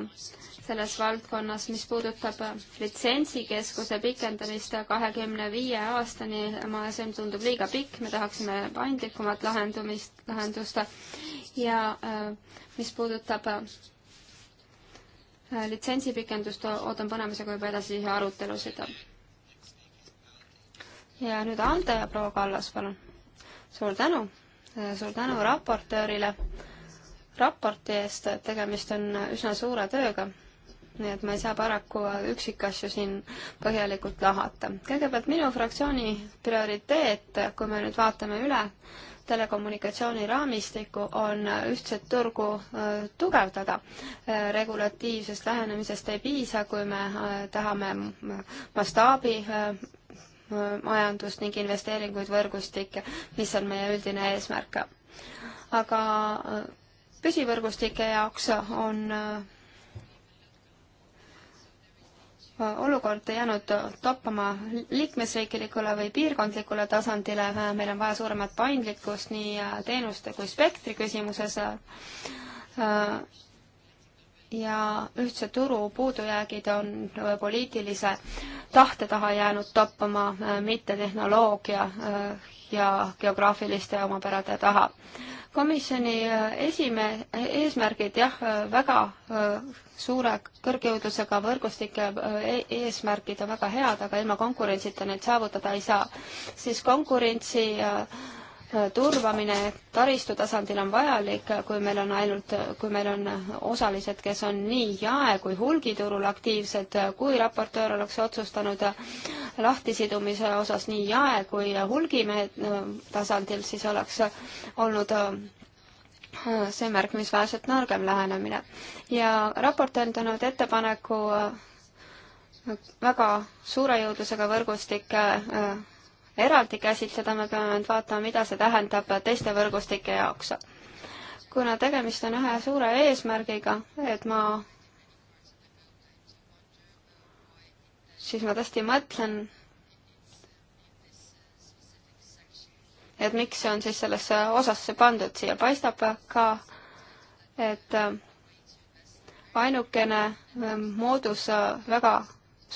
selles valdkonnas, mis puudutab litsentsikeskuse pikendamist kahekümne viie aastani, mulle see tundub liiga pikk, me tahaksime paindlikumat lahendumist, lahendust ja äh, mis puudutab äh, litsentsipikendust, ootan põnevusega juba edasisi arutelusid. ja nüüd Ante ja proua Kallas, palun. suur tänu, äh, suur tänu raportöörile raporti eest, tegemist on üsna suure tööga nii et ma ei saa paraku üksikasju siin põhjalikult lahata. kõigepealt minu fraktsiooni prioriteet, kui me nüüd vaatame üle telekommunikatsiooni raamistikku, on ühtset turgu äh, tugevdada. Äh, regulatiivsest lähenemisest ei piisa, kui me äh, tahame mastaabi majandust ning investeeringuid võrgustikke, mis on meie üldine eesmärk. aga püsivõrgustike jaoks on olukord jäänud toppama liikmesriikilikule või piirkondlikule tasandile, meil on vaja suuremat paindlikkust nii teenuste kui spektri küsimuses ja ühtse turu puudujäägid on poliitilise tahte taha jäänud toppama, mitte tehnoloogia ja geograafiliste omapärade taha komisjoni äh, esime-, eesmärgid jah, äh, väga äh, suure kõrgjõudlusega võrgustike eesmärgid on väga head, aga ilma konkurentsita neid saavutada ei saa. siis konkurentsi äh, Äh, turvamine taristu tasandil on vajalik, äh, kui meil on ainult, äh, kui meil on osalised, kes on nii jae- kui hulgiturul aktiivsed, kui raportöör oleks otsustanud lahtisidumise osas nii jae- kui hulgimehe tasandil, siis oleks olnud see märkimisväärselt nõrgem lähenemine. ja raportöör on teinud ettepaneku väga suure jõudlusega võrgustike eraldi käsitleda, me peame nüüd vaatama, mida see tähendab teiste võrgustike jaoks. kuna tegemist on ühe suure eesmärgiga, et ma, siis ma tõesti mõtlen, et miks see on siis sellesse osasse pandud, siia paistab ka, et ainukene eh, moodus eh, väga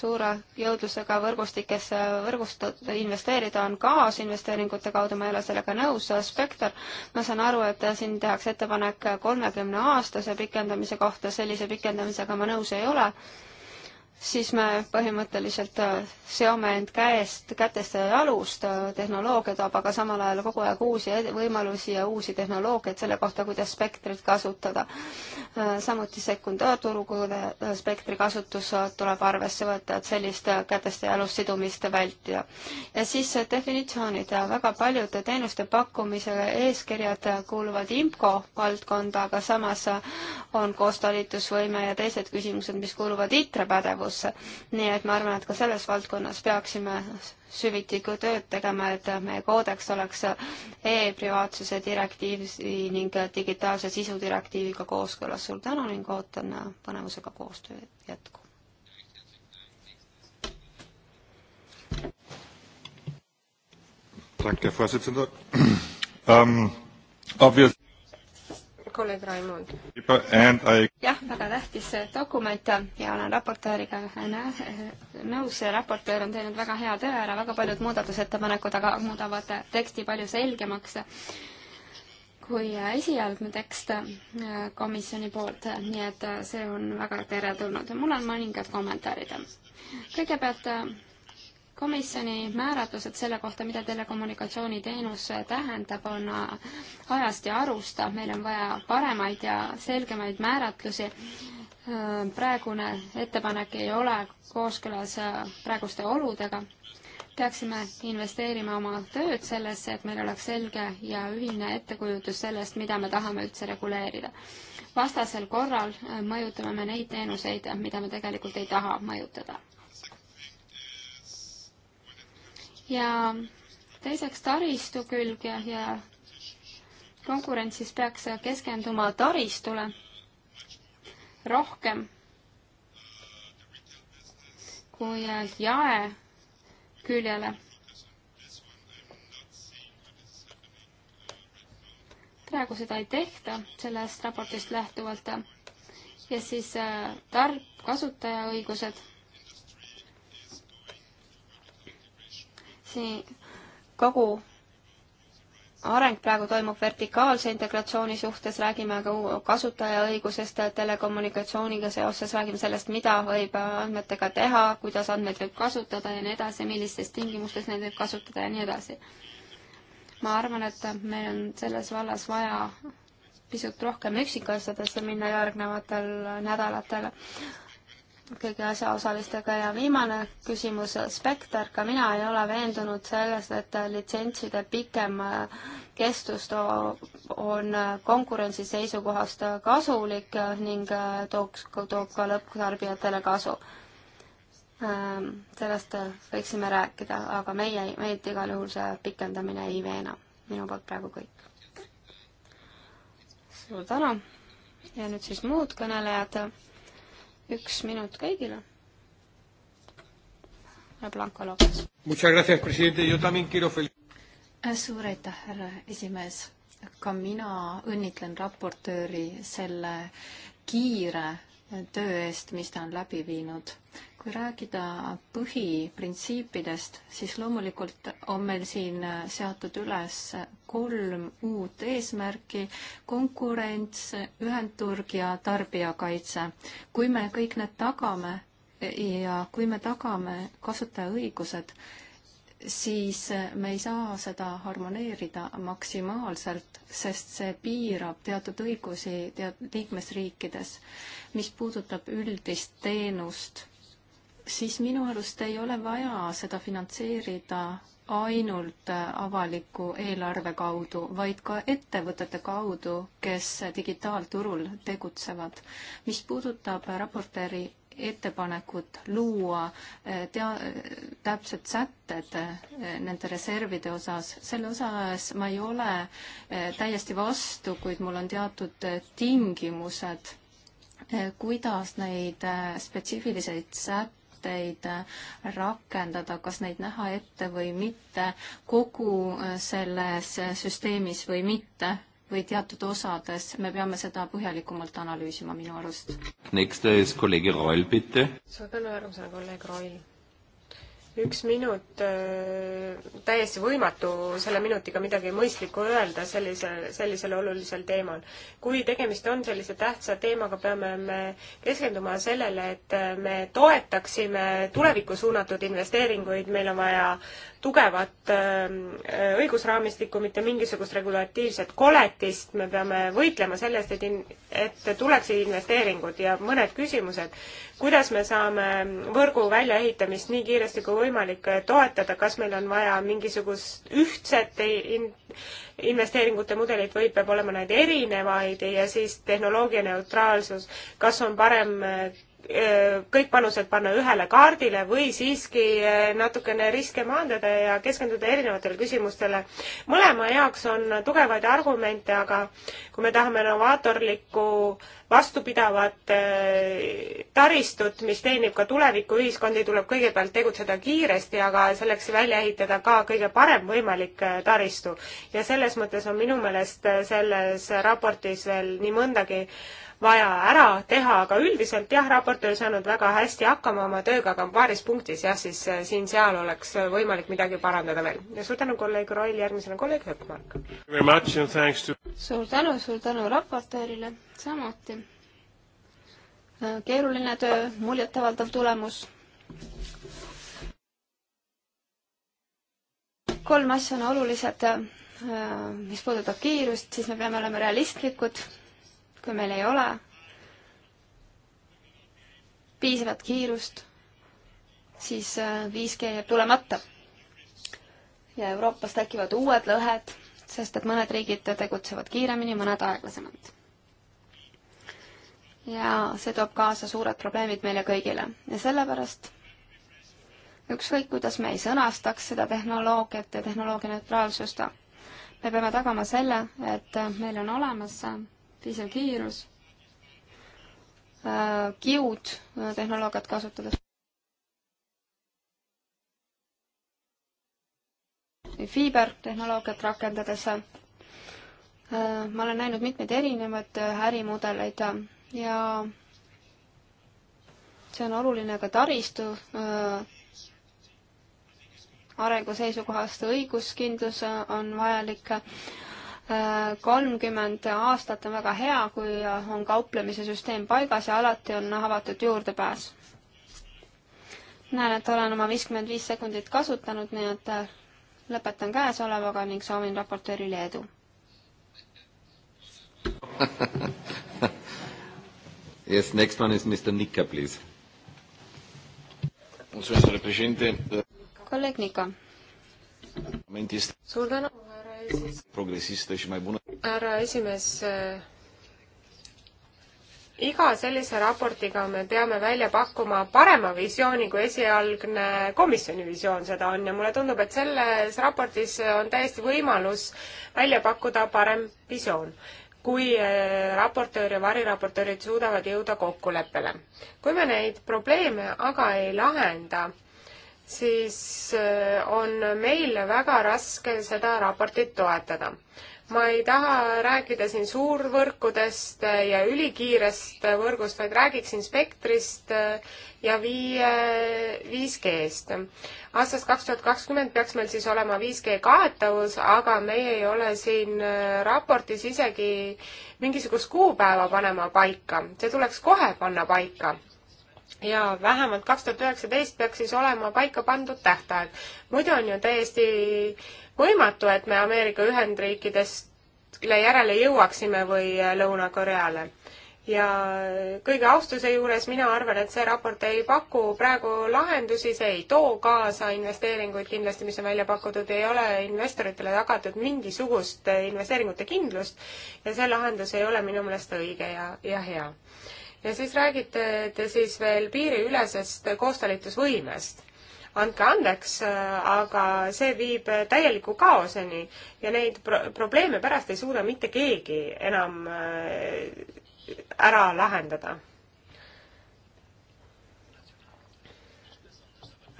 suure jõudlusega võrgustikesse äh, võrgustatud investeerida on kaasinvesteeringute kaudu, ma ei ole sellega nõus, Spektor, ma saan aru, et siin tehakse ettepanek kolmekümne aastase pikendamise kohta, sellise pikendamisega ma nõus ei ole siis me põhimõtteliselt äh, seome end käest, kätest ja jalust, äh, tehnoloogia toob aga samal ajal kogu aeg uusi võimalusi ja uusi tehnoloogiaid selle kohta, kuidas spektrit kasutada. Äh, samuti sekundaarturukude spektri kasutus tuleb arvesse võtta, et sellist kätest ja jalust sidumist vältida. ja siis definitsioonid, väga paljud teenuste pakkumise eeskirjad kuuluvad IMCO valdkonda, aga samas on koostalitusvõime ja teised küsimused, mis kuuluvad ITRE pädevusse koos. nii et ma arvan, et ka selles valdkonnas peaksime süviti tööd tegema, et meie koodeks oleks e-privaatsuse direktiivi ning digitaalse sisu direktiiviga kooskõlas. suur tänu ning ootan põnevusega koostöö jätku. Danke, Herr Vorsitzender. <clears throat> Ähm, obvious kolleeg Raimond. jah, väga tähtis dokument ja olen raportööriga äh, nõus, raportöör on teinud väga hea töö ära, väga paljud muudatusettepanekud aga muudavad teksti palju selgemaks kui esialgne tekst äh, komisjoni poolt, nii et äh, see on väga teretulnud ja mul on mõningad kommentaarid. kõigepealt komisjoni määratlused selle kohta, mida telekommunikatsiooniteenus tähendab, on ajast ja arust, meil on vaja paremaid ja selgemaid määratlusi. praegune ettepanek ei ole kooskõlas praeguste oludega. peaksime investeerima oma tööd sellesse, et meil oleks selge ja ühine ettekujutus sellest, mida me tahame üldse reguleerida. vastasel korral mõjutame me neid teenuseid, mida me tegelikult ei taha mõjutada ja teiseks taristu külg ja, ja konkurentsis peaks keskenduma taristule rohkem kui jae küljele. praegu seda ei tehta sellest raportist lähtuvalt ja siis äh, tarb kasutajaõigused siin kogu areng praegu toimub vertikaalse integratsiooni suhtes, räägime ka kasutajaõigusest telekommunikatsiooniga seoses, räägime sellest, mida võib andmetega teha, kuidas andmeid võib kasutada ja nii edasi, millistes tingimustes neid võib kasutada ja nii edasi. ma arvan, et meil on selles vallas vaja pisut rohkem üksikasjadesse minna järgnevatel nädalatel, kõigi asjaosalistega ja viimane küsimus, Spekter, ka mina ei ole veendunud selles, et litsentside pikem äh, kestus on äh, konkurentsi seisukohast kasulik äh, ning tooks, toob ka lõpptarbijatele kasu. Ähm, sellest võiksime rääkida, aga meie, meid igal juhul see pikendamine ei veena. minu poolt praegu kõik. suur tänu ja nüüd siis muud kõnelejad üks minut kõigile. Blanco Lopez. Äh, suur aitäh, härra esimees. ka mina õnnitlen raportööri selle kiire töö eest, mis ta on läbi viinud kui rääkida põhiprintsiipidest, siis loomulikult on meil siin seatud üles kolm uut eesmärki, konkurents, ühendturg ja tarbijakaitse. kui me kõik need tagame ja kui me tagame kasutajaõigused, siis me ei saa seda harmoneerida maksimaalselt, sest see piirab teatud õigusi tead-, liikmesriikides, mis puudutab üldist teenust siis minu arust ei ole vaja seda finantseerida ainult avaliku eelarve kaudu, vaid ka ettevõtete kaudu, kes digitaalturul tegutsevad. mis puudutab raportööri ettepanekut luua eh, tea-, täpsed sätted eh, nende reservide osas, selle osas ma ei ole eh, täiesti vastu, kuid mul on teatud tingimused, kuidas neid spetsiifiliseid sätteid sätteid äh, rakendada, kas neid näha ette või mitte kogu äh, selles äh, süsteemis või mitte või teatud osades, me peame seda põhjalikumalt analüüsima minu arust. suur tänu, järgmisena kolleeg Roil üks minut äh,, täiesti võimatu selle minutiga midagi mõistlikku öelda sellise, sellisel olulisel teemal. kui tegemist on sellise tähtsa teemaga, peame me keskenduma sellele, et me toetaksime tulevikku suunatud investeeringuid, meil on vaja tugevat ähm, äh, õigusraamistikku, mitte mingisugust regulatiivset koletist, me peame võitlema selle eest, et in-, et tuleksid investeeringud ja mõned küsimused. kuidas me saame võrgu väljaehitamist nii kiiresti kui võimalik toetada, kas meil on vaja mingisugust ühtset in-, investeeringute mudelit või peab olema neid erinevaid ja siis tehnoloogia neutraalsus, kas on parem äh, Äh, kõik panused panna ühele kaardile või siiski äh, natukene riske maandada ja keskenduda erinevatele küsimustele. mõlema jaoks on tugevaid argumente, aga kui me tahame novaatorlikku vastupidavat äh, taristut, mis teenib ka tulevikuühiskondi, tuleb kõigepealt tegutseda kiiresti, aga selleks välja ehitada ka kõige parem võimalik taristu. ja selles mõttes on minu meelest selles raportis veel nii mõndagi vaja ära teha, aga üldiselt jah, raportöör saanud väga hästi hakkama oma tööga, aga paaris punktis jah, siis äh, siin-seal oleks äh, võimalik midagi parandada veel. suur tänu, kolleeg Roil, järgmisena kolleeg Höökmark. suur tänu, suur tänu raportöörile samuti. Äh, keeruline töö, muljetavaldav tulemus kolm asja on olulised. mis puudutab kiirust, siis me peame olema realistlikud kui meil ei ole piisavat kiirust, siis 5G äh, jääb tulemata. ja Euroopas tekivad uued lõhed, sest et mõned riigid tegutsevad kiiremini, mõned aeglasemalt. ja see toob kaasa suured probleemid meile kõigile ja sellepärast ükskõik, kuidas me ei sõnastaks seda tehnoloogiat ja tehnoloogia neutraalsust, me peame tagama selle, et meil on olemas piisav kiirus, äh, kiud äh, tehnoloogiat kasutades. või fiibertehnoloogiat rakendades. Äh, ma olen näinud mitmeid erinevaid ärimudeleid ja see on oluline ka taristu arengu seisukohast õiguskindlus on vajalik kolmkümmend aastat on väga hea, kui on kauplemise süsteem paigas ja alati on avatud juurdepääs. näen, et olen oma viiskümmend viis sekundit kasutanud, nii et äh, lõpetan käesolevaga ning soovin raportöörile edu. <laughs> Yes, next one is Mr Nika, please. kolleeg Nika. suur tänu härra esimees, eh, iga sellise raportiga me peame välja pakkuma parema visiooni kui esialgne komisjoni visioon seda on ja mulle tundub, et selles raportis on täiesti võimalus välja pakkuda parem visioon kui eh, raportöör ja variraportöörid suudavad jõuda kokkuleppele. kui me neid probleeme aga ei lahenda, siis äh, on meil väga raske seda raportit toetada. ma ei taha rääkida siin suurvõrkudest ja ülikiirest võrgust, vaid räägiksin spektrist äh, ja viie, 5G-st. aastast kaks tuhat kakskümmend peaks meil siis olema 5G kaetavus, aga meie ei ole siin äh, raportis isegi mingisugust kuupäeva panema paika. see tuleks kohe panna paika ja vähemalt kaks tuhat üheksateist peaks siis olema paika pandud tähtaeg. muidu on ju täiesti võimatu, et me Ameerika Ühendriikidest järele jõuaksime või Lõuna-Koreale. ja kõige austuse juures mina arvan, et see raport ei paku praegu lahendusi, see ei too kaasa investeeringuid kindlasti, mis on välja pakutud, ei ole investoritele tagatud mingisugust investeeringute kindlust ja see lahendus ei ole minu meelest õige ja, ja hea ja siis räägite te siis veel piiriülesest koostalitusvõimest. andke andeks, aga see viib täieliku kaoseni ja neid pro probleeme pärast ei suuda mitte keegi enam äh, ära lahendada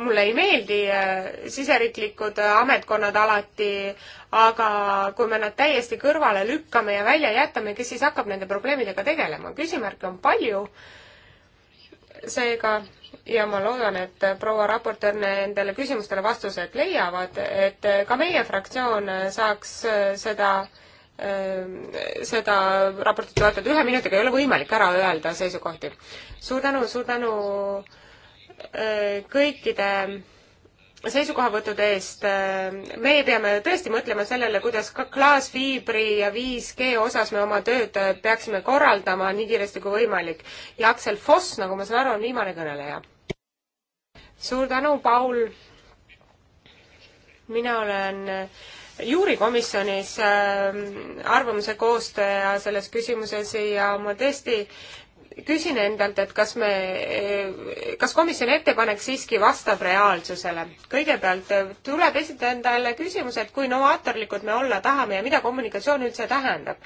mulle ei meeldi äh, siseriiklikud äh, ametkonnad alati, aga kui me nad täiesti kõrvale lükkame ja välja jätame, kes siis hakkab nende probleemidega tegelema? küsimärke on palju, seega ja ma loodan, et proua raportöör nendele küsimustele vastused leiavad, et äh, ka meie fraktsioon saaks seda seda raportit toetada, ühe minutiga ei ole võimalik ära öelda seisukohti. suur tänu, suur tänu äh, Äh, kõikide seisukohavõttude eest. Äh, meie peame tõesti mõtlema sellele, kuidas ka klaasfiibri ja 5G osas me oma tööd äh, peaksime korraldama nii kiiresti kui võimalik. ja Aksel Foss, nagu ma saan aru, on viimane kõneleja. suur tänu, Paul. mina olen juurikomisjonis arvamuse koostaja selles küsimuses ja ma tõesti äh, küsin endalt, et kas me, kas komisjoni ettepanek siiski vastab reaalsusele. kõigepealt eh, tuleb esitada endale küsimus, et kui novaatorlikud me olla tahame ja mida kommunikatsioon üldse tähendab.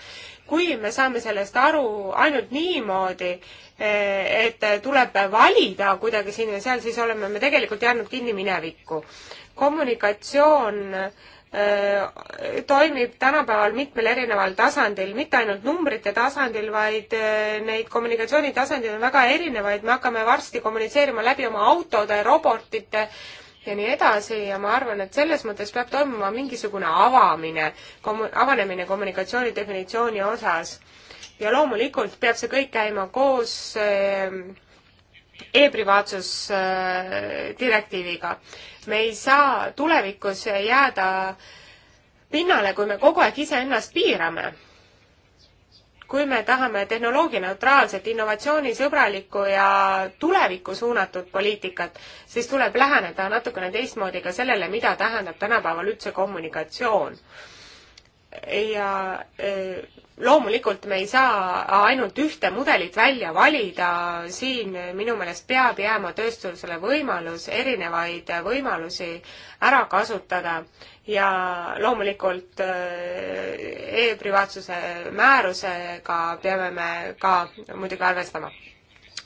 kui me saame sellest aru ainult niimoodi, eh, et tuleb valida kuidagi siin ja seal, siis oleme me tegelikult jäänud kinni minevikku. kommunikatsioon äh, Äh, toimib tänapäeval mitmel erineval tasandil, mitte ainult numbrite tasandil, vaid äh, neid kommunikatsioonitasandeid on väga erinevaid, me hakkame varsti kommuniseerima läbi oma autode, robotite ja nii edasi ja ma arvan, et selles mõttes peab toimuma mingisugune avamine, avanemine kommunikatsiooni definitsiooni osas. ja loomulikult peab see kõik käima koos äh, e-privaatsusdirektiiviga. Äh, me ei saa tulevikus jääda pinnale, kui me kogu aeg iseennast piirame kui me tahame tehnoloogianeutraalset, innovatsioonisõbralikku ja tulevikku suunatud poliitikat, siis tuleb läheneda natukene teistmoodi ka sellele, mida tähendab tänapäeval üldse kommunikatsioon ja e, loomulikult me ei saa ainult ühte mudelit välja valida, siin minu meelest peab jääma tööstusele võimalus erinevaid võimalusi ära kasutada ja loomulikult e, e-privaatsuse määrusega peame me ka muidugi arvestama.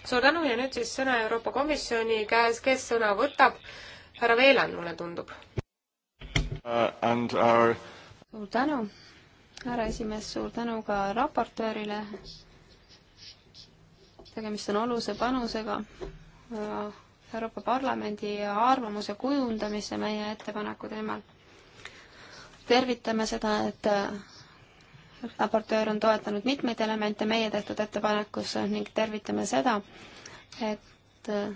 suur tänu ja nüüd siis sõna Euroopa Komisjoni käes, kes sõna võtab? härra Veeland, mulle tundub uh,. And our suur tänu, härra esimees, suur tänu ka raportöörile. tegemist on olulise panusega äh, Euroopa Parlamendi arvamuse kujundamisse meie ettepaneku teemal. tervitame seda, et äh, raportöör on toetanud mitmeid elemente meie tehtud ettepanekus ning tervitame seda, et äh,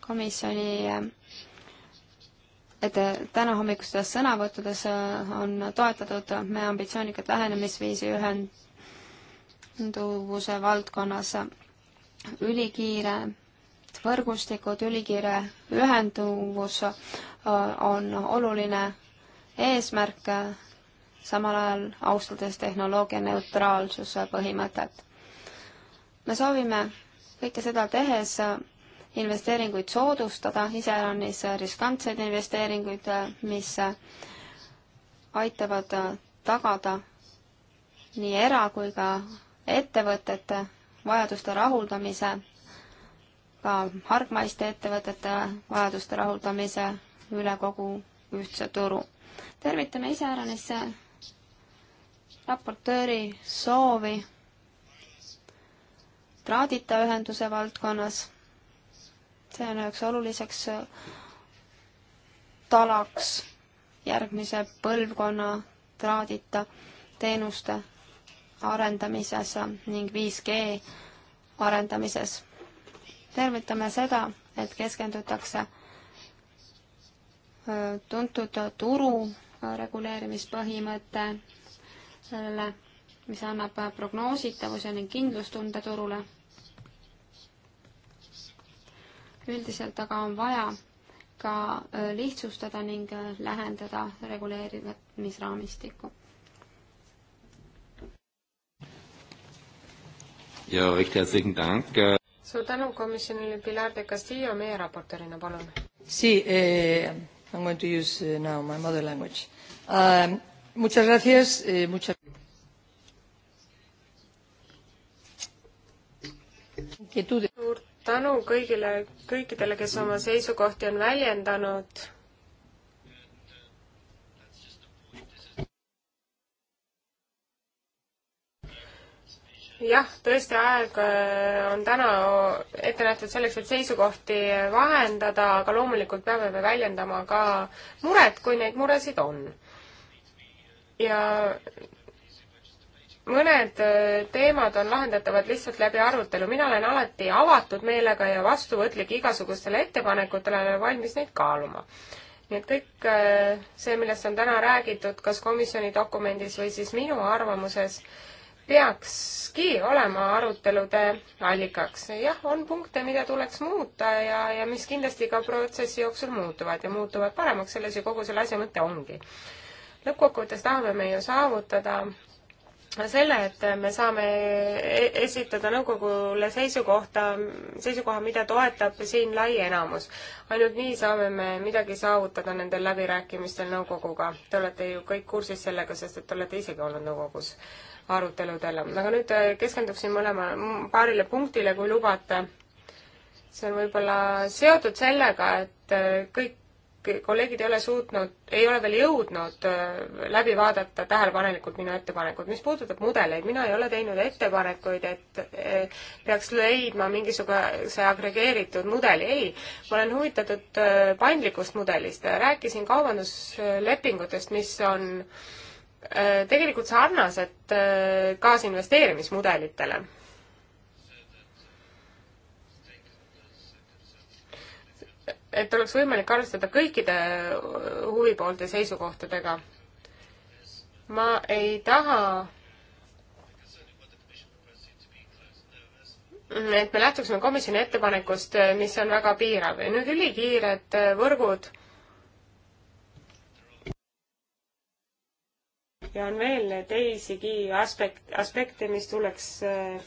komisjoni et tänahommikustes sõnavõttudes äh, on toetatud meie ambitsioonikat lähenemisviisi ühenduvuse valdkonnas ülikiire võrgustikud, ülikiire ühenduvus äh, on oluline eesmärk, samal ajal austades tehnoloogia neutraalsuse põhimõtet. me soovime kõike seda tehes äh, investeeringuid soodustada, iseäranis riskantseid investeeringuid, mis aitavad tagada nii era- kui ka ettevõtete vajaduste rahuldamise, ka hargmaiste ettevõtete vajaduste rahuldamise üle kogu ühtse turu. tervitame iseäranis raportööri soovi traadita ühenduse valdkonnas see on üheks oluliseks äh, talaks järgmise põlvkonna traadita teenuste arendamises ning 5G arendamises. tervitame seda, et keskendutakse äh, tuntud turu äh, reguleerimispõhimõttele, mis annab prognoositavuse ning kindlustunde turule üldiselt aga on vaja ka äh, lihtsustada ning äh, lähendada reguleerimisraamistikku. ja recht herzlichen Dank. Äh. suur tänu komisjonile, Pilar de Castillo, meie raportöörina, palun. Si eh,, I am going to use eh, now my mother language um,. Muchas gracias eh,, muchas. inquietudes tänu kõigile, kõikidele, kes oma seisukohti on väljendanud. jah, tõesti, aeg äh, on täna ette nähtud selleks, et seisukohti vahendada, aga loomulikult peame me väljendama ka muret, kui neid muresid on. ja mõned äh, teemad on lahendatavad lihtsalt läbi arutelu. mina olen alati avatud meelega ja vastuvõtlik igasugustele ettepanekutele, olen valmis neid kaaluma. nii et kõik äh, see, millest on täna räägitud, kas komisjoni dokumendis või siis minu arvamuses, peakski olema arutelude allikaks. jah, on punkte, mida tuleks muuta ja, ja mis kindlasti ka protsessi jooksul muutuvad ja muutuvad paremaks, selles ju kogu selle asja mõte ongi. lõppkokkuvõttes tahame me ju saavutada selle, et me saame e-, esitada nõukogule seisukohta, seisukoha, mida toetab siin lai enamus. ainult nii saame me midagi saavutada nendel läbirääkimistel nõukoguga. Te olete ju kõik kursis sellega, sest et olete isegi olnud nõukogus aruteludel. aga nüüd äh, keskenduksin mõlema, paarile punktile, kui lubate. see on võib-olla seotud sellega, et äh, kõik kolleegid ei ole suutnud, ei ole veel jõudnud äh, läbi vaadata tähelepanelikult minu ettepanekud. mis puudutab mudeleid, mina ei ole teinud ettepanekuid, et peaks leidma mingisuguse agregeeritud mudeli. ei, ma olen huvitatud äh, paindlikust mudelist. rääkisin kaubanduslepingutest, mis on äh, tegelikult sarnased kaasinvesteerimismudelitele et oleks võimalik arvestada kõikide huvipoolte seisukohtadega. ma ei taha et me lähtuksime komisjoni ettepanekust, mis on väga piirav ja nüüd ülikiired võrgud. ja on veel teisigi aspekt, aspekte, mis tuleks äh,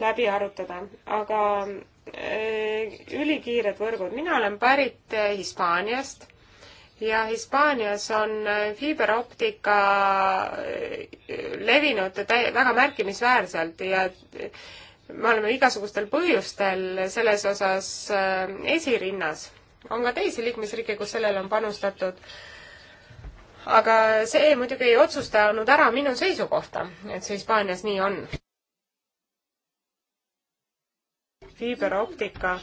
läbi arutada, aga Äh, ülikiired võrgud. mina olen pärit äh, Hispaaniast ja Hispaanias on äh, fiiberoptika levinud väga märkimisväärselt ja me oleme igasugustel põhjustel selles osas esirinnas. on ka teisi liikmesriike, kus sellele on panustatud. aga see muidugi ei otsustanud ära minu seisukohta, et see Hispaanias nii on. fiiberoptika,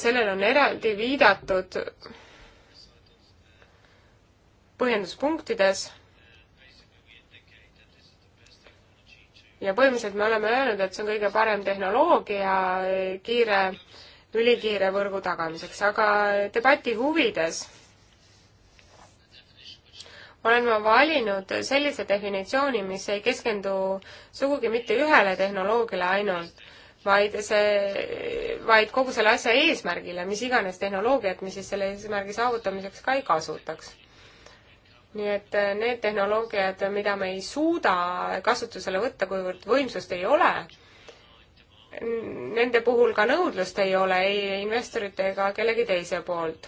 sellele on eraldi viidatud põhjenduspunktides ja põhimõtteliselt me oleme öelnud, et see on kõige parem tehnoloogia kiire, ülikiire võrgu tagamiseks, aga debati huvides olen ma valinud sellise definitsiooni, mis ei keskendu sugugi mitte ühele tehnoloogiale ainult, vaid see, vaid kogu selle asja eesmärgile, mis iganes tehnoloogiat me siis selle eesmärgi saavutamiseks ka ei kasutaks. nii et äh, need tehnoloogiad, mida me ei suuda kasutusele võtta, kuivõrd võimsust ei ole, nende puhul ka nõudlust ei ole ei investorite ega kellegi teise poolt.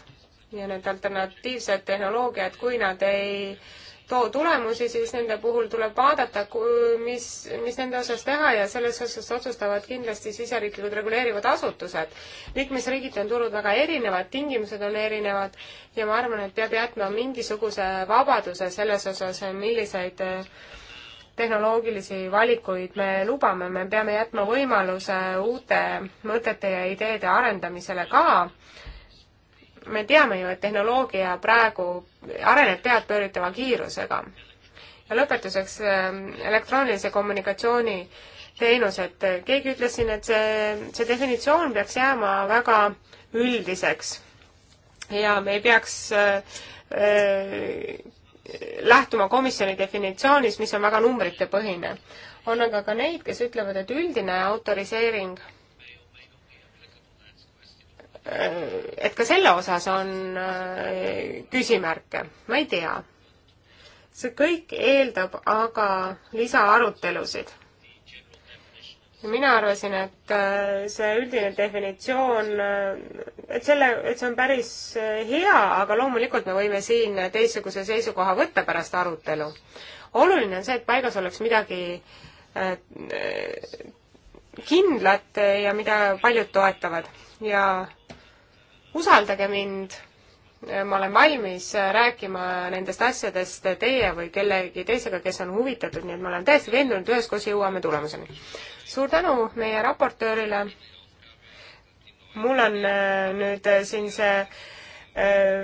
ja need alternatiivsed tehnoloogiad, kui nad ei äh, too tulemusi, siis nende puhul tuleb vaadata, mis, mis nende osas teha ja selles osas otsustavad kindlasti siseriiklikud reguleerivad asutused. liikmesriigiti on tulnud väga erinevad, tingimused on erinevad ja ma arvan, et peab jätma mingisuguse vabaduse selles osas, milliseid eh, tehnoloogilisi valikuid me lubame, me peame jätma võimaluse uute mõtete ja ideede arendamisele ka me teame ju, et tehnoloogia praegu areneb peadpööritava kiirusega. ja lõpetuseks ähm, elektroonilise kommunikatsiooni teenused, keegi ütles siin, et see, see definitsioon peaks jääma väga üldiseks ja me ei peaks äh, äh, lähtuma komisjoni definitsioonis, mis on väga numbritepõhine. on aga ka neid, kes ütlevad, et üldine autoriseering et ka selle osas on äh, küsimärke, ma ei tea. see kõik eeldab aga lisaarutelusid. mina arvasin, et äh, see üldine definitsioon, äh, et selle, et see on päris hea, aga loomulikult me võime siin teistsuguse seisukoha võtta pärast arutelu. oluline on see, et paigas oleks midagi kindlat ja mida paljud toetavad ja usaldage mind, ma olen valmis äh, rääkima nendest asjadest teie või kellegi teisega, kes on huvitatud, nii et ma olen täiesti veendunud, üheskoos jõuame tulemuseni. suur tänu meie raportöörile. mul on äh, nüüd äh, siin see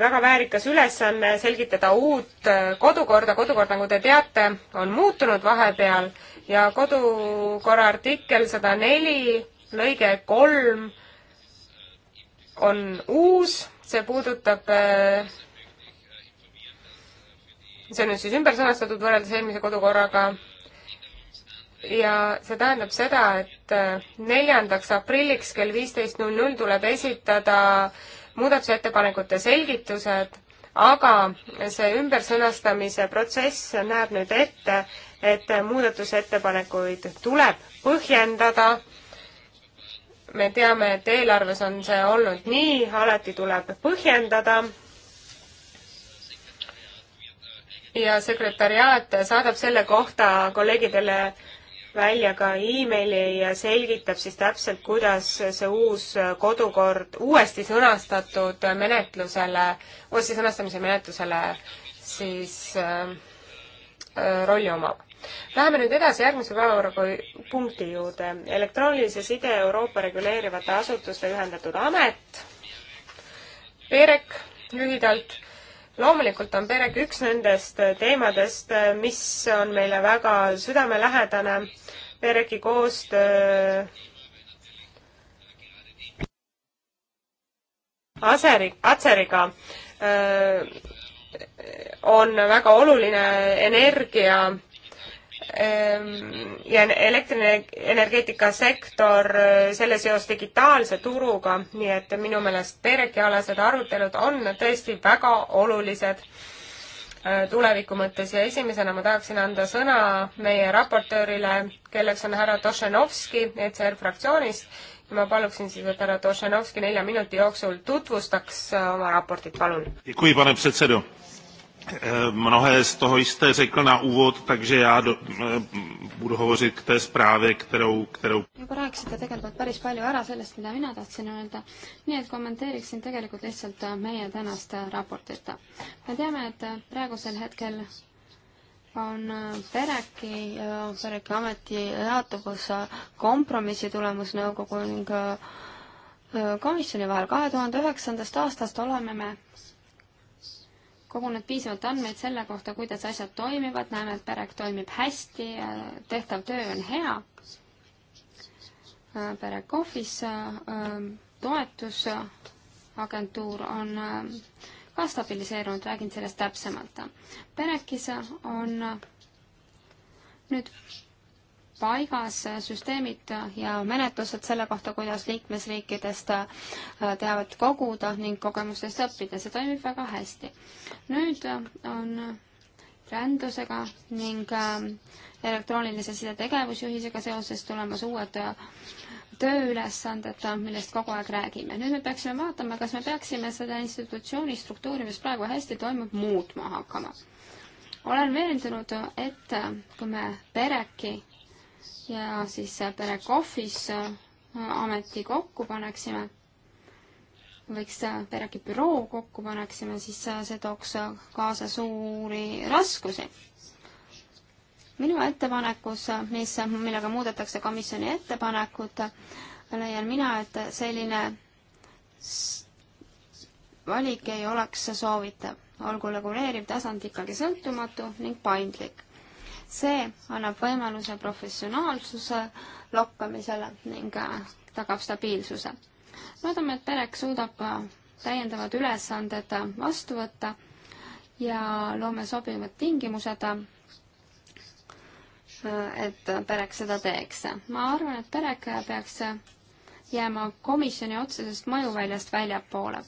väga väärikas ülesanne selgitada uut kodukorda. kodukord, nagu te teate, on muutunud vahepeal ja kodukorra artikkel sada neli lõige kolm on uus, see puudutab äh, see on nüüd siis ümber sõnastatud võrreldes eelmise kodukorraga ja see tähendab seda, et äh, neljandaks aprilliks kell viisteist null null tuleb esitada muudatusettepanekute selgitused, aga see ümbersõnastamise protsess näeb nüüd ette, et muudatusettepanekuid tuleb põhjendada me teame, et eelarves on see olnud nii, alati tuleb põhjendada. ja sekretariaat saadab selle kohta kolleegidele välja ka emaili ja selgitab siis täpselt, kuidas see uus kodukord uuesti sõnastatud menetlusele, uuesti sõnastamise menetlusele siis äh, Äh, rolli omab. Läheme nüüd edasi järgmise päevakorrapunkti juurde. elektroonilise side Euroopa reguleerivate asutuste ühendatud amet, PEREK lühidalt. loomulikult on PEREK üks nendest teemadest, mis on meile väga südamelähedane. PEREK-i koostöö Aseri, Atseriga öö, äh, on väga oluline energia ehm, ja elektrienergeetika sektor, eh, selle seos digitaalse turuga, nii et minu meelest PEREC-alased arutelud on tõesti väga olulised eh, tuleviku mõttes ja esimesena ma tahaksin anda sõna meie raportöörile, kelleks on härra Tošenovski ECR fraktsioonist ma paluksin siis, et härra Tošenovski nelja minuti jooksul tutvustaks äh, oma raportit, palun. kui paneb setsedu? Ehm, mnohé z toho jste řekl na úvod, takže já do, eh, budu hovořit k té zprávě, kterou... kterou... Juba rääkisite tegelikult päris palju ära sellest, mida mina tahtsin öelda, nii et kommenteeriksin tegelikult lihtsalt äh, meie tänast äh, raportit. Me teame, et praegusel hetkel on äh, Pereki ja äh, Pereki ameti jaotuvus äh, kompromissi tulemus nõukogu ning komisjoni vahel. kahe tuhande üheksandast aastast oleme me kogunud piisavalt andmeid selle kohta, kuidas asjad toimivad, näeme, et perek toimib hästi, tehtav töö on hea. perek Office toetusagentuur on ka stabiliseerunud, räägin sellest täpsemalt. Perekis on nüüd paigas süsteemid ja menetlused selle kohta, kuidas liikmesriikidest äh, teavet koguda ning kogemustest õppida, see toimib väga hästi. nüüd on rändusega ning äh, elektroonilise side tegevusjuhisega seoses tulemas uued äh, tööülesanded, millest kogu aeg räägime. nüüd me peaksime vaatama, kas me peaksime seda institutsiooni struktuuri, mis praegu hästi toimub, muutma hakkama. olen veendunud, et kui me pereki ja siis perek office ameti kokku paneksime, võiks pereki büroo kokku paneksime, siis see tooks kaasa suuri raskusi minu ettepanekus, mis, millega muudetakse komisjoni ettepanekut, leian mina, et selline valik ei oleks soovitav, olgu reguleeriv tasand ikkagi sõltumatu ning paindlik. see annab võimaluse professionaalsuse lokkamisele ning äh, tagab stabiilsuse. loodame, et perek suudab äh, täiendavad ülesanded äh, vastu võtta ja loome sobivad tingimused et perek seda teeks. ma arvan, et perek peaks jääma komisjoni otsesest mõjuväljast väljapoole.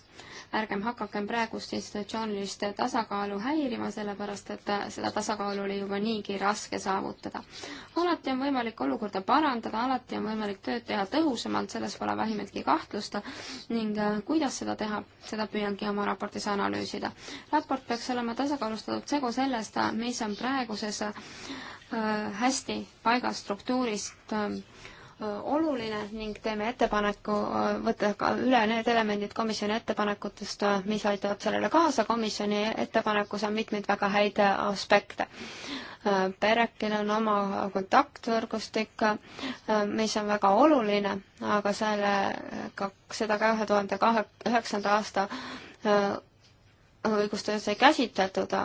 ärgem hakakem praegust institutsioonilist tasakaalu häirima, sellepärast et seda tasakaalu oli juba niigi raske saavutada. alati on võimalik olukorda parandada, alati on võimalik tööd teha tõhusamalt, selles pole vähimatki kahtlust ning kuidas seda teha, seda püüangi oma raportis analüüsida. raport peaks olema tasakaalustatud segu sellest, mis on praeguses Äh, hästi paigas struktuurist äh, oluline ning teeme ettepaneku äh, võtta ka üle need elemendid komisjoni ettepanekutest, mis aitavad sellele kaasa. komisjoni ettepanekus on mitmeid väga häid aspekte. Perekil on oma kontaktvõrgustik, mis on väga oluline, aga sellega, seda ka ühe tuhande kahe, üheksanda aasta õigustöös ei käsitletud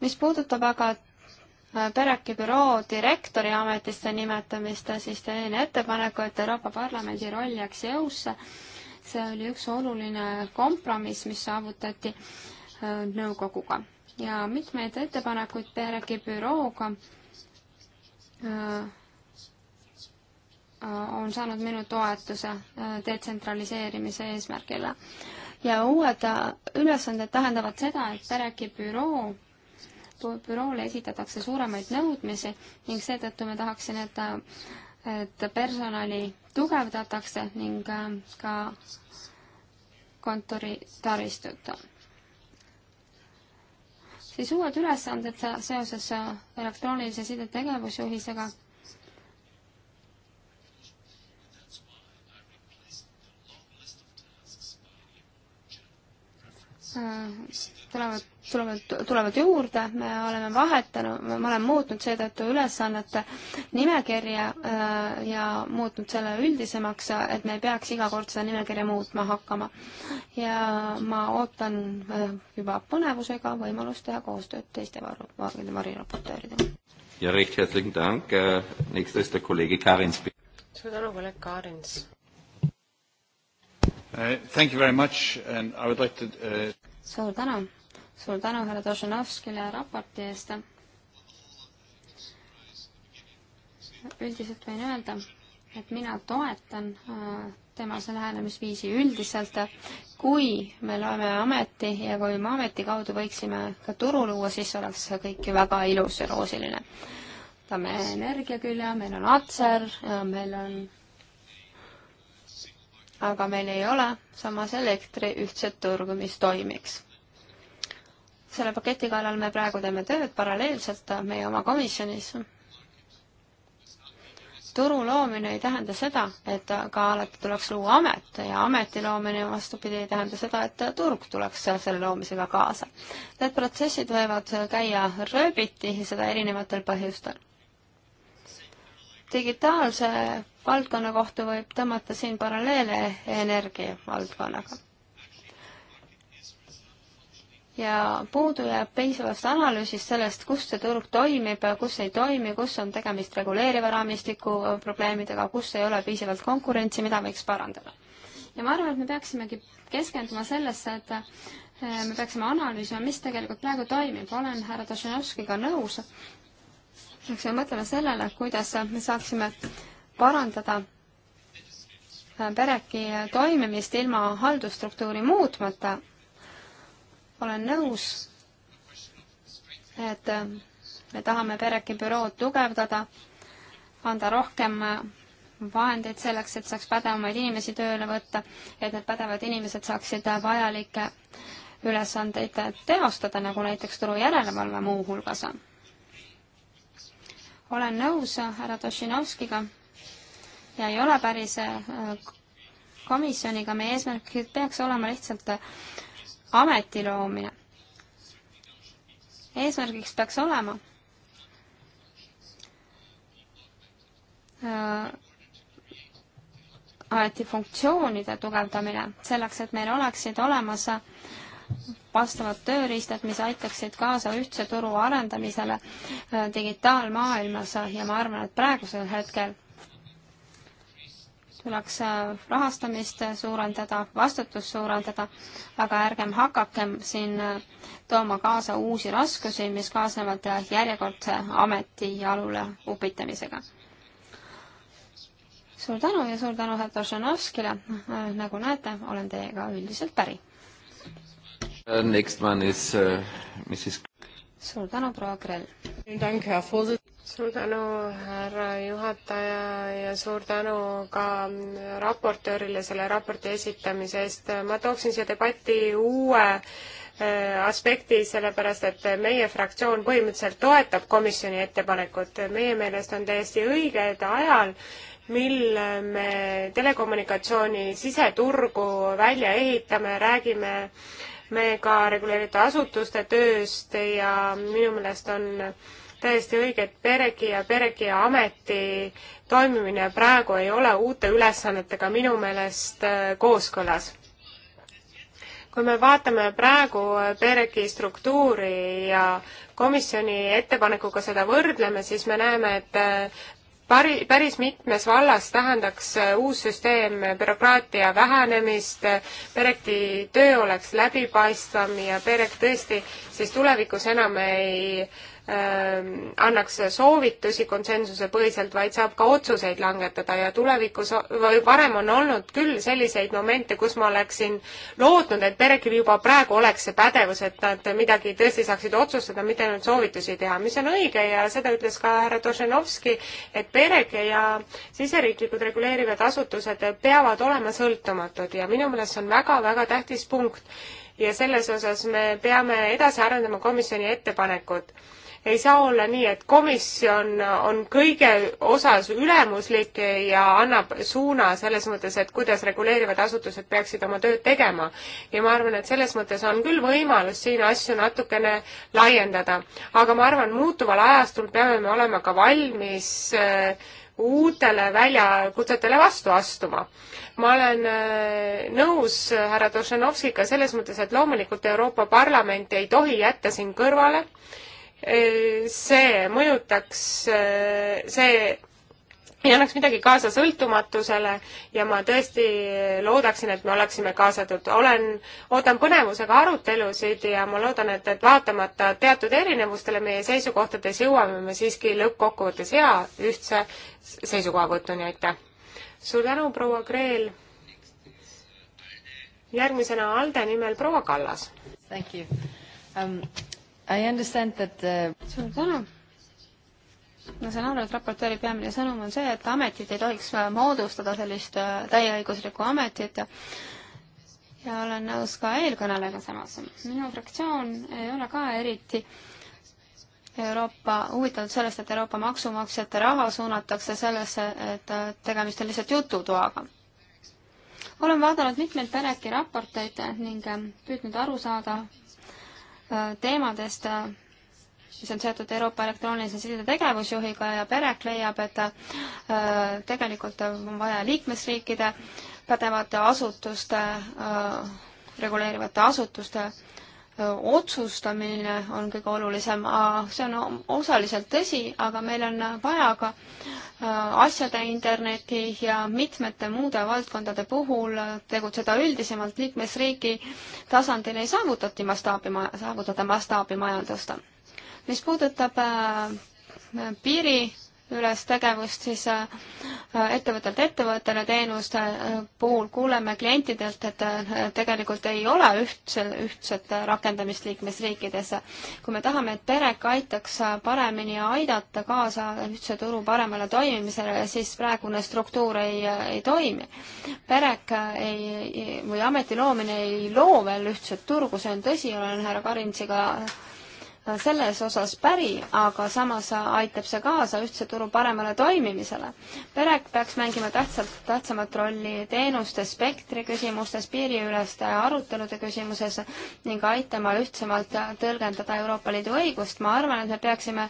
mis puudutab aga äh, Pereki büroo direktori ametisse nimetamist, siis teen ettepaneku, et Euroopa Parlamendi roll jääks jõusse. see oli üks oluline kompromiss, mis saavutati äh, nõukoguga ja mitmeid ettepanekuid Pereki bürooga äh, on saanud minu toetuse detsentraliseerimise eesmärgile. ja uued ülesanded tähendavad seda, et Pereki büroo büroole esitatakse suuremaid nõudmisi ning seetõttu ma tahaksin, et, et personali tugevdatakse ning äh, ka kontoritaristut. siis uued ülesanded seoses äh, elektroonilise side tegevusjuhisega äh, tulevad tulevad, tulevad juurde, me oleme vahetanud, me oleme muutnud seetõttu ülesannete nimekirja äh, ja muutnud selle üldisemaks, et me ei peaks iga kord seda nimekirja muutma hakkama. ja ma ootan äh, juba põnevusega võimalust teha koostööd teiste varu, variraportööridega. ja recht herzlichen Dank, äh, nächste ist der kolleeg Karin Spi-. suur tänu, kolleeg Karin. Uh, thank you very much and I would like to uh... suur tänu suur tänu härra Dožanovskile raporti eest. üldiselt võin öelda, et mina toetan äh, tema see lähenemisviisi üldiselt, kui me loeme ameti ja kui me ameti kaudu võiksime ka turu luua, siis oleks see kõik ju väga ilus ja roosiline. võtame energia külje, meil on Atser, meil on aga meil ei ole samas elektri ühtset turgu, mis toimiks selle paketi kallal me praegu teeme tööd paralleelselt meie oma komisjonis. turu loomine ei tähenda seda, et ka alati tuleks luua amet ja ameti loomine vastupidi ei tähenda seda, et turg tuleks selle loomisega kaasa. Need protsessid võivad käia rööbiti, seda erinevatel põhjustel. digitaalse valdkonna kohta võib tõmmata siin paralleele energia valdkonnaga ja puudu jääb piisavast analüüsist sellest, kus see turg toimib, kus ei toimi, kus on tegemist reguleeriva raamistiku probleemidega, kus ei ole piisavalt konkurentsi, mida võiks parandada. ja ma arvan, et me peaksimegi keskenduma sellesse, et eh, me peaksime analüüsima, mis tegelikult praegu toimib, olen härra Tošenovskiga nõus, peaksime mõtlema sellele, kuidas me saaksime parandada eh, pereki toimimist ilma haldusstruktuuri muutmata olen nõus, et me tahame Pereki bürood tugevdada, anda rohkem vahendeid selleks, et saaks pädevamaid inimesi tööle võtta, et need pädevad inimesed saaksid vajalikke ülesandeid teostada, nagu näiteks turu järelevalve muuhulgas. olen nõus härra Tošinovskiga ja ei ole päris äh, komisjoniga, meie eesmärk peaks olema lihtsalt ameti loomine. eesmärgiks peaks olema äh, ametifunktsioonide tugevdamine, selleks et meil oleksid olemas vastavad tööriistad, mis aitaksid kaasa ühtse turu arendamisele äh, digitaalmaailmas ja ma arvan, et praegusel hetkel tuleks äh, rahastamist suurendada, vastutust suurendada, aga ärgem hakakem siin äh, tooma kaasa uusi raskusi, mis kaasnevad äh, järjekordse ameti jalule upitamisega. suur tänu ja suur tänu härra Tošanovskile, nagu näete, olen teiega üldiselt päri. Next one is uh, Mrs. suur tänu, proua Krell suur tänu, härra juhataja ja suur tänu ka raportöörile selle raporti esitamise eest. ma tooksin siia debatti uue äh, aspekti, sellepärast et meie fraktsioon põhimõtteliselt toetab komisjoni ettepanekut. meie meelest on täiesti õige, et ajal, mil me telekommunikatsiooni siseturgu välja ehitame, räägime me ka reguleeritud asutuste tööst ja minu meelest on täiesti õige, et peregi ja peregi ja ameti toimimine praegu ei ole uute ülesannetega minu meelest äh, kooskõlas. kui me vaatame praegu äh, peregi struktuuri ja komisjoni ettepanekuga seda võrdleme, siis me näeme, et äh, pari, päris mitmes vallas tähendaks uus süsteem bürokraatia vähenemist, Perekti töö oleks läbipaistvam ja Perek tõesti siis tulevikus enam ei äh, Ähm, annaks soovitusi konsensuse põhiselt, vaid saab ka otsuseid langetada ja tulevikus, varem on olnud küll selliseid momente, kus ma oleksin lootnud, et pereküll juba praegu oleks see pädevus, et nad midagi tõesti saaksid otsustada, mitte ainult soovitusi teha, mis on õige ja seda ütles ka härra Tošenovski, et pereke ja siseriiklikud reguleerivad asutused peavad olema sõltumatud ja minu meelest see on väga-väga tähtis punkt. ja selles osas me peame edasi arendama komisjoni ettepanekut ei saa olla nii, et komisjon on kõige osas ülemuslik ja annab suuna selles mõttes, et kuidas reguleerivad asutused peaksid oma tööd tegema. ja ma arvan, et selles mõttes on küll võimalus siin asju natukene laiendada. aga ma arvan, muutuval ajastul peame me olema ka valmis äh, uutele väljakutsetele vastu astuma. ma olen äh, nõus härra Tošenovskiga selles mõttes, et loomulikult Euroopa Parlament ei tohi jätta siin kõrvale äh, see mõjutaks, see ei annaks midagi kaasa sõltumatusele ja ma tõesti loodaksin, et me oleksime kaasatud. olen, ootan põnevusega arutelusid ja ma loodan, et, et vaatamata teatud erinevustele meie seisukohtades jõuame me siiski lõppkokkuvõttes hea ühtse seisukohavõtuni, aitäh! suur tänu, proua Kreel! järgmisena ALDE nimel proua Kallas. Um, I understand that the... Uh, suur tänu! ma saan aru, et raportööri peamine sõnum on see, et ametit ei tohiks moodustada sellist äh, täieõiguslikku ametit ja olen nõus ka eelkõnelejaga samas. minu fraktsioon ei ole ka eriti Euroopa, huvitatud sellest, et Euroopa maksumaksjate raha suunatakse sellesse, et äh, tegemist on lihtsalt jututoaga olen vaadanud mitmeid Pereki raporteid ning äh, püüdnud aru saada, Äh, teemadest, äh, mis on seotud Euroopa elektroonilise side tegevusjuhiga ja PEREK leiab, et äh, tegelikult on vaja liikmesriikide pädevate asutuste, reguleerivate asutuste otsustamine on kõige olulisem, see on osaliselt tõsi, aga meil on vaja ka äh, asjade interneti ja mitmete muude valdkondade puhul tegutseda üldisemalt, liikmesriigi tasandil ei saavutati mastaabi, saavutada mastaabimajandust. mis puudutab äh, piiri üles tegevust siis ettevõttelt äh, äh, ettevõttele teenuste äh, puhul kuuleme klientidelt, et tegelikult ei ole ühtse, ühtset rakendamist liikmesriikides. kui me tahame, et perek aitaks paremini aidata kaasa ühtse turu paremale toimimisele, siis praegune struktuur ei, ei toimi. perek ei, või ameti loomine ei loo veel ühtset turgu, see on tõsi, olen härra Karintsiga selles osas päri, aga samas aitab see kaasa ühtse turu paremale toimimisele. PEREK peaks mängima tähtsalt, tähtsamat rolli teenuste spektri küsimustes, piiriüleste arutelude küsimuses ning aitama ühtsemalt tõlgendada Euroopa Liidu õigust. ma arvan, et me peaksime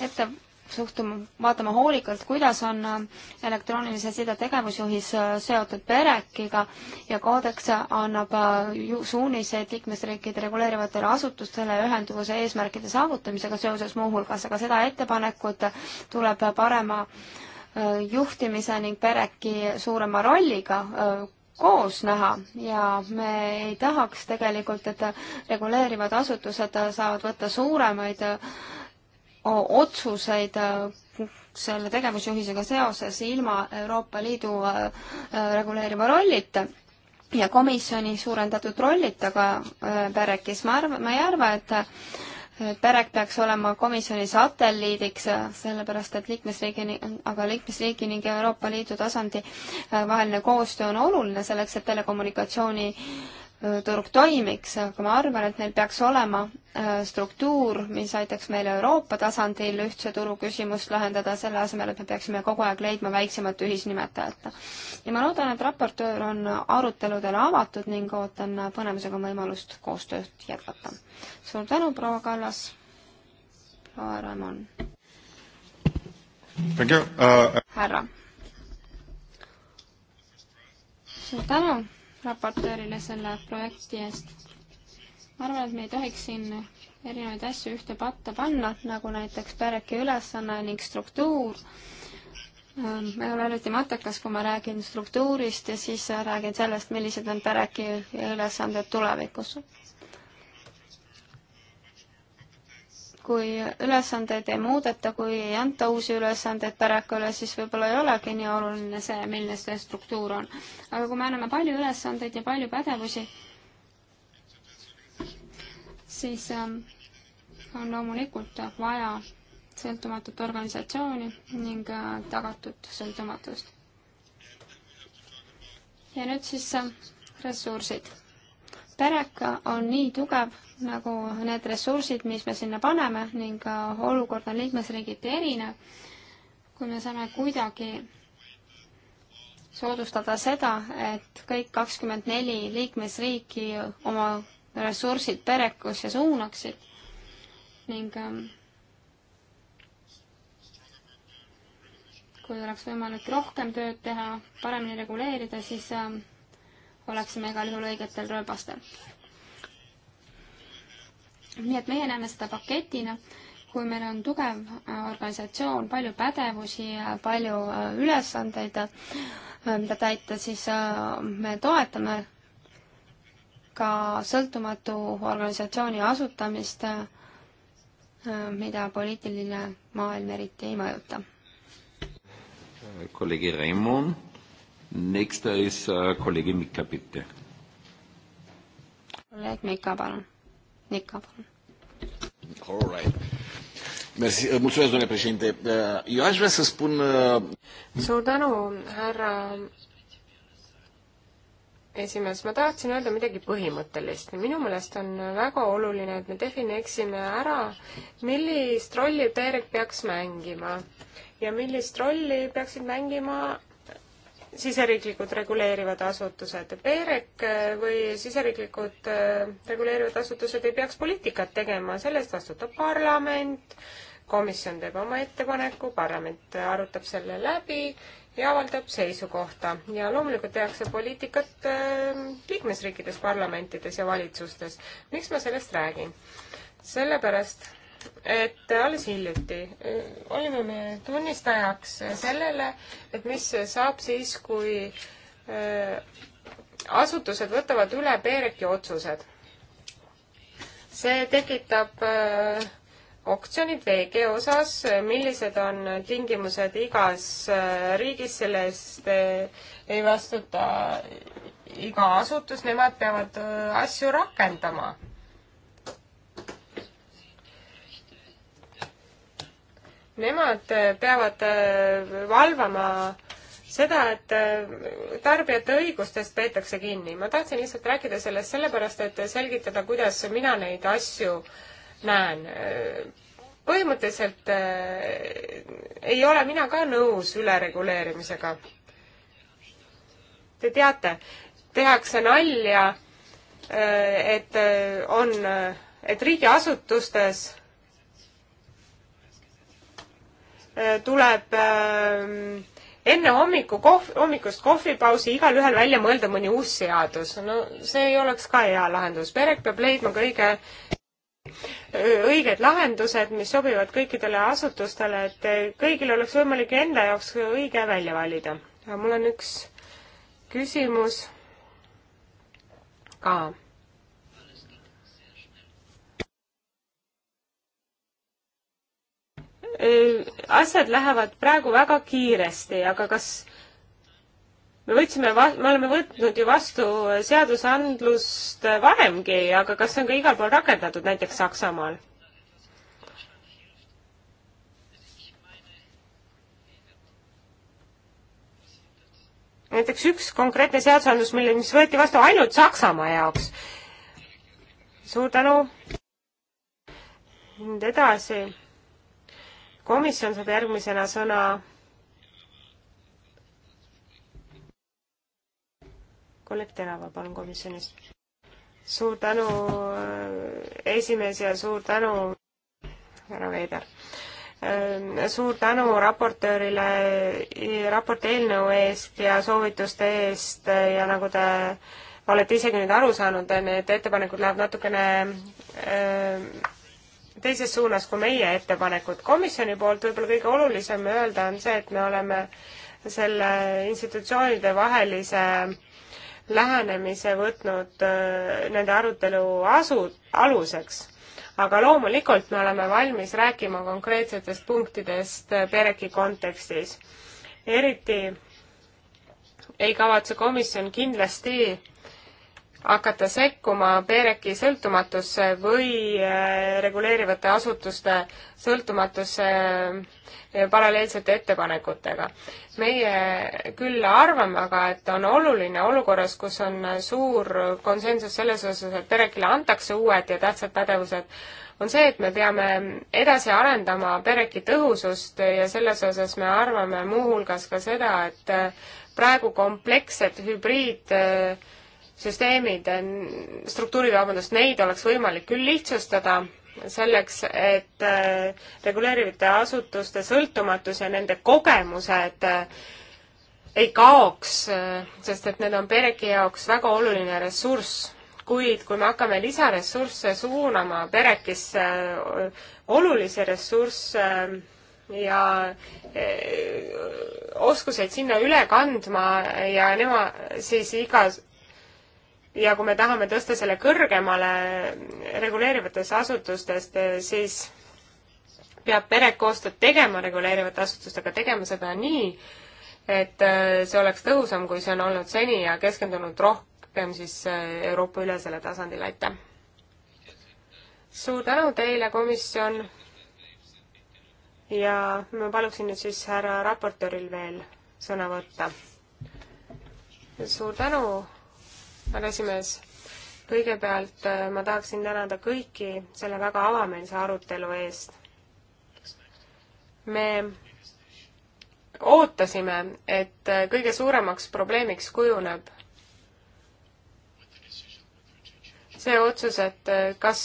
ette suhtuma, vaatama hoolikalt, kuidas on äh, elektroonilise side tegevusjuhis äh, seotud PEREC-iga ja koodeks annab äh, suuniseid liikmesriikide reguleerivatele asutustele ühenduvuse eesmärkide saavutamisega seoses muuhulgas, aga seda ettepanekut tuleb parema juhtimise ning PEREC-i suurema rolliga koos näha ja me ei tahaks tegelikult, et reguleerivad asutused saavad võtta suuremaid otsuseid äh, selle tegevusjuhisega seoses ilma Euroopa Liidu äh, reguleeriva rollita ja komisjoni suurendatud rollita ka äh, PERECis. ma arvan, ma ei arva, et PEREC peaks olema komisjoni satelliidiks, sellepärast et liikmesriigi, aga liikmesriigi ning Euroopa Liidu tasandi vaheline koostöö on oluline selleks, et telekommunikatsiooni Äh, turg toimiks, aga ma arvan, et neil peaks olema äh, struktuur, mis aitaks meil Euroopa tasandil ühtse turu küsimust lahendada, selle asemel, et me peaksime kogu aeg leidma väiksemat ühisnimetajat. ja ma loodan, et raportöör on aruteludele avatud ning ootan põnevusega võimalust koostööd jätkata. suur tänu, proua Kallas, proua Raimon. Uh, härra. suur tänu raportöörile selle projekti eest. ma arvan, et me ei tohiks siin erinevaid asju ühte patta panna, nagu näiteks pereke ülesanne ning struktuur. Ähm, ma ei ole eriti matekas, kui ma räägin struktuurist ja siis räägin sellest, millised on pereke ülesanded tulevikus. kui ülesandeid ei muudeta, kui ei anta uusi ülesandeid pärakule, siis võib-olla ei olegi nii oluline see, milline see struktuur on. aga kui me anname palju ülesandeid ja palju pädevusi, siis ähm, on loomulikult vaja sõltumatut organisatsiooni ning äh, tagatud sõltumatust. ja nüüd siis äh, ressursid. pereka on nii tugev, nagu need ressursid, mis me sinna paneme ning olukord on liikmesriigiti erinev. kui me saame kuidagi soodustada seda, et kõik kakskümmend neli liikmesriiki oma ressursid perekusse suunaksid ning ähm, kui oleks võimalik rohkem tööd teha, paremini reguleerida, siis ähm, oleksime igal juhul õigetel rööbastel nii et meie näeme seda paketina, kui meil on tugev äh, organisatsioon, palju pädevusi ja palju äh, ülesandeid, äh, mida täita, siis me toetame ka sõltumatu organisatsiooni asutamist, mida poliitiline maailm eriti ei mõjuta. kolleeg Reimon, next is kolleeg Mikka, bitte. kolleeg Mikka, palun Nica, palun. All right. Mersi, euh, mulțumesc, domnule președinte. Euh, eu aș vrea să spun... Uh, Suur tänu, härra esimees, ma tahtsin öelda midagi põhimõttelist. minu meelest on väga oluline, et me defineeriksime ära, millist rolli Terek peaks mängima ja millist rolli peaksid mängima siseriiklikud reguleerivad asutused. PEREK äh, või siseriiklikud äh, reguleerivad asutused ei peaks poliitikat tegema, selle eest vastutab parlament, komisjon teeb oma ettepaneku, parlament arutab selle läbi ja avaldab seisukohta. ja loomulikult tehakse poliitikat äh, liikmesriikides, parlamentides ja valitsustes. miks ma sellest räägin? sellepärast, et alles hiljuti eh, olime me tunnistajaks sellele, et mis saab siis, kui eh, asutused võtavad üle Bereki otsused. see tekitab eh, oktsionid VG osas, millised on tingimused igas riigis, selle eest ei vastuta iga asutus, nemad peavad asju rakendama nemad äh, peavad äh, valvama seda, et äh, tarbijate õigustest peetakse kinni. ma tahtsin lihtsalt rääkida sellest sellepärast, et selgitada, kuidas mina neid asju näen. põhimõtteliselt ei ole mina ka nõus ülereguleerimisega. Te teate, tehakse nalja, et on, et riigiasutustes Äh, tuleb ähm, enne hommiku kohv, hommikust kohvipausi igalühel välja mõelda mõni uus seadus. no see ei oleks ka hea lahendus. perek peab leidma kõige äh, õiged lahendused, mis sobivad kõikidele asutustele, et äh, kõigil oleks võimalik enda jaoks õige välja valida. mul on üks küsimus ka Äh, asjad lähevad praegu väga kiiresti, aga kas me võtsime, me oleme võtnud ju vastu seadusandlust varemgi, aga kas see on ka igal pool rakendatud, näiteks Saksamaal? näiteks üks konkreetne seadusandlus, mille, mis võeti vastu ainult Saksamaa jaoks. suur tänu. nüüd edasi komisjon saab järgmisena sõna. kolleeg Terava, palun komisjonist. suur tänu, äh, esimees ja suur tänu, härra Veider äh, suur tänu raportöörile raporti eelnõu eest ja soovituste eest äh, ja nagu te olete isegi nüüd aru saanud, need ettepanekud lähevad natukene äh, teises suunas kui meie ettepanekud. komisjoni poolt võib-olla kõige olulisem öelda on see, et me oleme selle institutsioonide vahelise lähenemise võtnud äh, nende arutelu asu, aluseks. aga loomulikult me oleme valmis rääkima konkreetsetest punktidest äh, pereki kontekstis. eriti ei kavatse komisjon kindlasti hakata sekkuma PERECi sõltumatusse või äh, reguleerivate asutuste sõltumatusse äh, paralleelsete ettepanekutega. meie küll arvame aga, et on oluline olukorras, kus on suur konsensus selles osas, et PERECile antakse uued ja tähtsad pädevused, on see, et me peame edasi arendama PERECi tõhusust ja selles osas me arvame muuhulgas ka seda, et äh, praegu komplekssed hübriid äh, süsteemid, struktuurid, vabandust, neid oleks võimalik küll lihtsustada, selleks, et äh, reguleerivate asutuste sõltumatus ja nende kogemused äh, ei kaoks, äh, sest et need on pereki jaoks väga oluline ressurss. kuid kui me hakkame lisaressursse suunama perekisse, olulisi ressursse ja oskuseid sinna üle kandma ja nemad siis igas ja kui me tahame tõsta selle kõrgemale reguleerivatest asutustest, siis peab pere koostööd tegema reguleerivate asutustega, tegema seda nii, et äh, see oleks tõhusam, kui see on olnud seni ja keskendunud rohkem siis äh, Euroopa ülesele tasandile, aitäh! suur tänu teile, komisjon! ja ma paluksin nüüd siis härra raportööril veel sõna võtta. suur tänu, härra esimees, kõigepealt äh, ma tahaksin tänada kõiki selle väga avameelse arutelu eest. me ootasime, et äh, kõige suuremaks probleemiks kujuneb see otsus, et äh, kas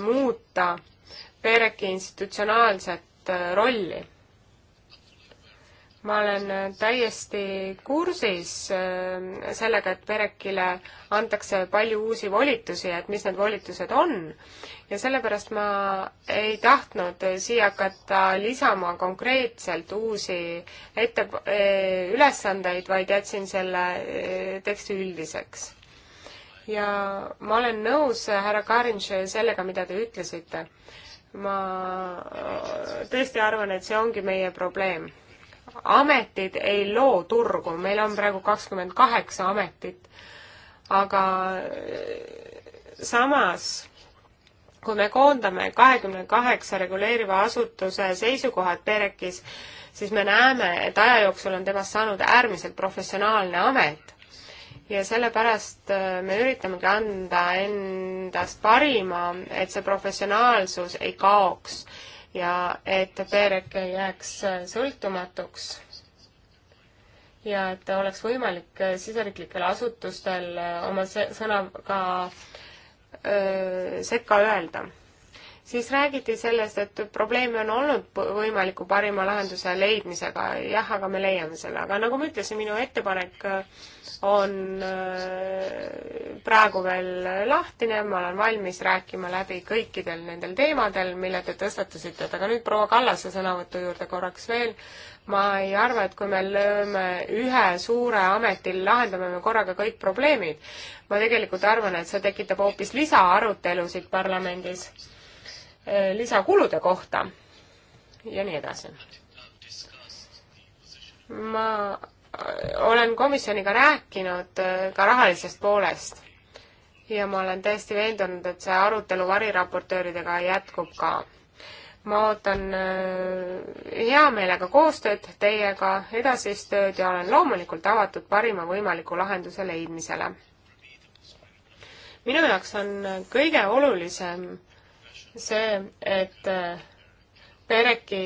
muuta pereki institutsionaalset rolli ma olen täiesti kursis äh, sellega, et Perekile antakse palju uusi volitusi, et mis need volitused on. ja sellepärast ma ei tahtnud siia hakata lisama konkreetselt uusi ette, äh, ülesandeid, vaid jätsin selle äh, teksti üldiseks. ja ma olen nõus, härra Karinš, sellega, mida te ütlesite. ma tõesti arvan, et see ongi meie probleem ametid ei loo turgu, meil on praegu kakskümmend kaheksa ametit, aga äh, samas kui me koondame kahekümne kaheksa reguleeriva asutuse seisukohad PEREKis, siis me näeme, et aja jooksul on temast saanud äärmiselt professionaalne amet. ja sellepärast äh, me üritamegi anda endast parima, et see professionaalsus ei kaoks ja et Perek ei jääks äh, sõltumatuks ja et oleks võimalik äh, siseriiklikel asutustel äh, oma sõna ka öö, sekka öelda. siis räägiti sellest, et probleeme on olnud võimaliku parima lahenduse leidmisega, jah, aga me leiame selle, aga nagu ma ütlesin, minu ettepanek öö, on äh, praegu veel lahtine, ma olen valmis rääkima läbi kõikidel nendel teemadel, mille te tõstatasite, aga nüüd proua Kallase sõnavõtu juurde korraks veel. ma ei arva, et kui me lööme ühe suure ameti, lahendame me korraga kõik probleemid. ma tegelikult arvan, et see tekitab hoopis lisaarutelusid parlamendis äh, lisakulude kohta ja nii edasi. ma olen komisjoniga rääkinud äh, ka rahalisest poolest ja ma olen täiesti veendunud, et see arutelu variraportööridega jätkub ka. ma ootan äh, hea meelega koostööd teiega, edasist tööd ja olen loomulikult avatud parima võimaliku lahenduse leidmisele. minu jaoks on äh, kõige olulisem see, et Pereki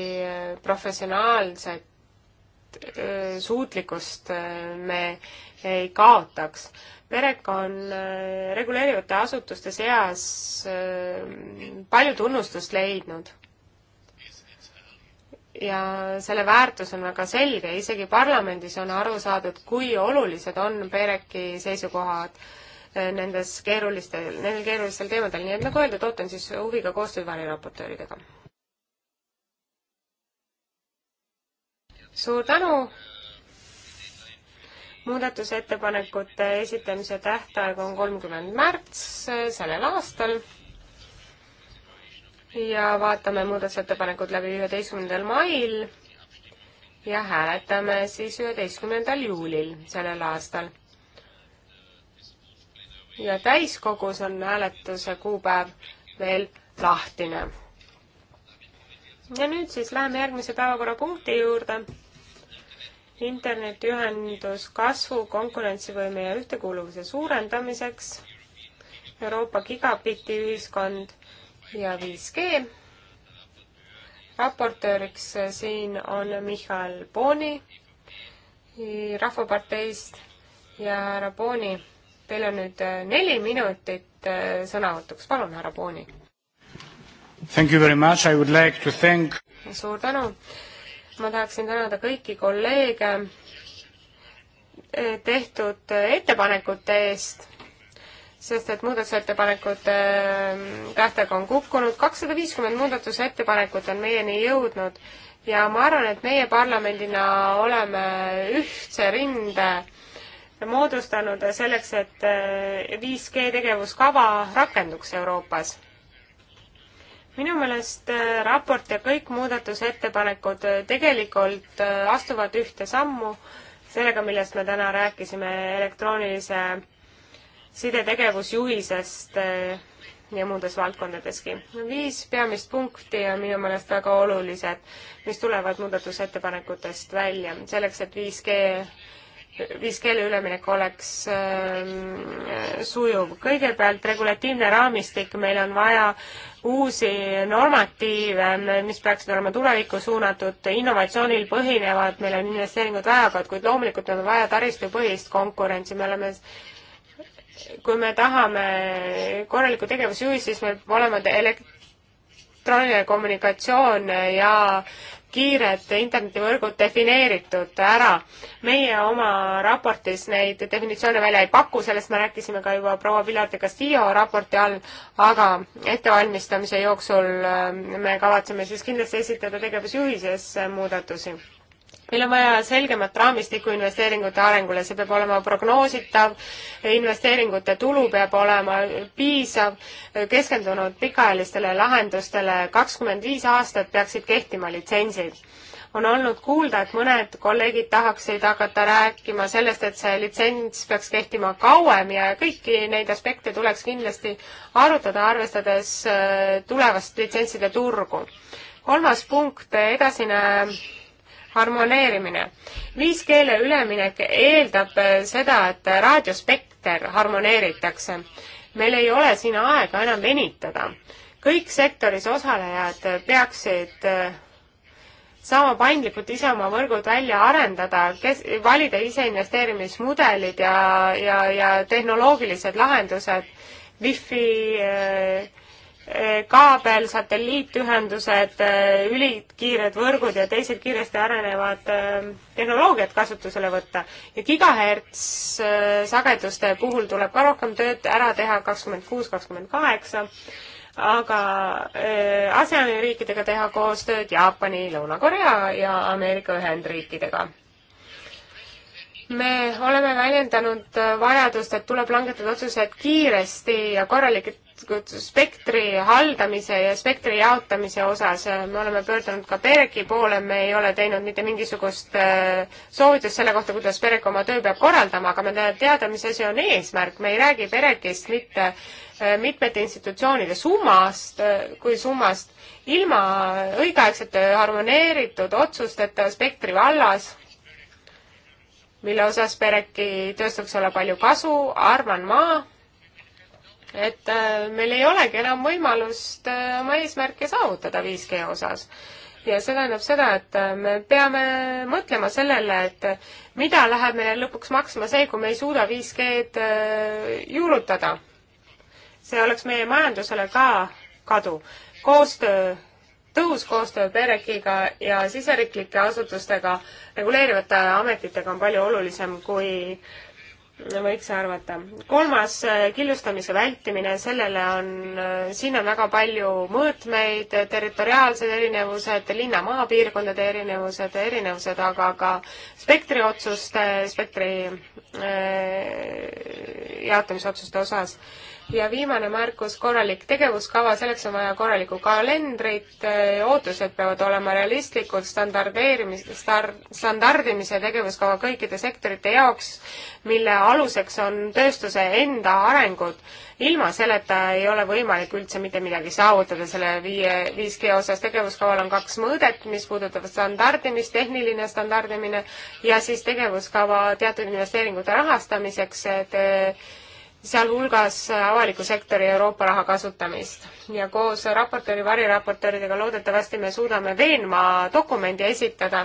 professionaalset suutlikkust me ei kaotaks. Merek on reguleerivate asutuste seas palju tunnustust leidnud. ja selle väärtus on väga selge, isegi parlamendis on aru saadud, kui olulised on Pereki seisukohad nendes keerulistel, nendel keerulistel teemadel, nii et nagu öeldud, ootan siis huviga koostööd variraportööridega suur tänu! muudatusettepanekute esitamise tähtaeg on kolmkümmend märts sellel aastal ja vaatame muudatusettepanekud läbi üheteistkümnendal mail ja hääletame siis üheteistkümnendal juulil sellel aastal. ja täiskogus on hääletuse kuupäev veel lahtine. ja nüüd siis läheme järgmise päevakorrapunkti juurde internetiühendus kasvu, konkurentsivõime ja ühtekuuluvuse suurendamiseks, Euroopa gigabitti ühiskond ja 5G. raportööriks siin on Michal Boni Rahvaparteist ja härra Boni, teil on nüüd neli minutit äh, sõnavõtuks, palun, härra Boni. Thank you very much, I would like to thank suur tänu ma tahaksin tänada kõiki kolleege eh, tehtud eh, ettepanekute eest, sest et muudatusettepanekute eh, tähtaeg on kukkunud, kakssada viiskümmend muudatusettepanekut on meieni jõudnud ja ma arvan, et meie parlamendina oleme ühtse rinde moodustanud selleks, et 5G tegevuskava rakenduks Euroopas minu meelest äh, raport ja kõik muudatusettepanekud äh, tegelikult äh, astuvad ühte sammu sellega, millest me täna rääkisime elektroonilise sidetegevusjuhisest ja muudes valdkondadeski. viis peamist punkti on minu meelest väga olulised, mis tulevad muudatusettepanekutest välja, selleks et 5G viiskeele üleminek oleks äh, sujuv. kõigepealt regulatiivne raamistik, meil on vaja uusi normatiive, mis peaksid olema tulevikku suunatud, innovatsioonil põhinevad, meil on investeeringud vajakad, kuid loomulikult meil on vaja taristupõhist konkurentsi, me oleme kui me tahame korralikku tegevusjuhist, siis meil peab olema elektrooniline kommunikatsioon ja kiired internetivõrgud defineeritud ära. meie oma raportis neid definitsioone välja ei paku, sellest me rääkisime ka juba proua Pilar de Castillo raporti all, aga ettevalmistamise jooksul ähm, me kavatseme siis kindlasti esitada tegevusjuhises äh, muudatusi meil on vaja selgemat raamistikku investeeringute arengule, see peab olema prognoositav, investeeringute tulu peab olema piisav, keskendunud pikaajalistele lahendustele, kakskümmend viis aastat peaksid kehtima litsentsid on olnud kuulda, et mõned kolleegid tahaksid hakata rääkima sellest, et see litsents peaks kehtima kauem ja kõiki neid aspekte tuleks kindlasti arutada, arvestades äh, tulevast litsentside turgu. kolmas punkt, edasine harmoneerimine. viis keele üleminek eeldab äh, seda, et raadiospekter harmoneeritakse. meil ei ole siin aega enam venitada. kõik sektoris osalejad peaksid äh, saama paindlikult ise oma võrgud välja arendada, kes, valida ise investeerimismudelid ja, ja, ja tehnoloogilised lahendused, wifi äh, kaabel, satelliitühendused, ülikiired võrgud ja teised kiiresti arenevad ähm, tehnoloogiad kasutusele võtta. ja gigahertz äh, sageduste puhul tuleb ka rohkem tööd ära teha, kakskümmend kuus, kakskümmend kaheksa, aga äh, ASEAN-i riikidega teha koostööd Jaapani, Lõuna-Korea ja Ameerika Ühendriikidega me oleme väljendanud äh, vajadust, et tuleb langetada otsused kiiresti ja korralikult spektri haldamise ja spektri jaotamise osas. Äh, me oleme pöördunud ka PEREC-i poole, me ei ole teinud mitte mingisugust äh, soovitust selle kohta, kuidas PEREC oma töö peab korraldama, aga me tahame teada, mis asi on eesmärk. me ei räägi PEREC-ist mitte mitmete institutsioonide summast kui summast, ilma õigeaegsete harmoneeritud otsusteta spektri vallas mille osas pereki tööstuks olla palju kasu, arvan ma, et äh, meil ei olegi enam võimalust äh, oma eesmärke saavutada 5G osas. ja see tähendab seda, et äh, me peame mõtlema sellele, et mida läheb meile lõpuks maksma see, kui me ei suuda 5G-d juurutada. see oleks meie majandusele ka kadu. koostöö tõhus koostöö PEREC-iga ja siseriiklike asutustega, reguleerivate ametitega on palju olulisem, kui võiks arvata. kolmas, äh, killustamise vältimine, sellele on, äh, siin on väga palju mõõtmeid, territoriaalsed erinevused, linna-maapiirkondade erinevused, erinevused aga ka spektriotsuste, spektri äh, jaotamisotsuste osas ja viimane märkus, korralik tegevuskava, selleks on vaja korralikku kalendrit, äh, ootused peavad olema realistlikud, standardeerimis-, star-, standardimise tegevuskava kõikide sektorite jaoks, mille aluseks on tööstuse enda arengud. ilma selleta ei ole võimalik üldse mitte midagi saavutada selle viie, 5G osas. tegevuskaval on kaks mõõdet, mis puudutavad standardimist, tehniline standardimine ja siis tegevuskava teatud investeeringute rahastamiseks, et sealhulgas avaliku sektori Euroopa raha kasutamist. ja koos raportööri, variraportööridega loodetavasti me suudame veenma dokumendi esitada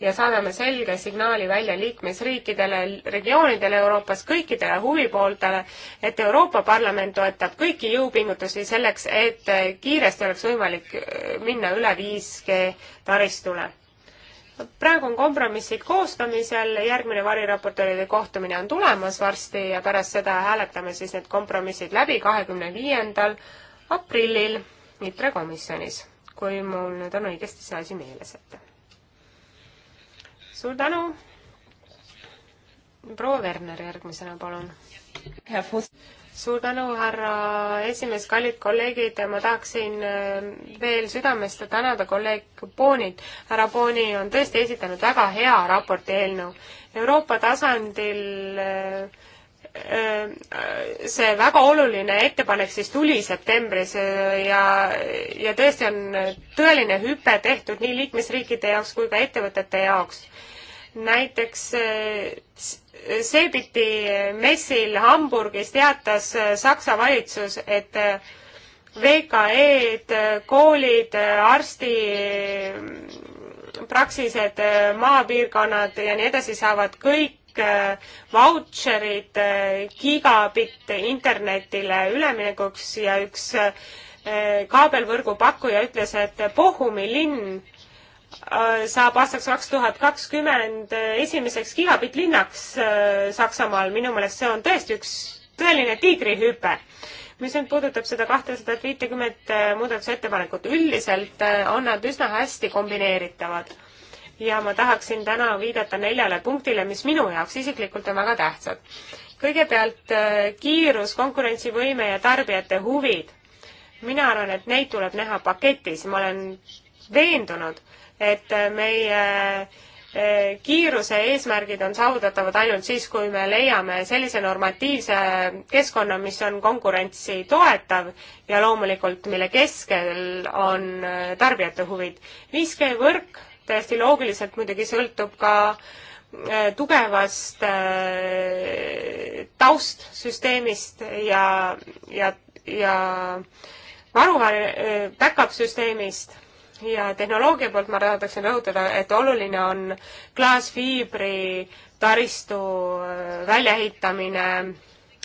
ja saadame selge signaali välja liikmesriikidele, regioonidele Euroopas, kõikidele huvipooltele, et Euroopa Parlament toetab kõiki jõupingutusi selleks, et kiiresti oleks võimalik minna üle 5G taristule praegu on kompromissid koostamisel, järgmine variraportööride kohtumine on tulemas varsti ja pärast seda hääletame siis need kompromissid läbi kahekümne viiendal aprillil ITRE komisjonis, kui mul nüüd on õigesti see asi meeles, et suur tänu. proua Werner järgmisena, palun suur tänu, härra esimees, kallid kolleegid, ma tahaksin äh, veel südamest tänada kolleeg Poonit. härra Pooni on tõesti esitanud väga hea raporti eelnõu. Euroopa tasandil äh, äh, see väga oluline ettepanek siis tuli septembris ja, ja tõesti on tõeline hüpe tehtud nii liikmesriikide jaoks kui ka ettevõtete jaoks näiteks eh, Seebiti messil Hamburgis teatas eh, Saksa valitsus, et eh, VKE-d, koolid, arstipraksised, maapiirkonnad ja nii edasi saavad kõik vautšerid gigabitt internetile üleminekuks ja üks kaabelvõrgu pakkuja ütles, et Pohumi linn Äh, saab aastaks kaks tuhat kakskümmend äh, esimeseks gigabittlinnaks äh, Saksamaal, minu meelest see on tõesti üks tõeline tiigrihüpe. mis nüüd puudutab seda kahtesadat viitekümmet muudatusettepanekut, üldiselt on nad üsna hästi kombineeritavad. ja ma tahaksin täna viidata neljale punktile, mis minu jaoks isiklikult on väga tähtsad. kõigepealt kiirus, konkurentsivõime ja tarbijate huvid. mina arvan, et neid tuleb näha paketis, ma olen veendunud, et meie eh, kiiruse eesmärgid on saavutatavad ainult siis, kui me leiame sellise normatiivse keskkonna, mis on konkurentsi toetav ja loomulikult, mille keskel on eh, tarbijate huvid. 5G võrk täiesti loogiliselt muidugi sõltub ka eh, tugevast taustsüsteemist ja, ja, ja varuvar-, back-up süsteemist ja tehnoloogia poolt ma tahaksin rõhutada, et oluline on klaasfiibri taristu äh, väljaehitamine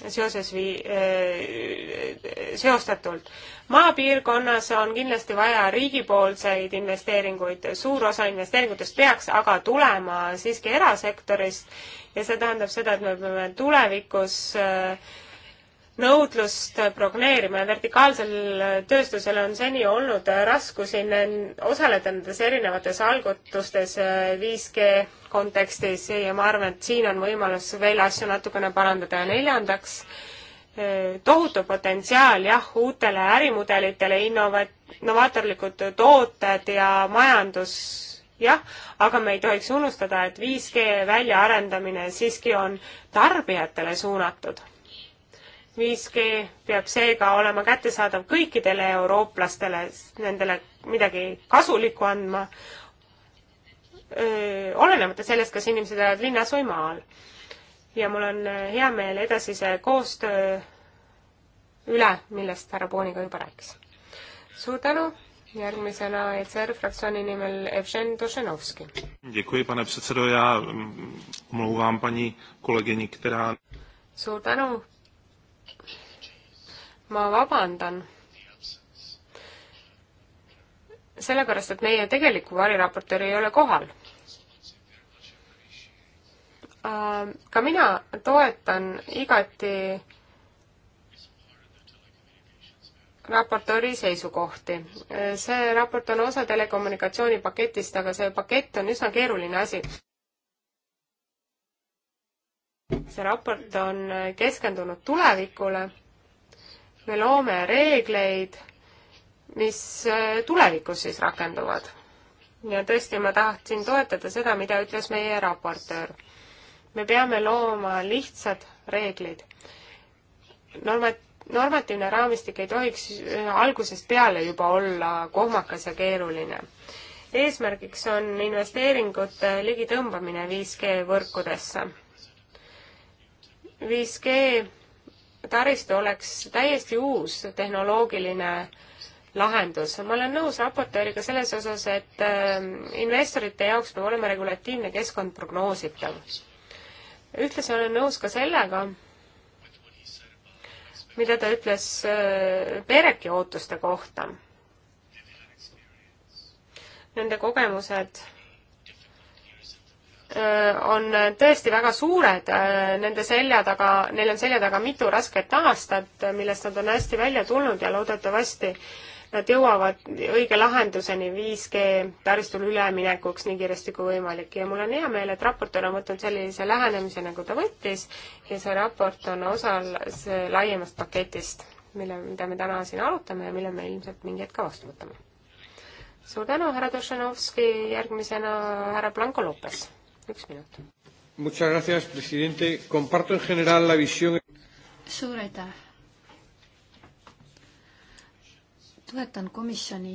seoses vii-, äh, seostatult. maapiirkonnas on kindlasti vaja riigipoolseid investeeringuid, suur osa investeeringutest peaks aga tulema siiski erasektorist ja see tähendab seda, et me peame tulevikus äh, nõudlust progneerima ja vertikaalsel tööstusel on seni olnud raskusi osaleda nendes erinevates algutustes 5G äh, kontekstis ja ma arvan, et siin on võimalus veel asju natukene parandada ja neljandaks, äh, tohutu potentsiaal jah, uutele ärimudelitele, innova-, innovaatorlikud tooted ja majandus, jah, aga me ei tohiks unustada, et 5G väljaarendamine siiski on tarbijatele suunatud 5G peab seega olema kättesaadav kõikidele eurooplastele, nendele midagi kasulikku andma, olenemata sellest, kas inimesed elavad linnas või maal. ja mul on hea meel edasise koostöö üle, millest härra Pooniga juba rääkis. suur tänu, järgmisena ECR fraktsiooni nimel Evžen Dušenovski. Mm, suur tänu, ma vabandan. sellepärast, et meie tegelikku variraportööri ei ole kohal. Äh, ka mina toetan igati raportööri seisukohti. Äh, see raport on osa telekommunikatsioonipaketist, aga see pakett on üsna keeruline asi. see raport on keskendunud tulevikule me loome reegleid, mis äh, tulevikus siis rakenduvad. ja tõesti, ma tahtsin toetada seda, mida ütles meie raportöör. me peame looma lihtsad reeglid. normat-, normatiivne raamistik ei tohiks äh, algusest peale juba olla kohmakas ja keeruline. eesmärgiks on investeeringute ligitõmbamine 5G võrkudesse. 5G taristu oleks täiesti uus tehnoloogiline lahendus. ma olen nõus raportööriga selles osas, et ähm, investorite jaoks peab olema regulatiivne keskkond prognoositav. ühtlasi olen nõus ka sellega, mida ta ütles äh, pereki ootuste kohta. Nende kogemused Äh, on tõesti väga suured, äh, nende selja taga, neil on selja taga mitu rasket aastat, äh, millest nad on hästi välja tulnud ja loodetavasti nad jõuavad õige lahenduseni 5G taristul üleminekuks nii kiiresti kui võimalik ja mul on hea meel, et raportöör on võtnud sellise lähenemise, nagu ta võttis ja see raport on osa laiemast paketist, mille, mida me täna siin arutame ja mille me ilmselt mingi hetk ka vastu võtame. suur tänu, härra Dušanovski, järgmisena härra Blanco Lopes üks minut. Muchas gracias, presidente. Comparto en general la visión. suur aitäh. toetan komisjoni,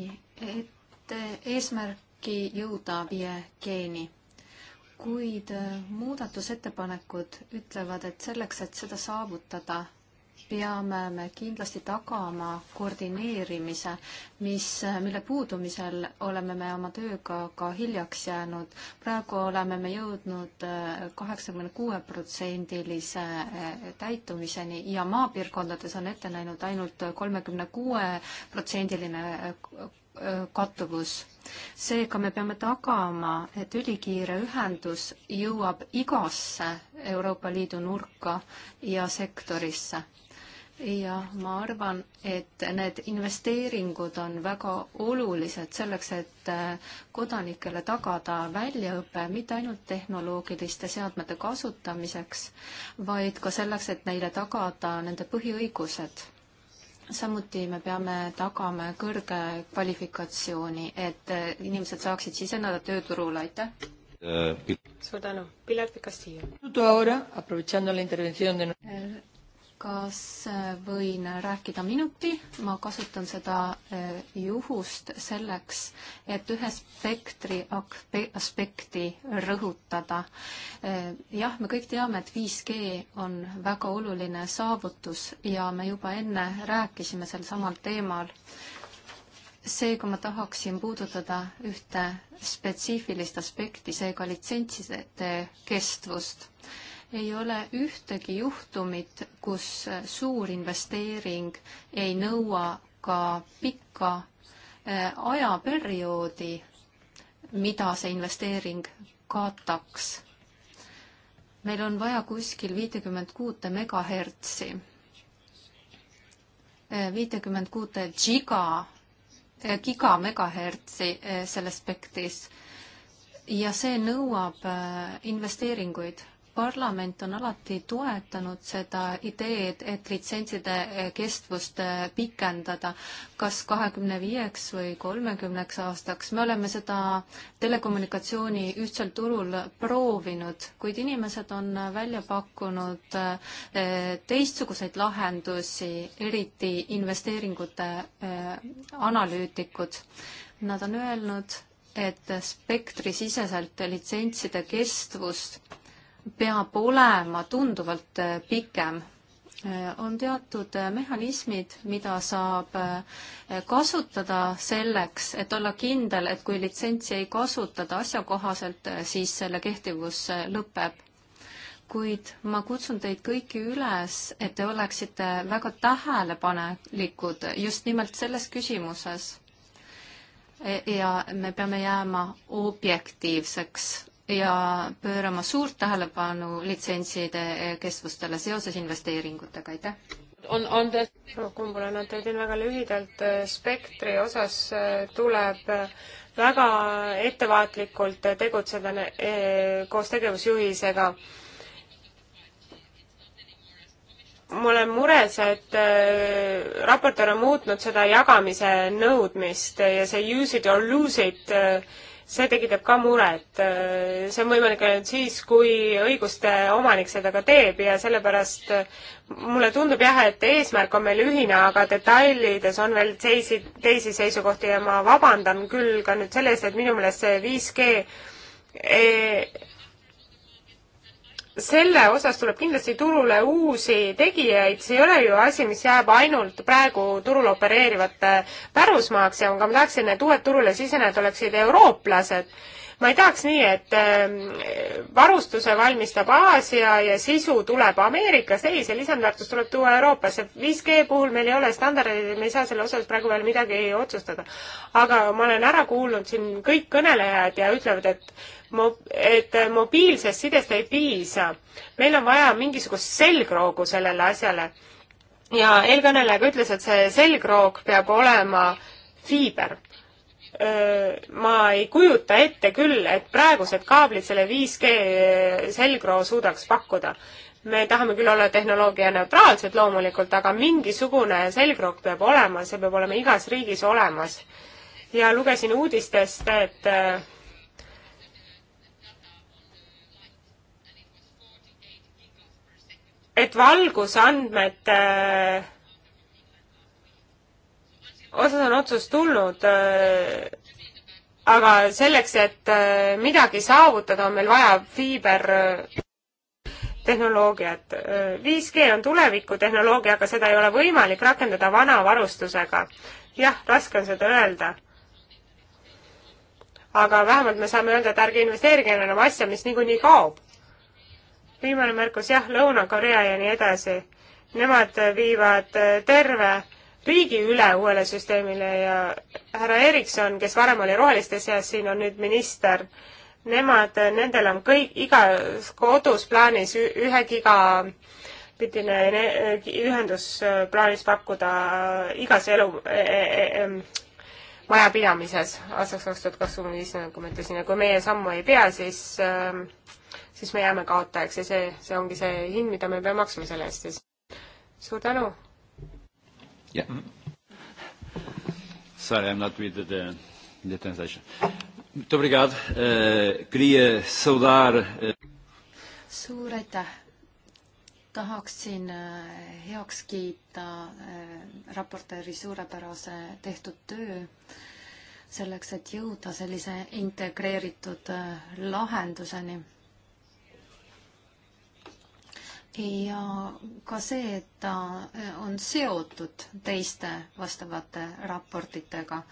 et eesmärki jõuda viie geeni, kuid äh, muudatusettepanekud ütlevad, et selleks, et seda saavutada, peame me kindlasti tagama koordineerimise, mis, mille puudumisel oleme me oma tööga ka hiljaks jäänud. praegu oleme me jõudnud äh, kaheksakümne kuue protsendilise äh, täitumiseni ja maapiirkondades on ette näinud ainult kolmekümne kuue protsendiline äh, kattuvus. seega me peame tagama, et ülikiire ühendus jõuab igasse Euroopa Liidu nurka ja sektorisse ja ma arvan, et need investeeringud on väga olulised selleks, et äh, kodanikele tagada väljaõpe mitte ainult tehnoloogiliste seadmete kasutamiseks, vaid ka selleks, et neile tagada nende põhiõigused. samuti me peame tagama kõrge kvalifikatsiooni, et äh, inimesed saaksid siseneda tööturule, aitäh! Äh, suur tänu, Pilar Picastillo kas äh, võin rääkida minuti, ma kasutan seda äh, juhust selleks, et ühe spektri aspekti rõhutada. Äh, jah, me kõik teame, et 5G on väga oluline saavutus ja me juba enne rääkisime sel samal teemal. seega ma tahaksin puudutada ühte spetsiifilist aspekti, seega litsentside kestvust ei ole ühtegi juhtumit, kus suurinvesteering ei nõua ka pikka äh, ajaperioodi, mida see investeering kataks. meil on vaja kuskil viitekümmet kuute megahertsi, äh, viitekümmet kuute giga, äh, gigamegahertsi selles spektris ja see nõuab investeeringuid parlament on alati toetanud seda ideed, et litsentside kestvust eh, pikendada kas kahekümne viieks või kolmekümneks aastaks. me oleme seda telekommunikatsiooni ühtsel turul proovinud, kuid inimesed on välja pakkunud eh, teistsuguseid lahendusi, eriti investeeringute eh, analüütikud. Nad on öelnud, et spektrisiseselt litsentside kestvust peab olema tunduvalt äh, pikem. Äh, on teatud äh, mehhanismid, mida saab kasutada selleks, et olla kindel, et kui litsentsi ei kasutata asjakohaselt, siis selle kehtivus lõpeb kuid ma kutsun teid kõiki üles, et te oleksite väga tähelepanelikud just nimelt selles küsimuses. E, ja me peame jääma objektiivseks ja pöörama suurt tähelepanu litsentside kestvustele seoses investeeringutega, aitäh! on, on te-? proua Kumbulane, teen väga lühidalt, äh, spektri osas äh, tuleb äh, väga ettevaatlikult tegutseda koos tegevusjuhisega. ma olen mures, et raportöör on muutnud seda jagamise nõudmist ja see use it or lose it äh, see tekitab ka muret. see on võimalik ainult siis, kui õiguste omanik seda ka teeb ja sellepärast mulle tundub jah, et eesmärk on meil ühine, aga detailides on veel teisi, teisi seisukohti ja ma vabandan küll ka nüüd selle eest, et minu meelest see 5G selle osas tuleb kindlasti turule uusi tegijaid, see ei ole ju asi, mis jääb ainult praegu turul opereerivate pärusmaaks ja ma tahaksin, et uued turule sisenejad oleksid eurooplased. ma ei tahaks nii, et ähm, varustuse valmistab Aasia ja sisu tuleb Ameerikast, ei, see lisandväärtus tuleb tuua Euroopasse. 5G puhul meil ei ole standardeid, me ei saa selle osas praegu veel midagi otsustada. aga ma olen ära kuulnud siin kõik kõnelejad ja ütlevad, et et mobiilsest sidest ei piisa. meil on vaja mingisugust selgroogu sellele asjale. ja eelkõneleja ka ütles, et see selgroog peab olema fiiber. Ma ei kujuta ette küll, et praegused kaablid selle 5G selgroo suudaks pakkuda me tahame küll olla tehnoloogianeutraalsed loomulikult, aga mingisugune selgroog peab olema, see peab olema igas riigis olemas. ja lugesin uudistest, et et valgusandmete äh, osas on otsus tulnud, äh, aga selleks, et äh, midagi saavutada, on meil vaja fiiber tehnoloogiat. 5G on tulevikutehnoloogia, aga seda ei ole võimalik rakendada vana varustusega. jah, raske on seda öelda. aga vähemalt me saame öelda, et ärge investeerige enam asja, mis niikuinii kaob viimane märkus, jah, Lõuna-Korea ja nii edasi. Nemad viivad äh, terve riigi üle uuele süsteemile ja härra Erikson, kes varem oli roheliste seas, siin on nüüd minister, nemad, äh, nendel on kõik, igas kodus plaanis ühe giga pidine ühendus äh, plaanis pakkuda igas elu eh, eh, e-, majapidamises aastaks kaks tuhat kakskümmend viis, nagu ma ütlesin, ja kui meie sammu ei pea, siis äh, siis me jääme kaotajaks ja see, see ongi see hind, mida me peame maksma selle eest siis. suur tänu! jah yeah.. Sorry, I am not with the, the translation. Muito obrigado. Uh, queria saudar... Uh... Suur aitäh! tahaksin eh, heaks kiita raportööri suurepärase tehtud töö selleks, et jõuda sellise integreeritud lahenduseni ja ka see, et ta äh, on seotud teiste vastavate raportitega,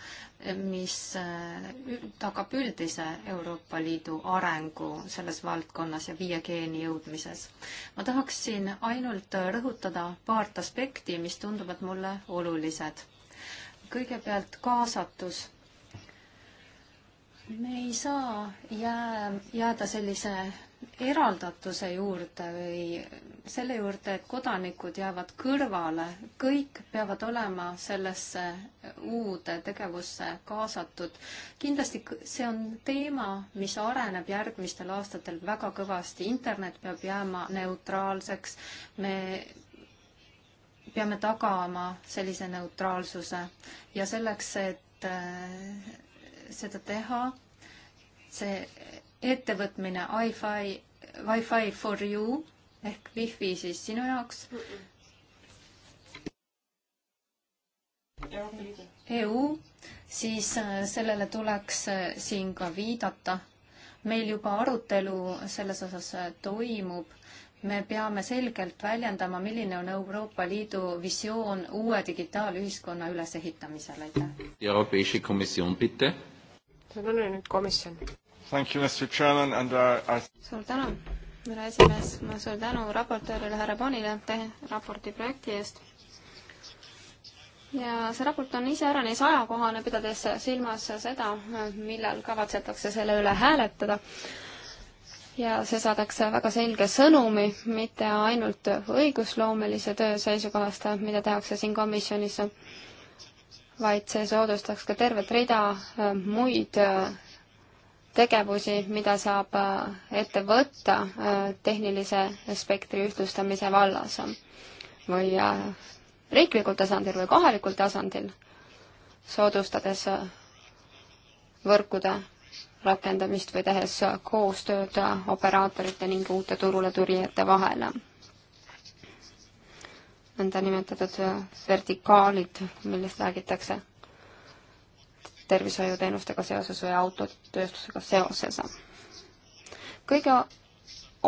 mis äh, tagab üldise Euroopa Liidu arengu selles valdkonnas ja 5G-ni jõudmises. ma tahaksin ainult rõhutada paart aspekti, mis tunduvad mulle olulised. kõigepealt kaasatus me ei saa jää, jääda sellise eraldatuse juurde või selle juurde, et kodanikud jäävad kõrvale, kõik peavad olema sellesse uude tegevusse kaasatud. kindlasti see on teema, mis areneb järgmistel aastatel väga kõvasti, internet peab jääma neutraalseks, me peame tagama sellise neutraalsuse ja selleks, et äh, seda teha, see ettevõtmine Wi-Fi, Wi-Fi for you ehk wifi siis sinu jaoks. EU, siis äh, sellele tuleks äh, siin ka viidata. meil juba arutelu selles osas äh, toimub. me peame selgelt väljendama, milline on Euroopa Liidu visioon uue digitaalühiskonna ülesehitamisel, aitäh. Euroopa Komisjon, bitte. tänan, nüüd komisjon. Uh, suur tänu, härra esimees, ma suur tänu raportöörile härra Panile raporti projekti eest. ja see raport on iseäranis ajakohane, pidades silmas seda, millal kavatsetakse selle üle hääletada ja see saadaks väga selge sõnumi, mitte ainult õigusloomelise töö seisukohast, mida tehakse siin komisjonis, vaid see soodustaks ka tervet rida äh, muid äh, tegevusi, mida saab äh, ette võtta äh, tehnilise spektri ühtlustamise vallas või äh, riiklikul tasandil või kohalikul tasandil, soodustades võrkude rakendamist või tehes koostööd operaatorite ning uute turule tulijate vahel. nõndanimetatud vertikaalid, millest räägitakse tervishoiuteenustega seoses või autotööstusega seoses. kõige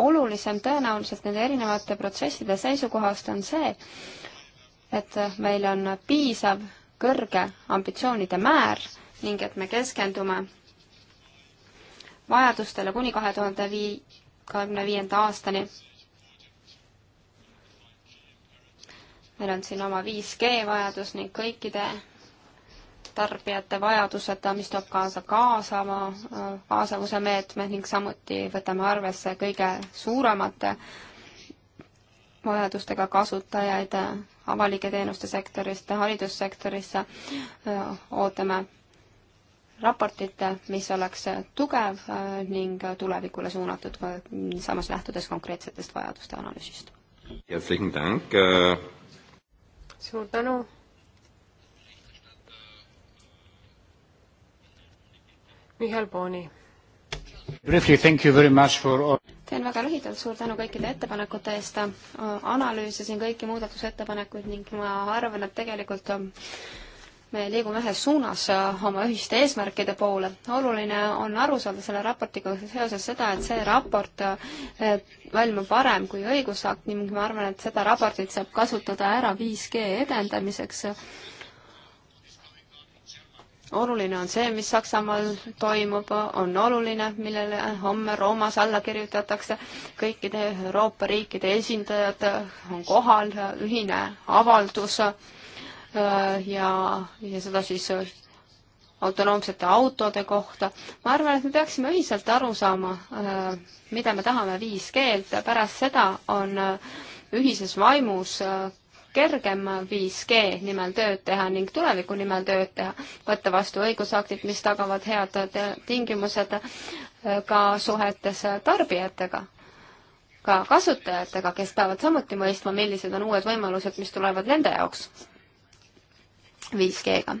olulisem tõenäoliselt nende erinevate protsesside seisukohast on see, et meil on piisav kõrge ambitsioonide määr ning et me keskendume vajadustele kuni kahe tuhande vii-, kahekümne viienda aastani meil on siin oma 5G vajadus ning kõikide tarbijate vajadused, mis toob kaasa kaasama, kaasavuse meetmed ning samuti võtame arvesse kõige suuremate vajadustega kasutajaid avalike teenuste sektorist, haridussektorisse, ootame raportit, mis oleks tugev ning tulevikule suunatud, samas lähtudes konkreetsetest vajaduste analüüsist. Äh. suur tänu Mihhail Pooni. For... teen väga lühidalt, suur tänu kõikide ettepanekute eest, äh, analüüsisin kõiki muudatusettepanekuid ning ma arvan, et tegelikult äh, me liigume ühes suunas äh, oma ühiste eesmärkide poole. oluline on aru saada selle raportiga seoses seda, et see raport valmib varem kui õigusakt ning ma arvan, et seda raportit saab kasutada ära 5G edendamiseks oluline on see, mis Saksamaal toimub, on oluline, millele homme Roomas alla kirjutatakse. kõikide Euroopa riikide esindajad on kohal, ühine avaldus äh, ja, ja seda siis autonoomsete autode kohta. ma arvan, et me peaksime ühiselt aru saama, äh, mida me tahame 5G-lt, pärast seda on äh, ühises vaimus kergem 5G nimel tööd teha ning tuleviku nimel tööd teha, võtta vastu õigusaktid, mis tagavad head tingimused äh, ka suhetes tarbijatega, ka kasutajatega, kes peavad samuti mõistma, millised on uued võimalused, mis tulevad nende jaoks 5G-ga.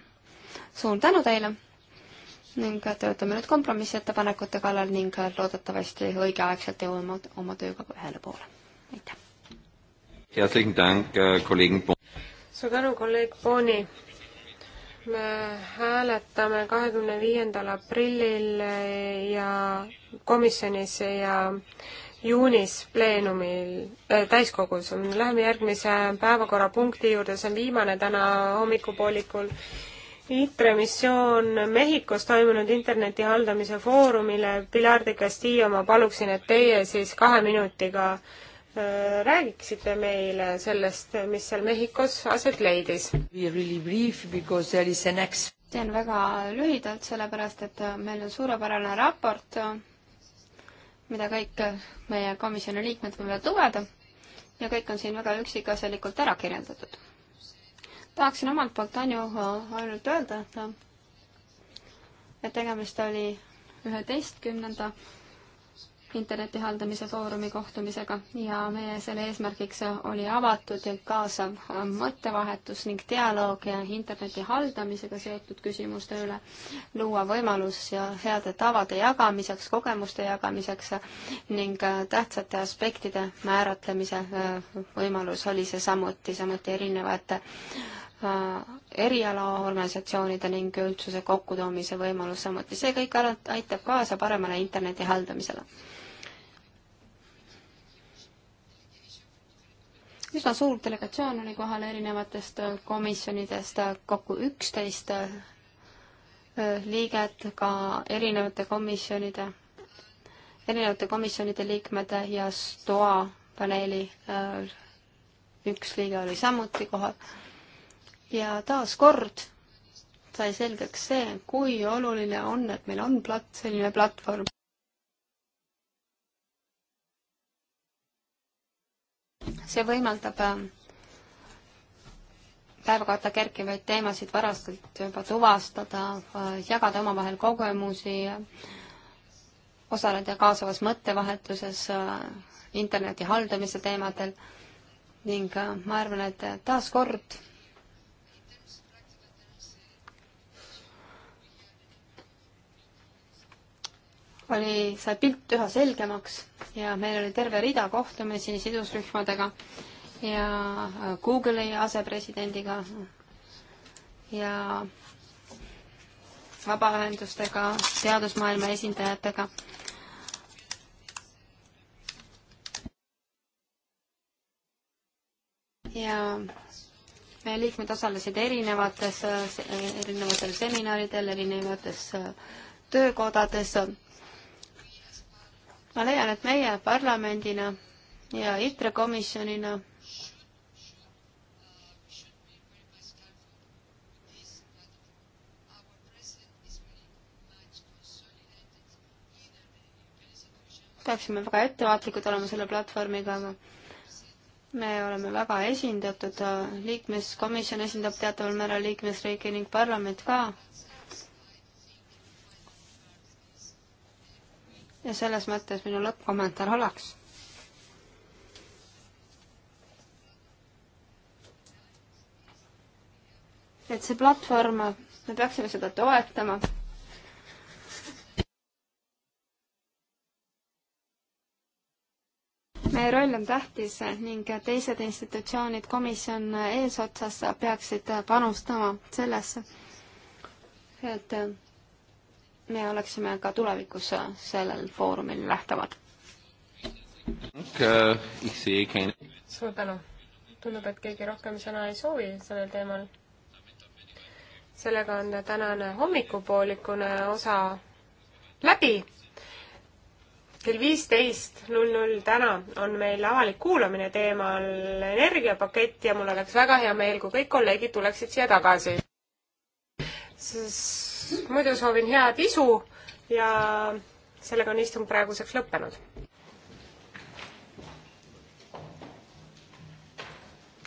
suur tänu teile ning töötame nüüd kompromissettepanekute kallal ning loodetavasti õigeaegselt jõuame oma tööga ühele poole. aitäh! Herzlichen Dank, äh, kolleeg Bo-. suur tänu, kolleeg Booni. me hääletame kahekümne viiendal aprillil ja komisjonis ja juunis pleenumil äh,, täiskogus. Läheme järgmise päevakorrapunkti juurde, see on viimane täna hommikupoolikul. ITRE missioon Mehhikos toimunud interneti haldamise foorumile. Pilar de Castillo, ma paluksin, et teie siis kahe minutiga äh, Äh, räägiksite meile sellest, mis seal Mehhikos aset leidis? teen väga lühidalt, sellepärast et äh, meil on suurepärane raport, äh, mida kõik meie komisjoni liikmed võivad lugeda ja kõik on siin väga üksikasjalikult ära kirjeldatud. tahaksin omalt poolt Anju ainult öelda, et et tegemist oli üheteistkümnenda interneti haldamise foorumi kohtumisega ja meie selle eesmärgiks oli avatud ja kaasav mõttevahetus ning dialoog ja interneti haldamisega seotud küsimuste üle, luua võimalus ja heade tavade jagamiseks, kogemuste jagamiseks ning tähtsate aspektide määratlemise äh, võimalus oli see samuti, samuti erinevate äh, erialaorganisatsioonide ning üldsuse kokkutoomise võimalus samuti. see kõik aitab kaasa paremale interneti haldamisele üsna suur delegatsioon oli kohal erinevatest äh, komisjonidest, äh, kokku üksteist äh, liiget, ka erinevate komisjonide, erinevate komisjonide liikmed ja STOA paneeli üks liige oli samuti kohal. ja taaskord sai selgeks see, kui oluline on, et meil on plat-, selline platvorm. see võimaldab äh, päevakorda kerkivaid teemasid varastelt juba tuvastada, äh, jagada omavahel kogemusi, osaleda kaasavas mõttevahetuses äh, interneti haldamise teemadel ning ma arvan, et taaskord oli, sai pilt üha selgemaks ja meil oli terve rida kohtumisi sidusrühmadega ja Google'i asepresidendiga ja vabaühendustega, teadusmaailma esindajatega. ja meie liikmed osalesid erinevates, erinevatel seminaridel, erinevates töökodades ma leian, et meie parlamendina ja ITRE komisjonina peaksime väga ettevaatlikud olema selle platvormiga. me oleme väga esindatud, liikmeskomisjon esindab teataval määral liikmesriike ning parlament ka ja selles mõttes minu lõppkommentaar oleks. et see platvorm, me peaksime seda toetama meie roll on tähtis ning teised institutsioonid, komisjon eesotsas peaksid panustama sellesse, et me oleksime ka tulevikus sellel foorumil nähtavad. suur tänu. tundub, et keegi rohkem sõna ei soovi sellel teemal. sellega on tänane hommikupoolikune osa läbi. kell viisteist null null täna on meil avalik kuulamine teemal energiapakett ja mul oleks väga hea meel, kui kõik kolleegid tuleksid siia tagasi. sest muidu soovin head isu ja sellega on istung praeguseks lõppenud.